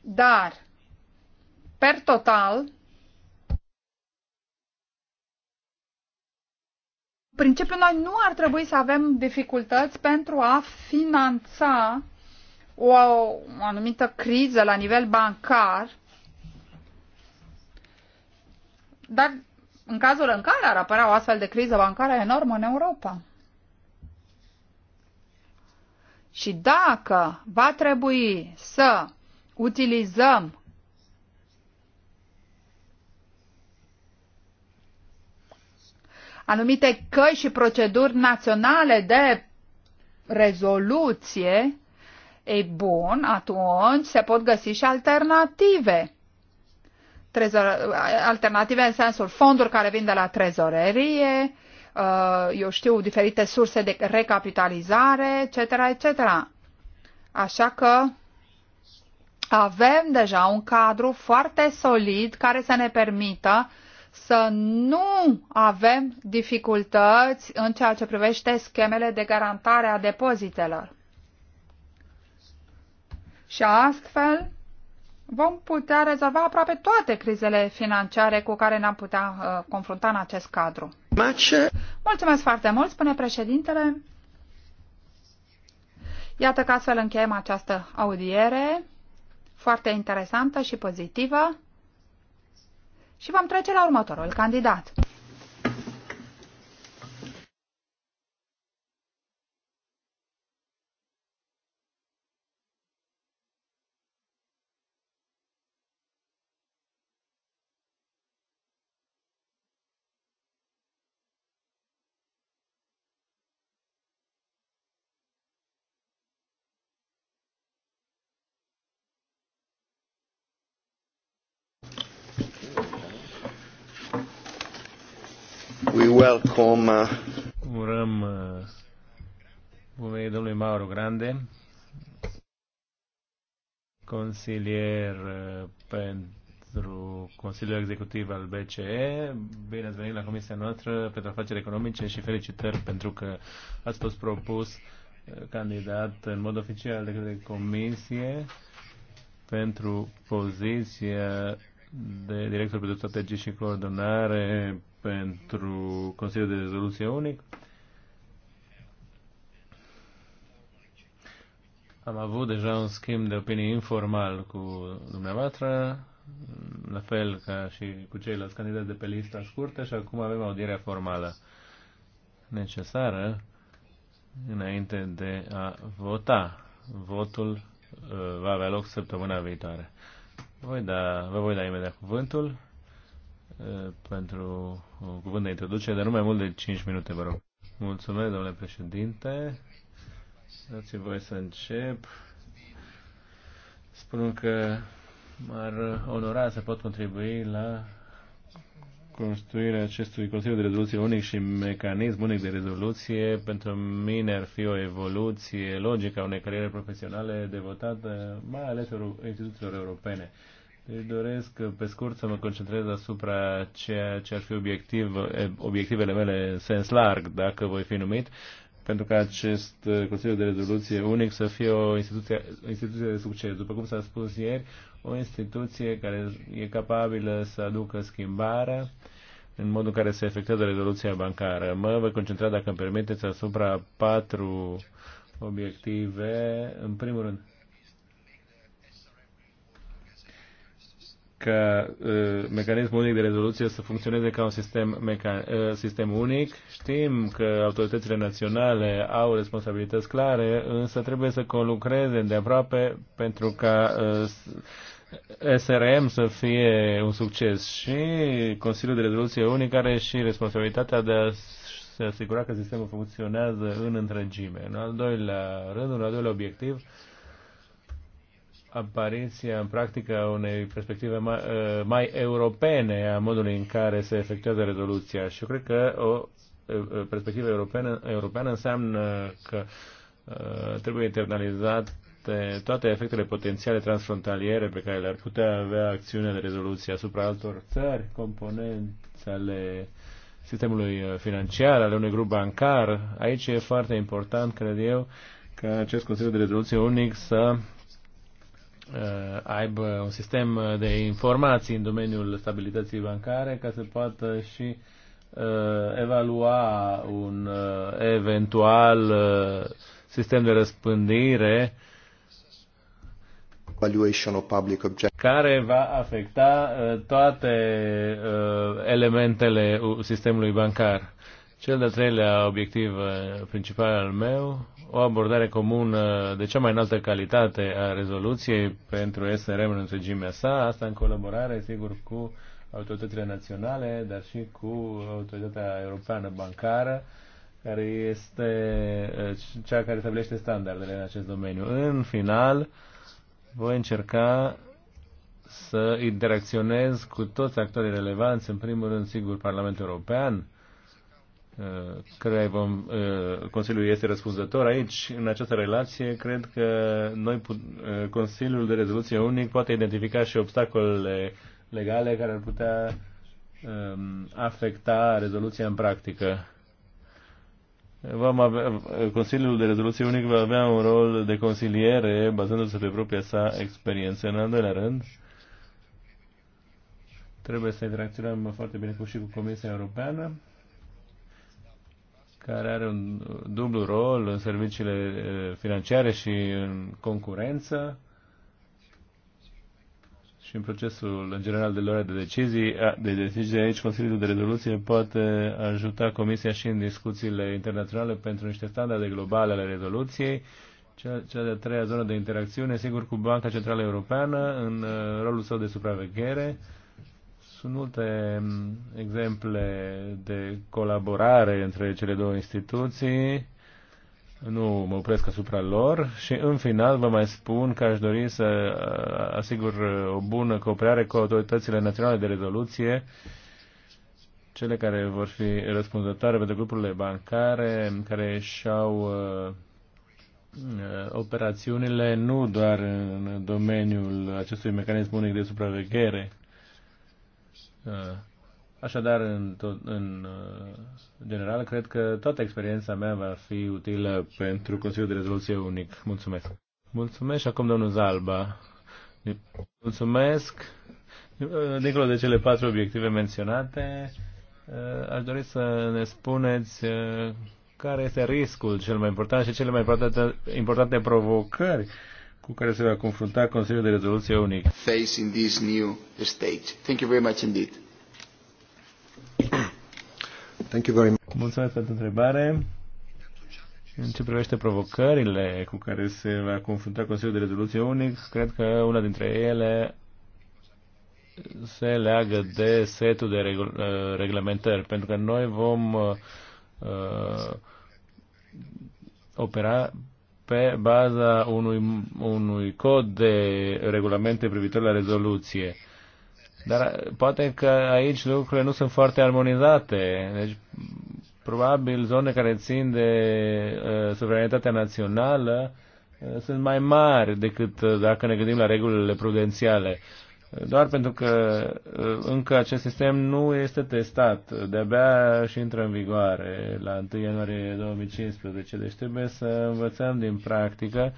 Dar, per total, principiu noi nu ar trebui să avem dificultăți pentru a finanța o, o anumită criză la nivel bancar, dar în cazul în care ar apărea o astfel de criză bancară enormă în Europa. Și dacă va trebui să utilizăm anumite căi și proceduri naționale de rezoluție, e bun, atunci se pot găsi și alternative. Trezor, alternative în sensul fonduri care vin de la trezorerie, uh, Uh, eu știu, diferite surse de recapitalizare, etc., etc. Așa că avem deja un cadru foarte solid care să ne permită să nu avem dificultăți în ceea ce privește schemele de garantare a depozitelor. Și astfel, vom putea rezolva aproape toate crizele financiare cu care ne-am putea uh, confrunta în acest cadru. Mulțumesc foarte mult, spune președintele. Iată că astfel încheiem această audiere foarte interesantă și pozitivă și vom trece la următorul candidat. welcome. Uh, Urăm uh, bunei domnului Mauro Grande, consilier uh, pentru Consiliul Executiv al BCE. Bine ați venit la comisia noastră pentru afaceri economice și felicitări pentru că ați fost propus candidat în mod oficial de către comisie pentru poziția de director pentru strategii și coordonare pentru Consiliul de Rezoluție Unic. Am avut deja un schimb de opinie informal cu dumneavoastră, la fel ca și cu ceilalți candidați de pe lista scurtă și acum avem audierea formală necesară înainte de a vota. Votul uh, va avea loc săptămâna viitoare. Voi da, vă voi da imediat cuvântul pentru uh, cuvânt de introducere, dar nu mai mult de 5 minute, vă rog. Mulțumesc, domnule președinte. Dați voi să încep. Spun că m-ar onora să pot contribui la construirea acestui Consiliu de Rezoluție unic și mecanism unic de rezoluție. Pentru mine ar fi o evoluție logică a unei cariere profesionale devotată mai ales instituțiilor europene. Îi doresc pe scurt să mă concentrez asupra ceea ce ar fi obiectiv, obiectivele mele în sens larg, dacă voi fi numit, pentru că acest uh, Consiliu de Rezoluție unic să fie o instituție, o instituție de succes. După cum s-a spus ieri, o instituție care e capabilă să aducă schimbarea în modul în care se efectuează rezoluția bancară. Mă voi concentra, dacă îmi permiteți, asupra patru obiective. În primul rând, ca uh, mecanismul unic de rezoluție să funcționeze ca un sistem, meca- uh, sistem unic. Știm că autoritățile naționale au responsabilități clare, însă trebuie să colucreze de aproape pentru ca uh, SRM să fie un succes și Consiliul de Rezoluție Unic are și responsabilitatea de a se asigura că sistemul funcționează în întregime. În al doilea rând, un al doilea obiectiv, uh, apariția în practică a unei perspective mai, uh, mai europene a modului în care se efectuează rezoluția. Și eu cred că o uh, perspectivă europeană, europeană înseamnă că uh, trebuie internalizat toate, toate efectele potențiale transfrontaliere pe care le-ar putea avea acțiunea de rezoluție asupra altor țări, componenți ale sistemului financiar, ale unui grup bancar. Aici e foarte important, cred eu, ca acest Consiliu de Rezoluție Unic să Uh, aibă un sistem de informații în domeniul stabilității bancare ca să poată și uh, evalua un uh, eventual sistem de răspândire care va afecta toate elementele sistemului bancar. Cel de-al treilea obiectiv uh, principal al meu, o abordare comună de cea mai înaltă calitate a rezoluției pentru SRM în întregimea sa, asta în colaborare, sigur, cu autoritățile naționale, dar și cu autoritatea europeană bancară, care este uh, cea care stabilește standardele în acest domeniu. În final, voi încerca să interacționez cu toți actorii relevanți, în primul rând, sigur, Parlamentul European, Uh, căruia vom, uh, Consiliul este răspunzător aici, în această relație, cred că noi, uh, Consiliul de Rezoluție Unic poate identifica și obstacolele legale care ar putea um, afecta rezoluția în practică. Vom avea, Consiliul de Rezoluție Unic va avea un rol de consiliere bazându-se pe propria sa experiență. În al doilea rând, trebuie să interacționăm foarte bine cu și cu Comisia Europeană care are un dublu rol în serviciile eh, financiare și în concurență și în procesul în general de luare de decizii. De decizii aici, Consiliul de Rezoluție poate ajuta Comisia și în discuțiile internaționale pentru niște standarde globale ale rezoluției. Cea, cea de-a treia zonă de interacțiune, sigur, cu Banca Centrală Europeană în eh, rolul său de supraveghere sunt multe mm, exemple de colaborare între cele două instituții. Nu mă opresc asupra lor și în final vă mai spun că aș dori să uh, asigur uh, o bună cooperare cu autoritățile naționale de rezoluție, cele care vor fi răspunzătoare pentru grupurile bancare care și-au uh, operațiunile nu doar în domeniul acestui mecanism unic de supraveghere, Uh, așadar, în, tot, în uh, general, cred că toată experiența mea va fi utilă pentru Consiliul de Rezoluție Unic. Mulțumesc! Mulțumesc și acum domnul Zalba. Mulțumesc! Dincolo de cele patru obiective menționate, uh, aș dori să ne spuneți care este riscul cel mai important și cele mai importante, importante provocări cu care se va confrunta Consiliul de Rezoluție Unic. Face in this new stage. Thank you very much indeed. Thank you very much. Mulțumesc pentru întrebare. În ce privește provocările cu care se va confrunta Consiliul de Rezoluție Unic, cred că una dintre ele se leagă de setul de regl- uh, reglementări, pentru că noi vom uh, uh opera pe baza unui, unui cod de regulamente privitor la rezoluție. Dar poate că aici lucrurile nu sunt foarte armonizate. Deci, probabil zone care țin de uh, suveranitatea națională uh, sunt mai mari decât uh, dacă ne gândim la regulile prudențiale. Uh, doar pentru că uh, încă acest sistem nu este testat, de-abia și intră în vigoare la 1 ianuarie 2015, deci trebuie să învățăm din practică,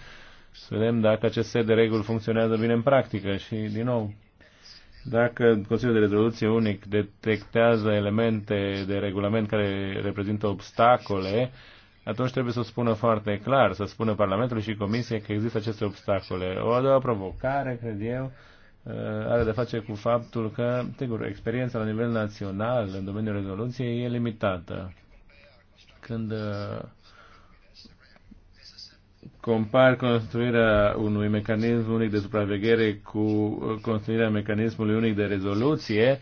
să vedem dacă acest set de reguli funcționează bine în practică și, din nou, dacă Consiliul de Rezoluție Unic detectează elemente de regulament care reprezintă obstacole, atunci trebuie să spună foarte clar, să spună Parlamentului și Comisiei că există aceste obstacole. O a doua provocare, cred eu, Uh, are de face cu faptul că, sigur, experiența la nivel național în domeniul rezoluției e limitată. Când uh, compar construirea unui mecanism unic de supraveghere cu uh, construirea mecanismului unic de rezoluție,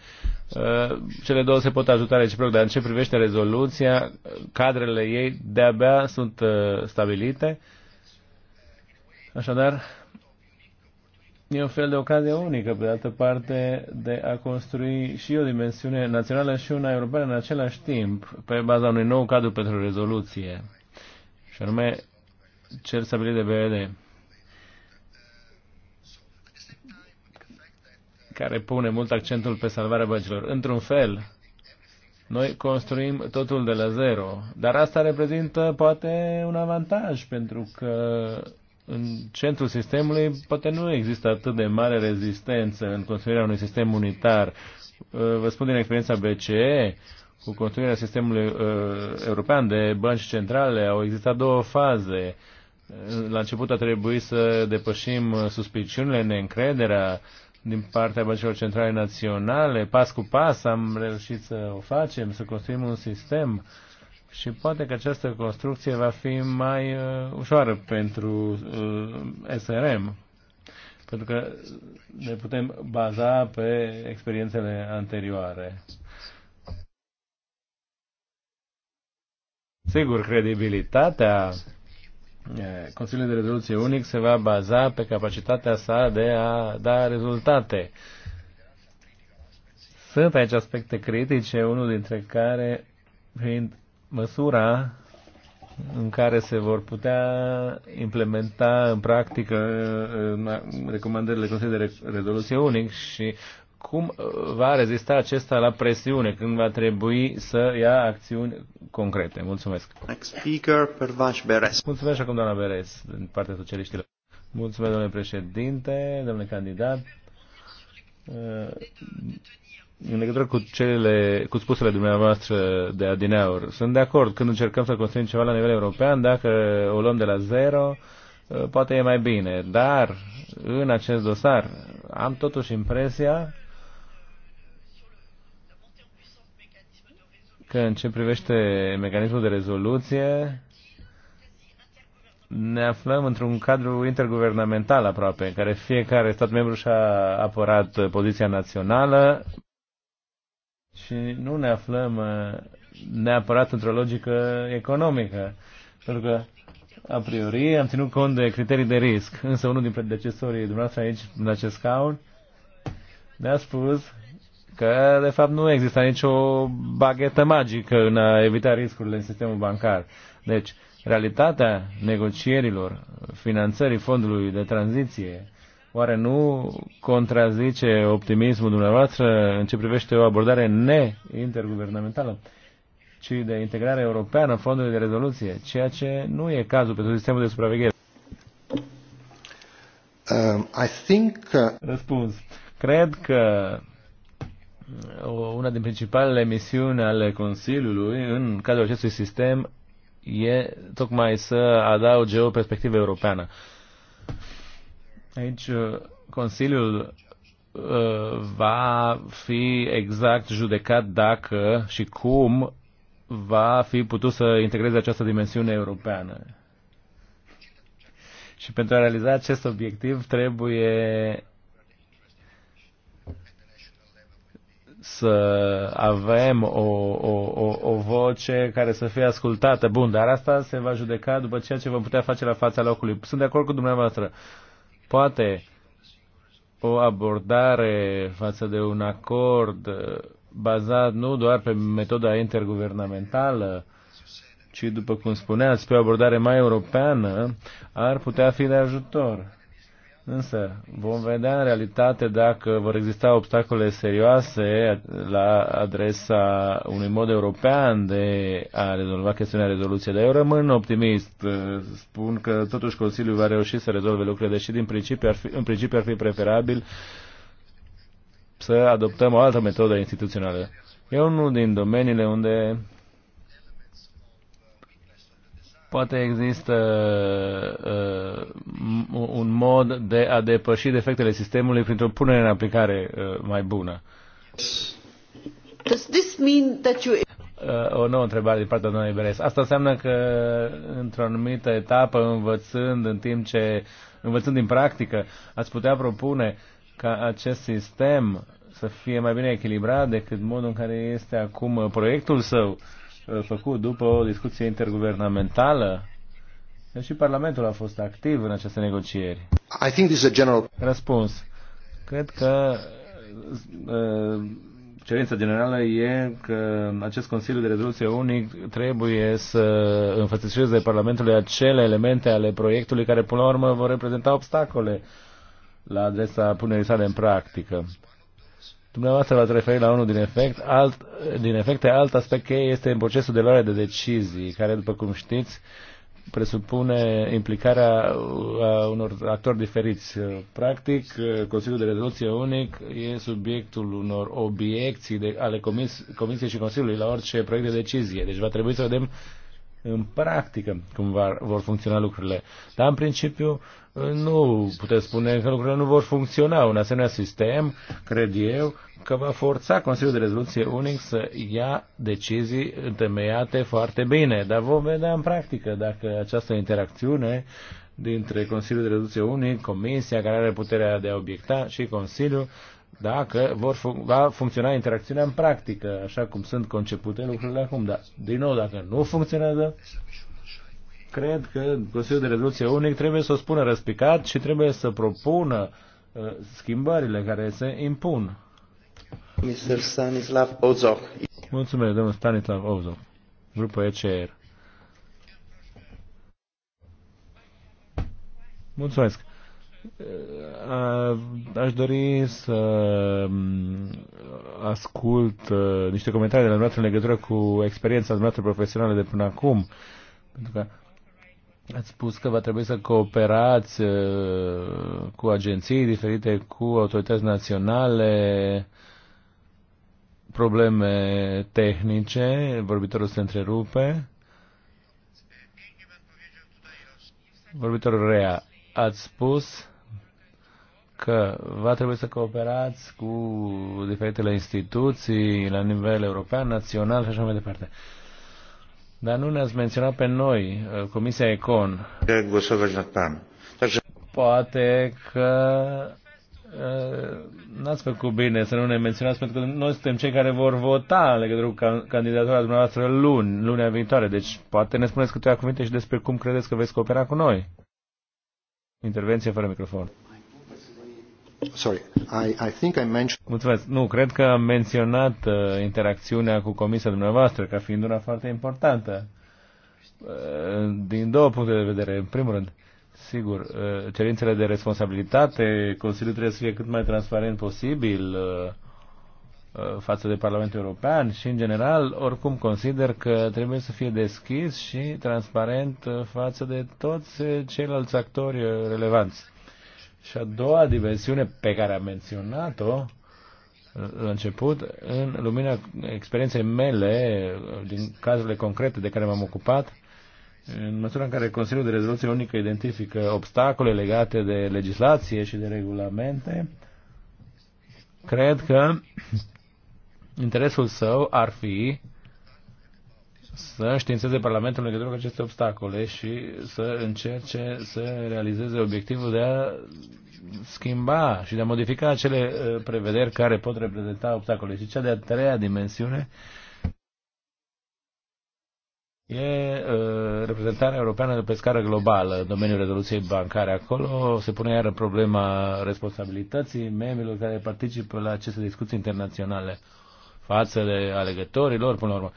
cele două se pot ajuta reciproc, dar în ce privește rezoluția, cadrele ei de-abia sunt stabilite. Așadar, E un fel de ocazie unică, pe de altă parte, de a construi și o dimensiune națională și una europeană în același timp, pe baza unui nou cadru pentru rezoluție, și anume cer stabilit de BRD, care pune mult accentul pe salvarea băncilor. Într-un fel, noi construim totul de la zero, dar asta reprezintă poate un avantaj, pentru că în centrul sistemului poate nu există atât de mare rezistență în construirea unui sistem unitar. Uh, vă spun din experiența BCE, cu construirea sistemului uh, european de bănci centrale au existat două faze. La început a trebuit să depășim uh, suspiciunile, neîncrederea din partea băncilor centrale naționale. Pas cu pas am reușit să o facem, să construim un sistem uh, și poate că această construcție va fi mai uh, ușoară pentru uh, SRM, pentru că ne putem baza pe experiențele anterioare. Sigur, credibilitatea Consiliul de Rezoluție Unic se va baza pe capacitatea sa de a da rezultate. Sunt aici aspecte critice, unul dintre care fiind măsura în care se vor putea implementa în practică recomandările Consiliului de Rezoluție Unic și cum va rezista acesta la presiune când va trebui să ia acțiuni concrete. Mulțumesc. Next speaker, Beres. Mulțumesc acum, doamna Beres, din partea socialiștilor. Mulțumesc, domnule președinte, domnule candidat în legătură cu, cele, cu spusele dumneavoastră de adineauri, sunt de acord. Când încercăm să construim ceva la nivel european, dacă o luăm de la zero, eh, poate e mai bine. Dar în acest dosar am totuși impresia că în ce privește mecanismul de rezoluție, ne aflăm într-un cadru interguvernamental aproape, în care fiecare stat membru și-a apărat poziția națională. Și nu ne aflăm uh, neapărat într-o logică economică, pentru că a priori am ținut cont de criterii de risc, însă unul din predecesorii dumneavoastră aici, în acest scaun, ne-a spus că de fapt nu există nicio baghetă magică în a evita riscurile în sistemul bancar. Deci, realitatea negocierilor, finanțării fondului de tranziție, Oare nu contrazice optimismul dumneavoastră în ce privește o abordare ne ci de integrare europeană în fondurile de rezoluție, ceea ce nu e cazul pentru sistemul de supraveghere? Uh, I think... Răspuns. Cred că uh, una din principalele misiuni ale Consiliului în cadrul acestui sistem e tocmai să adauge o perspectivă europeană. Aici uh, Consiliul uh, va fi exact judecat dacă și cum va fi putut să integreze această dimensiune europeană. Și pentru a realiza acest obiectiv trebuie să avem o, o, o, o voce care să fie ascultată. Bun, dar asta se va judeca după ceea ce vom putea face la fața locului. Sunt de acord cu dumneavoastră. Uh, Poate o abordare față de un acord uh, bazat nu doar pe metoda interguvernamentală, ci, după cum spuneați, pe o abordare mai europeană, ar putea fi de ajutor. Însă vom vedea în realitate dacă vor exista obstacole serioase la adresa unui mod european de a rezolva chestiunea rezoluției. Dar eu rămân optimist. Spun că totuși Consiliul va reuși să rezolve lucrurile, deși din principiu ar fi, în principiu ar fi preferabil să adoptăm o altă metodă instituțională. E unul din domeniile unde poate există uh, un mod de a depăși defectele sistemului printr-o punere în aplicare uh, mai bună. Does this mean that you... uh, o nouă întrebare din partea doamnei Beres. Asta înseamnă că într-o anumită etapă, învățând în timp ce învățând din practică, ați putea propune ca acest sistem să fie mai bine echilibrat decât modul în care este acum uh, proiectul său. Uh, făcut după o discuție interguvernamentală deci și Parlamentul a fost activ în aceste negocieri. I think this is a general... Răspuns. Cred că uh, cerința generală e că acest Consiliu de Rezoluție Unic trebuie să înfățișeze Parlamentului acele elemente ale proiectului care, până la urmă, vor reprezenta obstacole la adresa punerii sale în practică. Dumneavoastră v-ați referit la unul din, efect, alt, din efecte. Alt aspect cheie este în procesul de luare de decizii, care, după cum știți, presupune implicarea uh, a unor actori diferiți. Practic, uh, Consiliul de Rezoluție Unic e subiectul unor obiecții de, ale Comisiei și Consiliului la orice proiect de decizie. Deci va trebui să vedem în practică cum va, vor funcționa lucrurile. Dar în principiu nu puteți spune că lucrurile nu vor funcționa. Un asemenea sistem, cred eu, că va forța Consiliul de Rezoluție Unic să ia decizii întemeiate foarte bine. Dar vom vedea în practică dacă această interacțiune dintre Consiliul de Rezoluție Unic, Comisia care are puterea de a obiecta și Consiliul dacă vor fun- va funcționa interacțiunea în practică, așa cum sunt concepute lucrurile acum. Dar, din nou, dacă nu funcționează, cred că Consiliul de Rezoluție Unic trebuie să o spună răspicat și trebuie să propună uh, schimbările care se impun. Mr. Stanislav Ozok. Mulțumesc, domnul Stanislav Ozok, grupul ECR. Mulțumesc. Aș dori să mm, ascult uh, niște comentarii de la dumneavoastră în legătură cu experiența dumneavoastră profesională de până acum. Pentru că Ați spus că va trebui să cooperați uh, cu agenții diferite, cu autorități naționale, probleme tehnice, vorbitorul se întrerupe. Vorbitorul Rea, ați spus că va trebui să cooperați cu diferitele instituții la nivel european, național și așa mai departe. Dar nu ne-ați menționat pe noi, uh, Comisia Econ. Poate că uh, n-ați făcut bine să nu ne menționați, pentru că noi suntem cei care vor vota în legătură cu candidatura dumneavoastră luni, lunea viitoare. Deci poate ne spuneți câteva cuvinte și despre cum credeți că veți coopera cu noi. Intervenție fără microfon. Sorry, I, I think I mentioned... Mulțumesc. Nu, cred că am menționat uh, interacțiunea cu comisia dumneavoastră ca fiind una foarte importantă. Uh, din două puncte de vedere. În primul rând, sigur, uh, cerințele de responsabilitate, Consiliul trebuie să fie cât mai transparent posibil uh, uh, față de Parlamentul European și, în general, oricum consider că trebuie să fie deschis și transparent uh, față de toți ceilalți actori uh, relevanți și a doua dimensiune pe care am menționat-o uh, la început, în lumina experienței mele, uh, din cazurile concrete de care m-am ocupat, în măsura în care Consiliul de Rezoluție Unică identifică obstacole legate de legislație și de regulamente, cred că interesul său ar fi să științeze Parlamentul în legătură cu aceste obstacole și să încerce să realizeze obiectivul de a schimba și de a modifica acele uh, prevederi care pot reprezenta obstacole. Și cea de-a treia dimensiune e uh, reprezentarea europeană pe scară globală în domeniul rezoluției bancare. Acolo se pune iară problema responsabilității membrilor care participă la aceste discuții internaționale față de alegătorilor, până la urmă.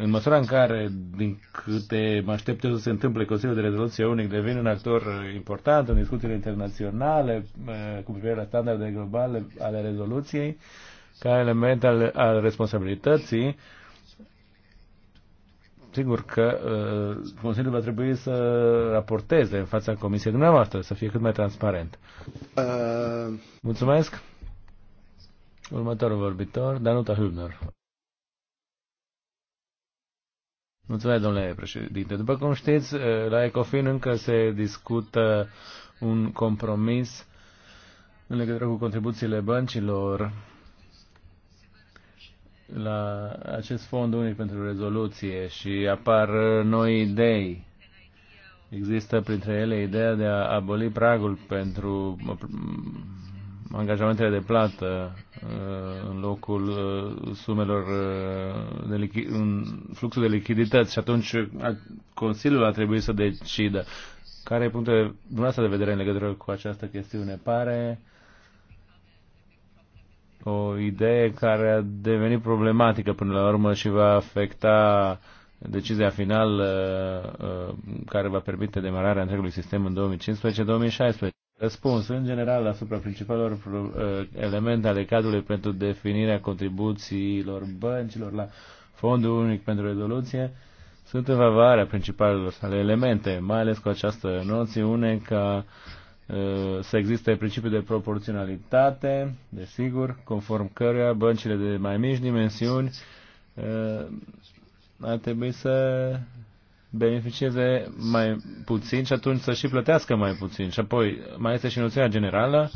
În măsura în care, din câte mă aștept eu să se întâmple, Consiliul de Rezoluție Unic devine un actor important în discuțiile internaționale eh, cu privire la standardele globale ale rezoluției, ca element al, al responsabilității, sigur că uh, Consiliul va trebui să raporteze în fața Comisiei dumneavoastră, să fie cât mai transparent. Uh... Mulțumesc. Următorul vorbitor, Danuta Hübner. Mulțumesc, domnule președinte. După cum știți, eh, la Ecofin încă se discută un compromis în legătură cu contribuțiile băncilor la acest fond unic pentru rezoluție și apar noi idei. Există printre ele ideea de a aboli pragul pentru angajamentele de plată uh, în locul uh, sumelor uh, de în fluxul de lichidități și atunci Consiliul a trebuit să decidă care e punctul dumneavoastră de vedere în legătură cu această chestiune. Pare o idee care a devenit problematică până la urmă și va afecta decizia finală care va permite demararea întregului sistem în 2015-2016. Răspuns, în general, asupra principalelor uh, elemente ale cadrului pentru definirea contribuțiilor băncilor la Fondul Unic pentru Rezoluție, sunt în favoarea principalelor sale elemente, mai ales cu această noțiune că uh, să existe principiul de proporționalitate, desigur, conform căruia băncile de mai mici dimensiuni uh, ar trebui să beneficieze mai puțin și atunci să și plătească mai puțin. Și apoi mai este și noțiunea generală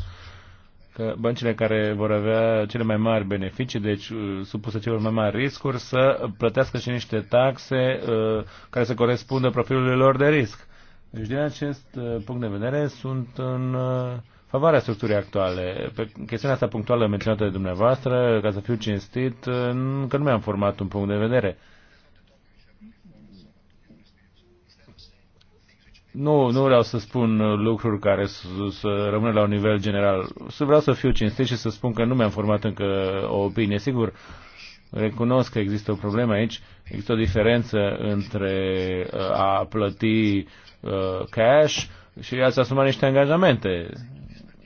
că băncile care vor avea cele mai mari beneficii, deci uh, supuse celor mai mari riscuri, să plătească și niște taxe uh, care să corespundă profilului lor de risc. Deci din acest uh, punct de vedere sunt în favoarea structurii actuale. Pe chestiunea asta punctuală menționată de dumneavoastră, ca să fiu cinstit, încă nu mi-am format un punct de vedere. Nu, nu vreau să spun lucruri care să, să rămână la un nivel general. Să vreau să fiu cinstit și să spun că nu mi-am format încă o opinie. Sigur, recunosc că există o problemă aici. Există o diferență între uh, a plăti uh, cash și a-ți asuma niște angajamente.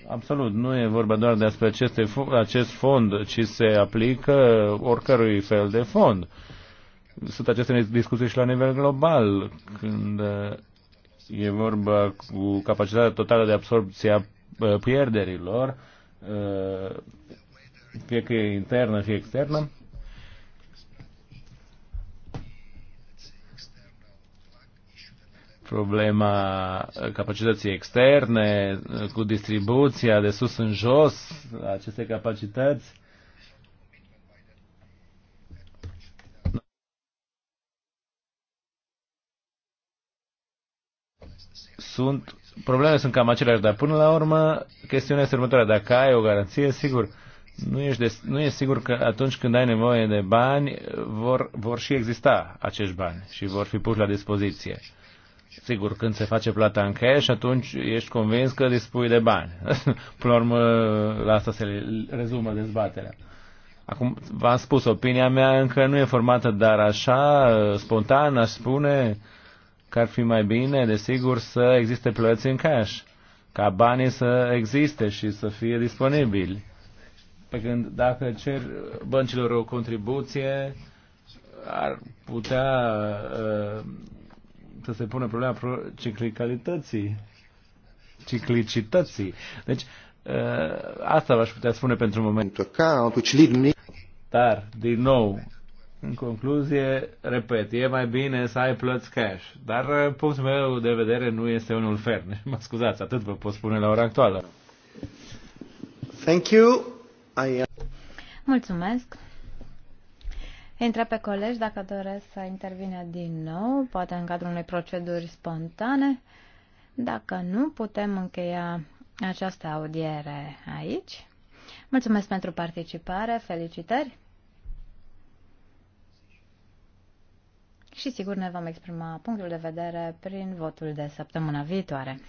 Absolut, nu e vorba doar despre aceste, acest fond, ci se aplică oricărui fel de fond. Sunt aceste discuții și la nivel global, când E vorba cu capacitatea totală de absorbție a uh, pierderilor, uh, fie că e internă, fie externă. problema capacității externe, uh, cu distribuția de sus în jos aceste capacități. sunt, problemele sunt cam aceleași, dar până la urmă chestiunea este următoarea. Dacă ai o garanție, sigur, nu, ești de, nu e sigur că atunci când ai nevoie de bani, vor, vor și exista acești bani și vor fi puși la dispoziție. Sigur, când se face plata în cash, atunci ești convins că dispui de bani. Până la urmă, la asta se rezumă dezbaterea. Acum, v-am spus, opinia mea încă nu e formată, dar așa, spontan, aș spune, uh, că ar fi mai bine, desigur, să existe plăți în cash, ca banii să existe și să fie disponibili. Pe când dacă cer băncilor o contribuție, ar putea uh, să se pună problema ciclicalității, ciclicității. Deci, uh, asta v-aș putea spune pentru moment. Dar, din nou, în concluzie, repet, e mai bine să ai plăți cash, dar uh, punctul meu de vedere nu este unul ferm. Mă scuzați, atât vă pot spune la ora actuală. Thank you. I... Uh, Mulțumesc. Intră pe colegi dacă doresc să intervine din nou, poate în cadrul unei proceduri spontane. Dacă nu, putem încheia această audiere aici. Mulțumesc pentru participare, felicitări! și sigur ne vom exprima punctul de vedere prin votul de săptămâna viitoare.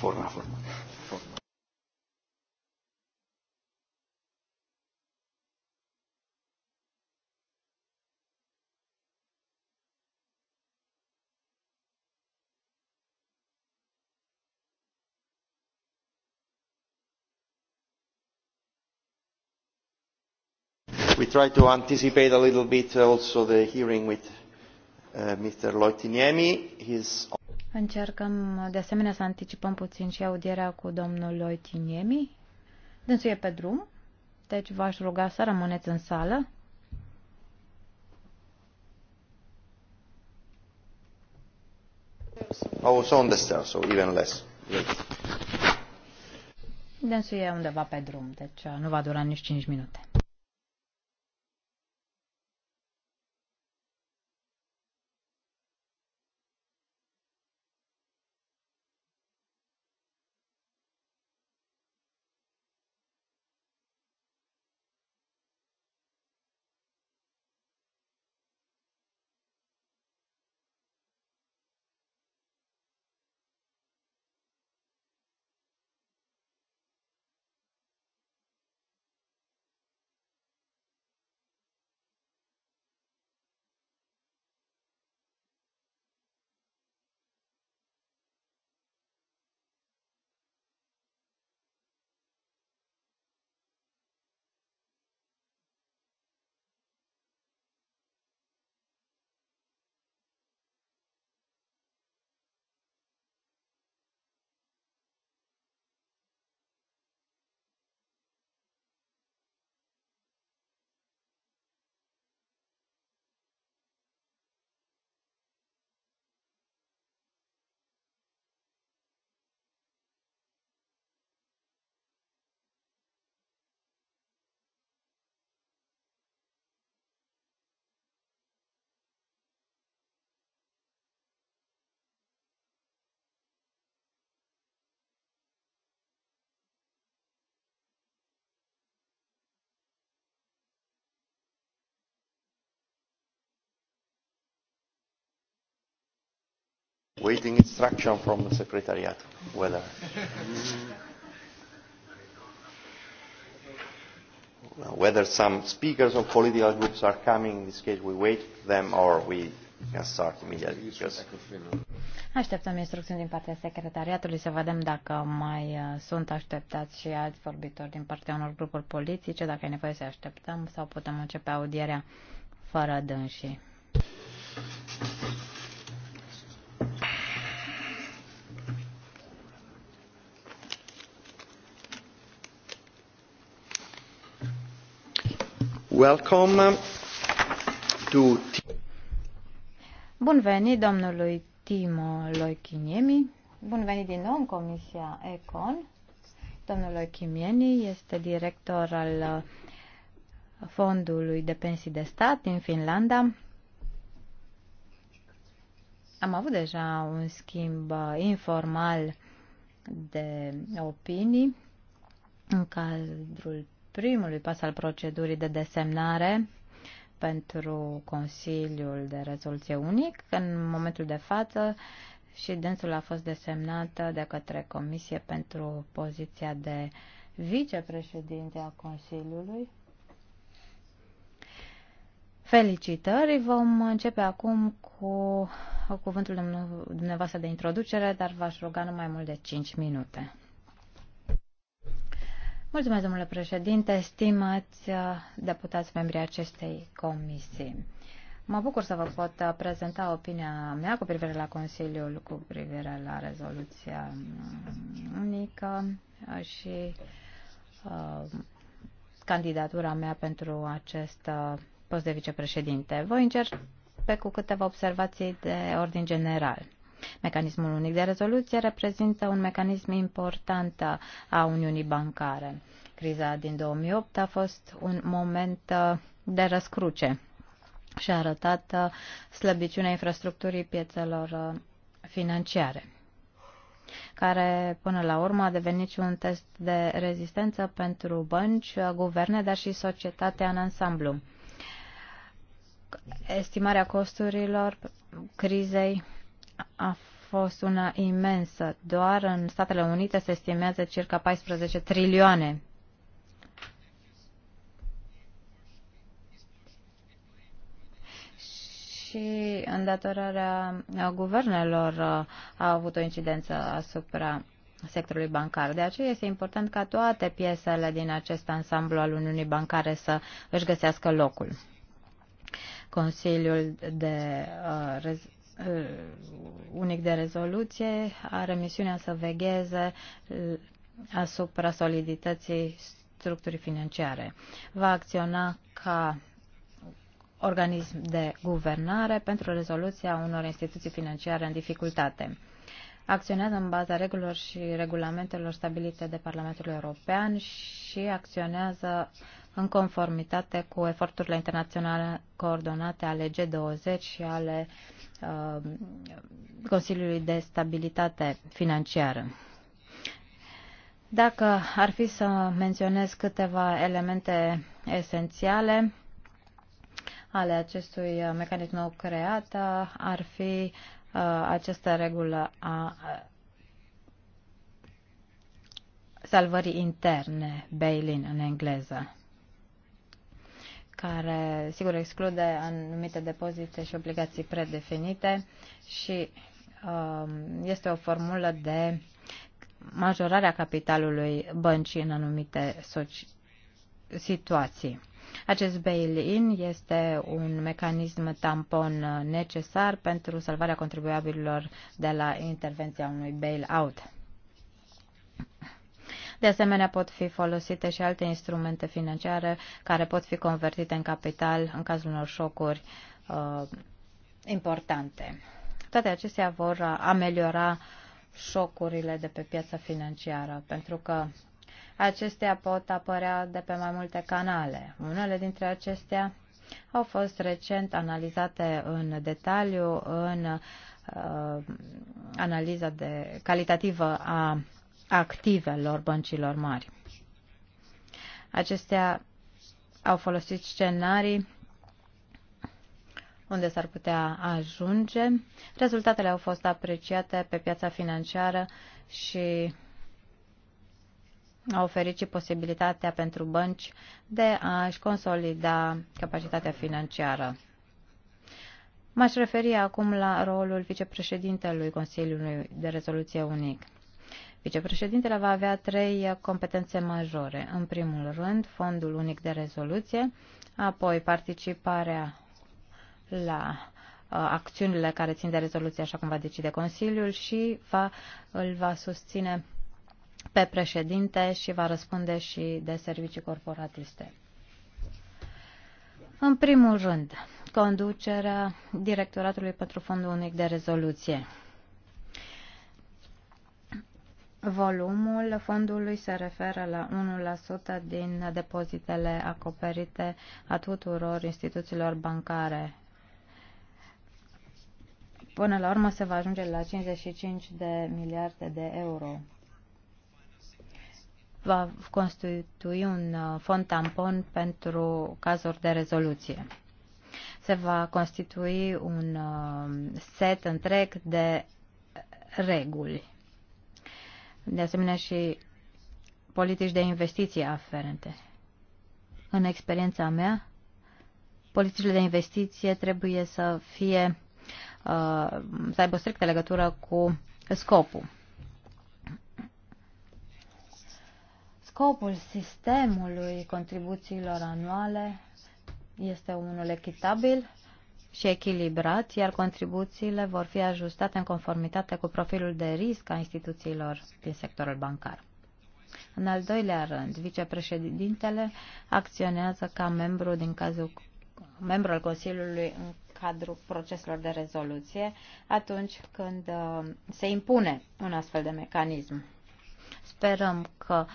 Forma, forma. we try to anticipate a little bit also the hearing with uh, Mr. Loitiniemi. His... Încercăm de asemenea să anticipăm puțin și audierea cu domnul Loitiniemi. Dânsul e pe drum, deci v-aș ruga să rămâneți în sală. Oh, so on the stairs, so even less. Great. Dânsul e undeva pe drum, deci nu va dura nici 5 minute. waiting instruction from the secretariat whether. whether some speakers of political groups are coming, in this case we wait for them or we can start immediately. Așteptăm instrucțiuni din partea secretariatului să vedem dacă mai uh, sunt așteptați și alți vorbitori din partea unor grupuri politice, dacă e nevoie să așteptăm sau putem începe audierea fără dânsii. Welcome to... Bun venit domnului Timo Loichiniemi. Bun venit din nou în Comisia Econ. Domnul Loichimieni este director al uh, Fondului de Pensii de Stat din Finlanda. Am avut deja un schimb uh, informal de opinii în cadrul primului pas al procedurii de desemnare pentru Consiliul de Rezoluție Unic. În momentul de față și dânsul a fost desemnată de către Comisie pentru poziția de vicepreședinte a Consiliului. Felicitări! Vom începe acum cu cuvântul dumneavoastră de introducere, dar v-aș ruga numai mult de 5 minute. Mulțumesc, domnule președinte, stimați uh, deputați membrii acestei comisii. Mă bucur să vă pot uh, prezenta opinia mea cu privire la Consiliul, cu privire la rezoluția uh, unică și uh, candidatura mea pentru acest post de vicepreședinte. Voi încerc pe cu câteva observații de ordin general. Mecanismul unic de rezoluție reprezintă un mecanism important a Uniunii Bancare. Criza din 2008 a fost un moment uh, de răscruce și a arătat uh, slăbiciunea infrastructurii piețelor uh, financiare care până la urmă a devenit și un test de rezistență pentru bănci, guverne, dar și societatea în ansamblu. Estimarea costurilor crizei a fost una imensă. Doar în Statele Unite se estimează circa 14 trilioane. Și îndatorarea guvernelor uh, a avut o incidență asupra sectorului bancar. De aceea este important ca toate piesele din acest ansamblu al Uniunii Bancare să își găsească locul. Consiliul de uh, Uh, unic de rezoluție are misiunea să vegheze uh, asupra solidității structurii financiare. Va acționa ca organism de guvernare pentru rezoluția unor instituții financiare în dificultate. Acționează în baza regulilor și regulamentelor stabilite de Parlamentul European și acționează uh, în conformitate cu eforturile internaționale coordonate ale G20 și ale uh, Consiliului de Stabilitate Financiară. Dacă ar fi să menționez câteva elemente esențiale ale acestui mecanism nou creat, ar fi uh, această regulă a uh, salvării interne, bail-in în engleză care sigur exclude anumite depozite și obligații predefinite și um, este o formulă de majorarea capitalului băncii în anumite situații. Acest bail-in este un mecanism tampon necesar pentru salvarea contribuabililor de la intervenția unui bail-out. De asemenea, pot fi folosite și alte instrumente financiare care pot fi convertite în capital în cazul unor șocuri uh, importante. Toate acestea vor uh, ameliora șocurile de pe piața financiară, pentru că acestea pot apărea de pe mai multe canale. Unele dintre acestea au fost recent analizate în detaliu în uh, analiza de calitativă a activelor băncilor mari. Acestea au folosit scenarii unde s-ar putea ajunge. Rezultatele au fost apreciate pe piața financiară și au oferit și posibilitatea pentru bănci de a-și consolida capacitatea financiară. M-aș referi acum la rolul vicepreședintelui Consiliului de Rezoluție Unic. Vicepreședintele va avea trei competențe majore. În primul rând, fondul unic de rezoluție, apoi participarea la uh, acțiunile care țin de rezoluție, așa cum va decide Consiliul, și va, îl va susține pe președinte și va răspunde și de servicii corporatiste. În primul rând, conducerea Directoratului pentru Fondul Unic de Rezoluție. Volumul fondului se referă la 1% din depozitele acoperite a tuturor instituțiilor bancare. Până la urmă se va ajunge la 55 de miliarde de euro. Va constitui un uh, fond tampon pentru cazuri de rezoluție. Se va constitui un uh, set întreg de reguli de asemenea și politici de investiții aferente. În experiența mea, politicile de investiție trebuie să fie uh, să aibă strictă legătură cu scopul. Scopul sistemului contribuțiilor anuale este unul echitabil și echilibrat, iar contribuțiile vor fi ajustate în conformitate cu profilul de risc a instituțiilor din sectorul bancar. În al doilea rând, vicepreședintele acționează ca membru din cazul membru al Consiliului în cadrul proceselor de rezoluție atunci când uh, se impune un astfel de mecanism. Sperăm că uh,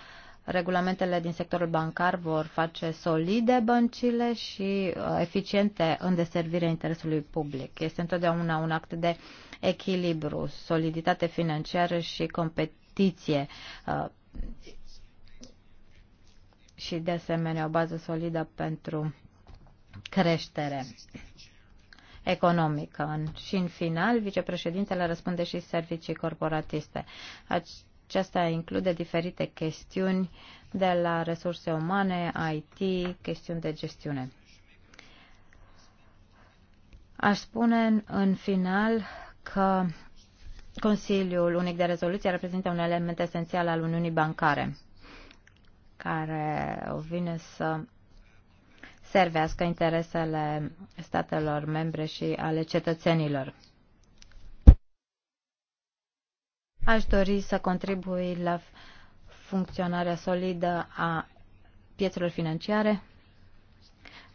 Regulamentele din sectorul bancar vor face solide băncile și uh, eficiente în deservirea interesului public. Este întotdeauna un act de echilibru, soliditate financiară și competiție uh, și de asemenea o bază solidă pentru creștere economică. Și în final, vicepreședintele răspunde și servicii corporatiste. Aceasta include diferite chestiuni de la resurse umane, IT, chestiuni de gestiune. Aș spune în final că Consiliul Unic de Rezoluție reprezintă un element esențial al Uniunii Bancare, care vine să servească interesele statelor membre și ale cetățenilor. Aș dori să contribui la funcționarea solidă a piețelor financiare,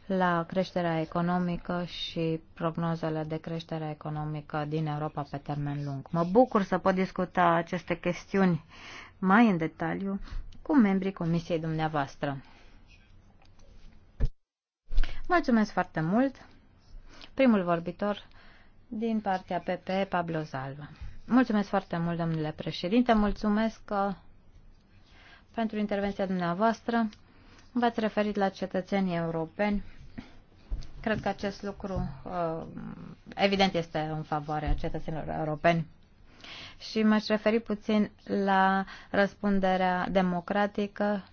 la creșterea economică și prognozele de creștere economică din Europa pe termen lung. Mă bucur să pot discuta aceste chestiuni mai în detaliu cu membrii comisiei dumneavoastră. Mulțumesc foarte mult! Primul vorbitor din partea PP, Pablo Salva. Mulțumesc foarte mult, domnule președinte. Mulțumesc că, uh, pentru intervenția dumneavoastră. V-ați referit la cetățenii europeni. Cred că acest lucru, uh, evident, este în favoarea cetățenilor europeni. Și m-aș referi puțin la răspunderea democratică.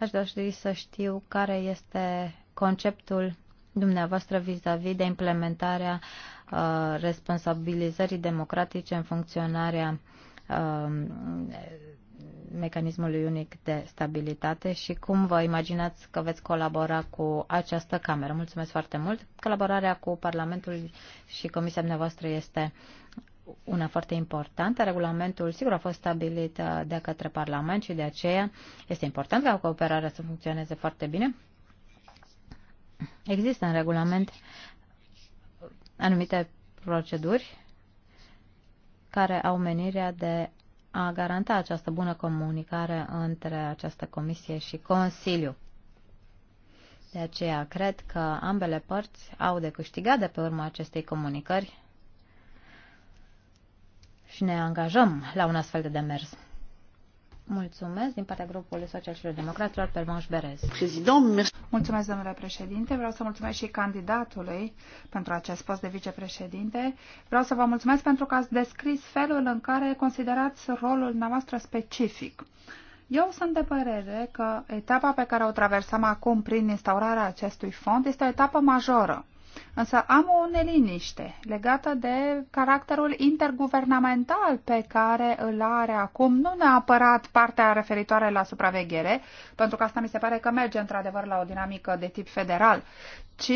Aș dori să știu care este conceptul dumneavoastră vis-a-vis -vis de implementarea uh, Uh, responsabilizării democratice în funcționarea um, mecanismului unic de stabilitate și cum vă imaginați că veți colabora cu această cameră. Mulțumesc foarte mult. Colaborarea cu Parlamentul și Comisia dumneavoastră este una foarte importantă. Regulamentul, sigur, a fost stabilit uh, de către Parlament și de aceea este important ca cooperarea să funcționeze foarte bine. Există în regulament anumite proceduri care au menirea de a garanta această bună comunicare între această comisie și Consiliu. De aceea cred că ambele părți au de câștigat de pe urma acestei comunicări și ne angajăm la un astfel de demers. Mulțumesc din partea grupului Socialiștilor Democraților, Permanș Berez. Mulțumesc, domnule președinte. Vreau să mulțumesc și candidatului pentru acest post de vicepreședinte. Vreau să vă mulțumesc pentru că ați descris felul în care considerați rolul dumneavoastră specific. Eu sunt de părere că etapa pe care o traversăm acum prin instaurarea acestui fond este o etapă majoră. Însă am o neliniște legată de caracterul interguvernamental pe care îl are acum, nu neapărat partea referitoare la supraveghere, pentru că asta mi se pare că merge într-adevăr la o dinamică de tip federal, ci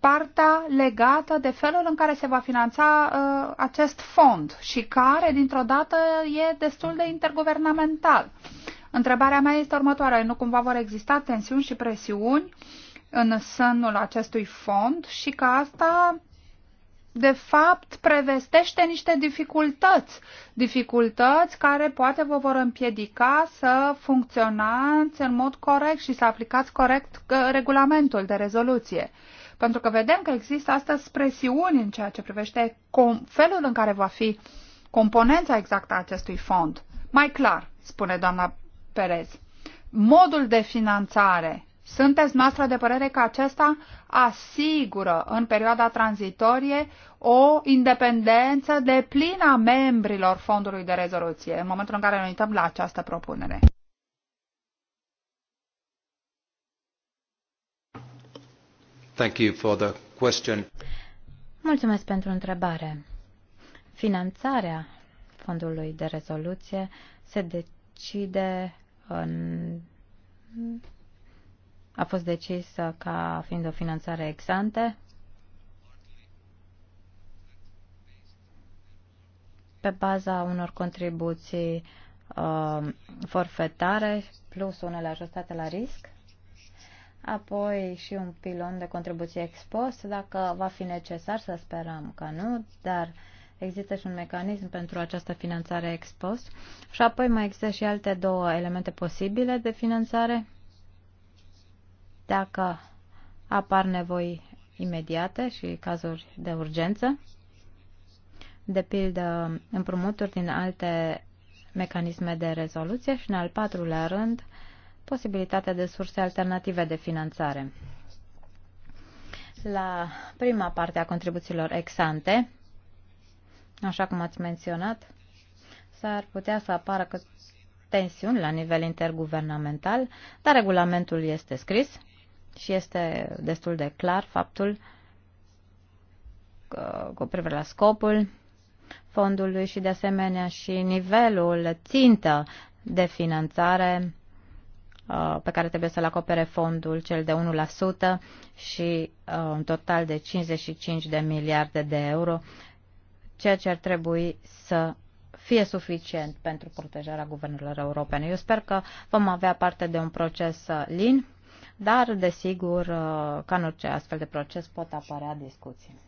partea legată de felul în care se va finanța uh, acest fond și care, dintr-o dată, e destul de interguvernamental. Întrebarea mea este următoarea. Nu cumva vor exista tensiuni și presiuni uh, în sânul acestui fond și că asta de fapt, prevestește niște dificultăți. Dificultăți care poate vă vor împiedica să funcționați în mod corect și să aplicați corect uh, regulamentul de rezoluție. Pentru că vedem că există astăzi presiuni în ceea ce privește felul în care va fi componența exactă a acestui fond. Mai clar, spune doamna Perez, modul de finanțare sunteți noastră de părere că acesta asigură în perioada tranzitorie o independență de plină a membrilor fondului de rezoluție, în momentul în care ne uităm la această propunere. Thank you for the question. Mulțumesc pentru întrebare. Finanțarea fondului de rezoluție se decide în a fost decisă ca fiind o finanțare exante pe baza unor contribuții uh, forfetare plus unele ajustate la risc, apoi și un pilon de contribuție expost, dacă va fi necesar, să sperăm că nu, dar există și un mecanism pentru această finanțare expost și apoi mai există și alte două elemente posibile de finanțare, dacă apar nevoi imediate și cazuri de urgență, de pildă împrumuturi din alte mecanisme de rezoluție și, în al patrulea rând, posibilitatea de surse alternative de finanțare. La prima parte a contribuțiilor ex-ante, așa cum ați menționat, s-ar putea să apară că tensiuni la nivel interguvernamental, dar regulamentul este scris și este destul de clar faptul că, cu privire la scopul fondului și de asemenea și nivelul țintă de finanțare uh, pe care trebuie să-l acopere fondul, cel de 1% și uh, un total de 55 de miliarde de euro, ceea ce ar trebui să fie suficient pentru protejarea guvernelor europene. Eu sper că vom avea parte de un proces uh, lin dar, desigur, uh, ca în orice astfel de proces pot apărea discuții.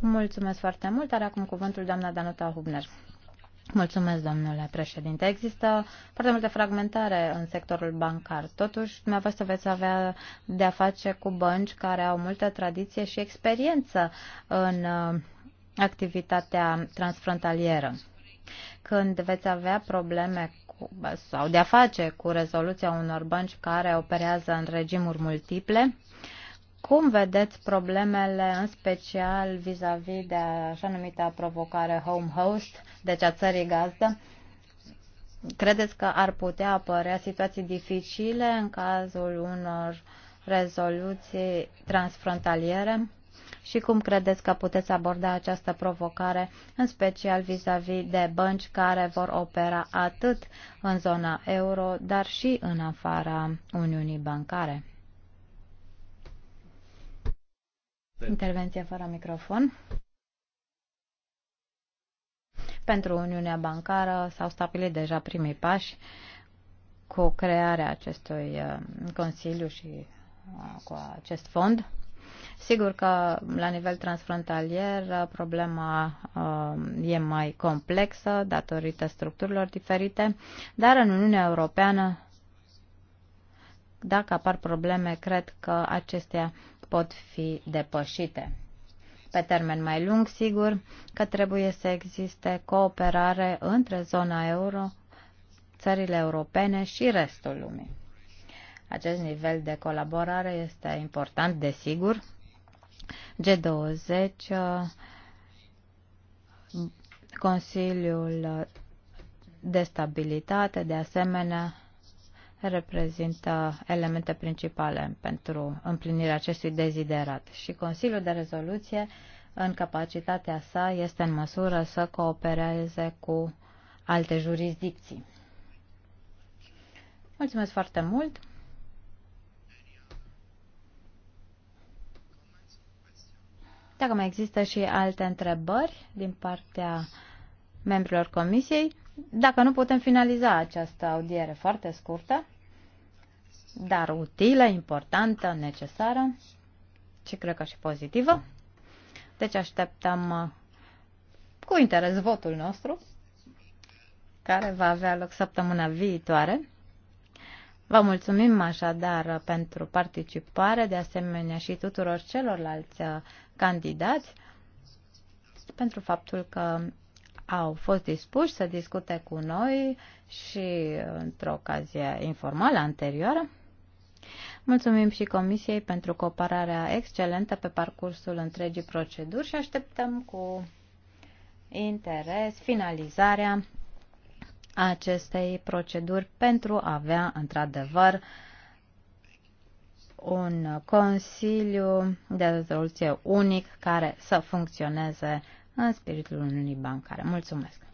Mulțumesc foarte mult. Are acum cuvântul doamna Danuta Hubner. Mulțumesc, domnule președinte. Există foarte multe fragmentare în sectorul bancar. Totuși, dumneavoastră veți avea de-a face cu bănci care au multă tradiție și experiență în uh, activitatea transfrontalieră. Când veți avea probleme sau de a face cu rezoluția unor bănci care operează în regimuri multiple. Cum vedeți problemele, în special vis-a-vis -vis de așa numita provocare home host, deci a țării gazdă? Credeți că ar putea apărea situații dificile în cazul unor rezoluții transfrontaliere? și cum credeți că puteți aborda această provocare, în special vis-a-vis -vis de bănci care vor opera atât în zona euro, dar și în afara Uniunii Bancare? Intervenție fără microfon. Pentru Uniunea Bancară s-au stabilit deja primii pași cu crearea acestui uh, Consiliu și uh, cu acest fond. Sigur că la nivel transfrontalier uh, problema uh, e mai complexă datorită structurilor diferite, dar în Uniunea Europeană, dacă apar probleme, cred că acestea pot fi depășite. Pe termen mai lung, sigur că trebuie să existe cooperare între zona euro, țările europene și restul lumii. Acest nivel de colaborare este important, desigur, G20, uh, Consiliul de Stabilitate, de asemenea, reprezintă elemente principale pentru împlinirea acestui deziderat. Și Consiliul de Rezoluție, în capacitatea sa, este în măsură să coopereze cu alte jurisdicții. Mulțumesc foarte mult! Dacă mai există și alte întrebări din partea membrilor comisiei, dacă nu putem finaliza această audiere foarte scurtă, dar utilă, importantă, necesară și cred că și pozitivă. Deci așteptăm uh, cu interes votul nostru, care va avea loc săptămâna viitoare. Vă mulțumim așadar pentru participare, de asemenea și tuturor celorlalți uh, candidați pentru faptul că au fost dispuși să discute cu noi și într-o ocazie informală anterioară. Mulțumim și Comisiei pentru cooperarea excelentă pe parcursul întregii proceduri și așteptăm cu interes finalizarea acestei proceduri pentru a avea, într-adevăr, un Consiliu de Rezoluție unic care să funcționeze în spiritul Uniunii Bancare. Mulțumesc!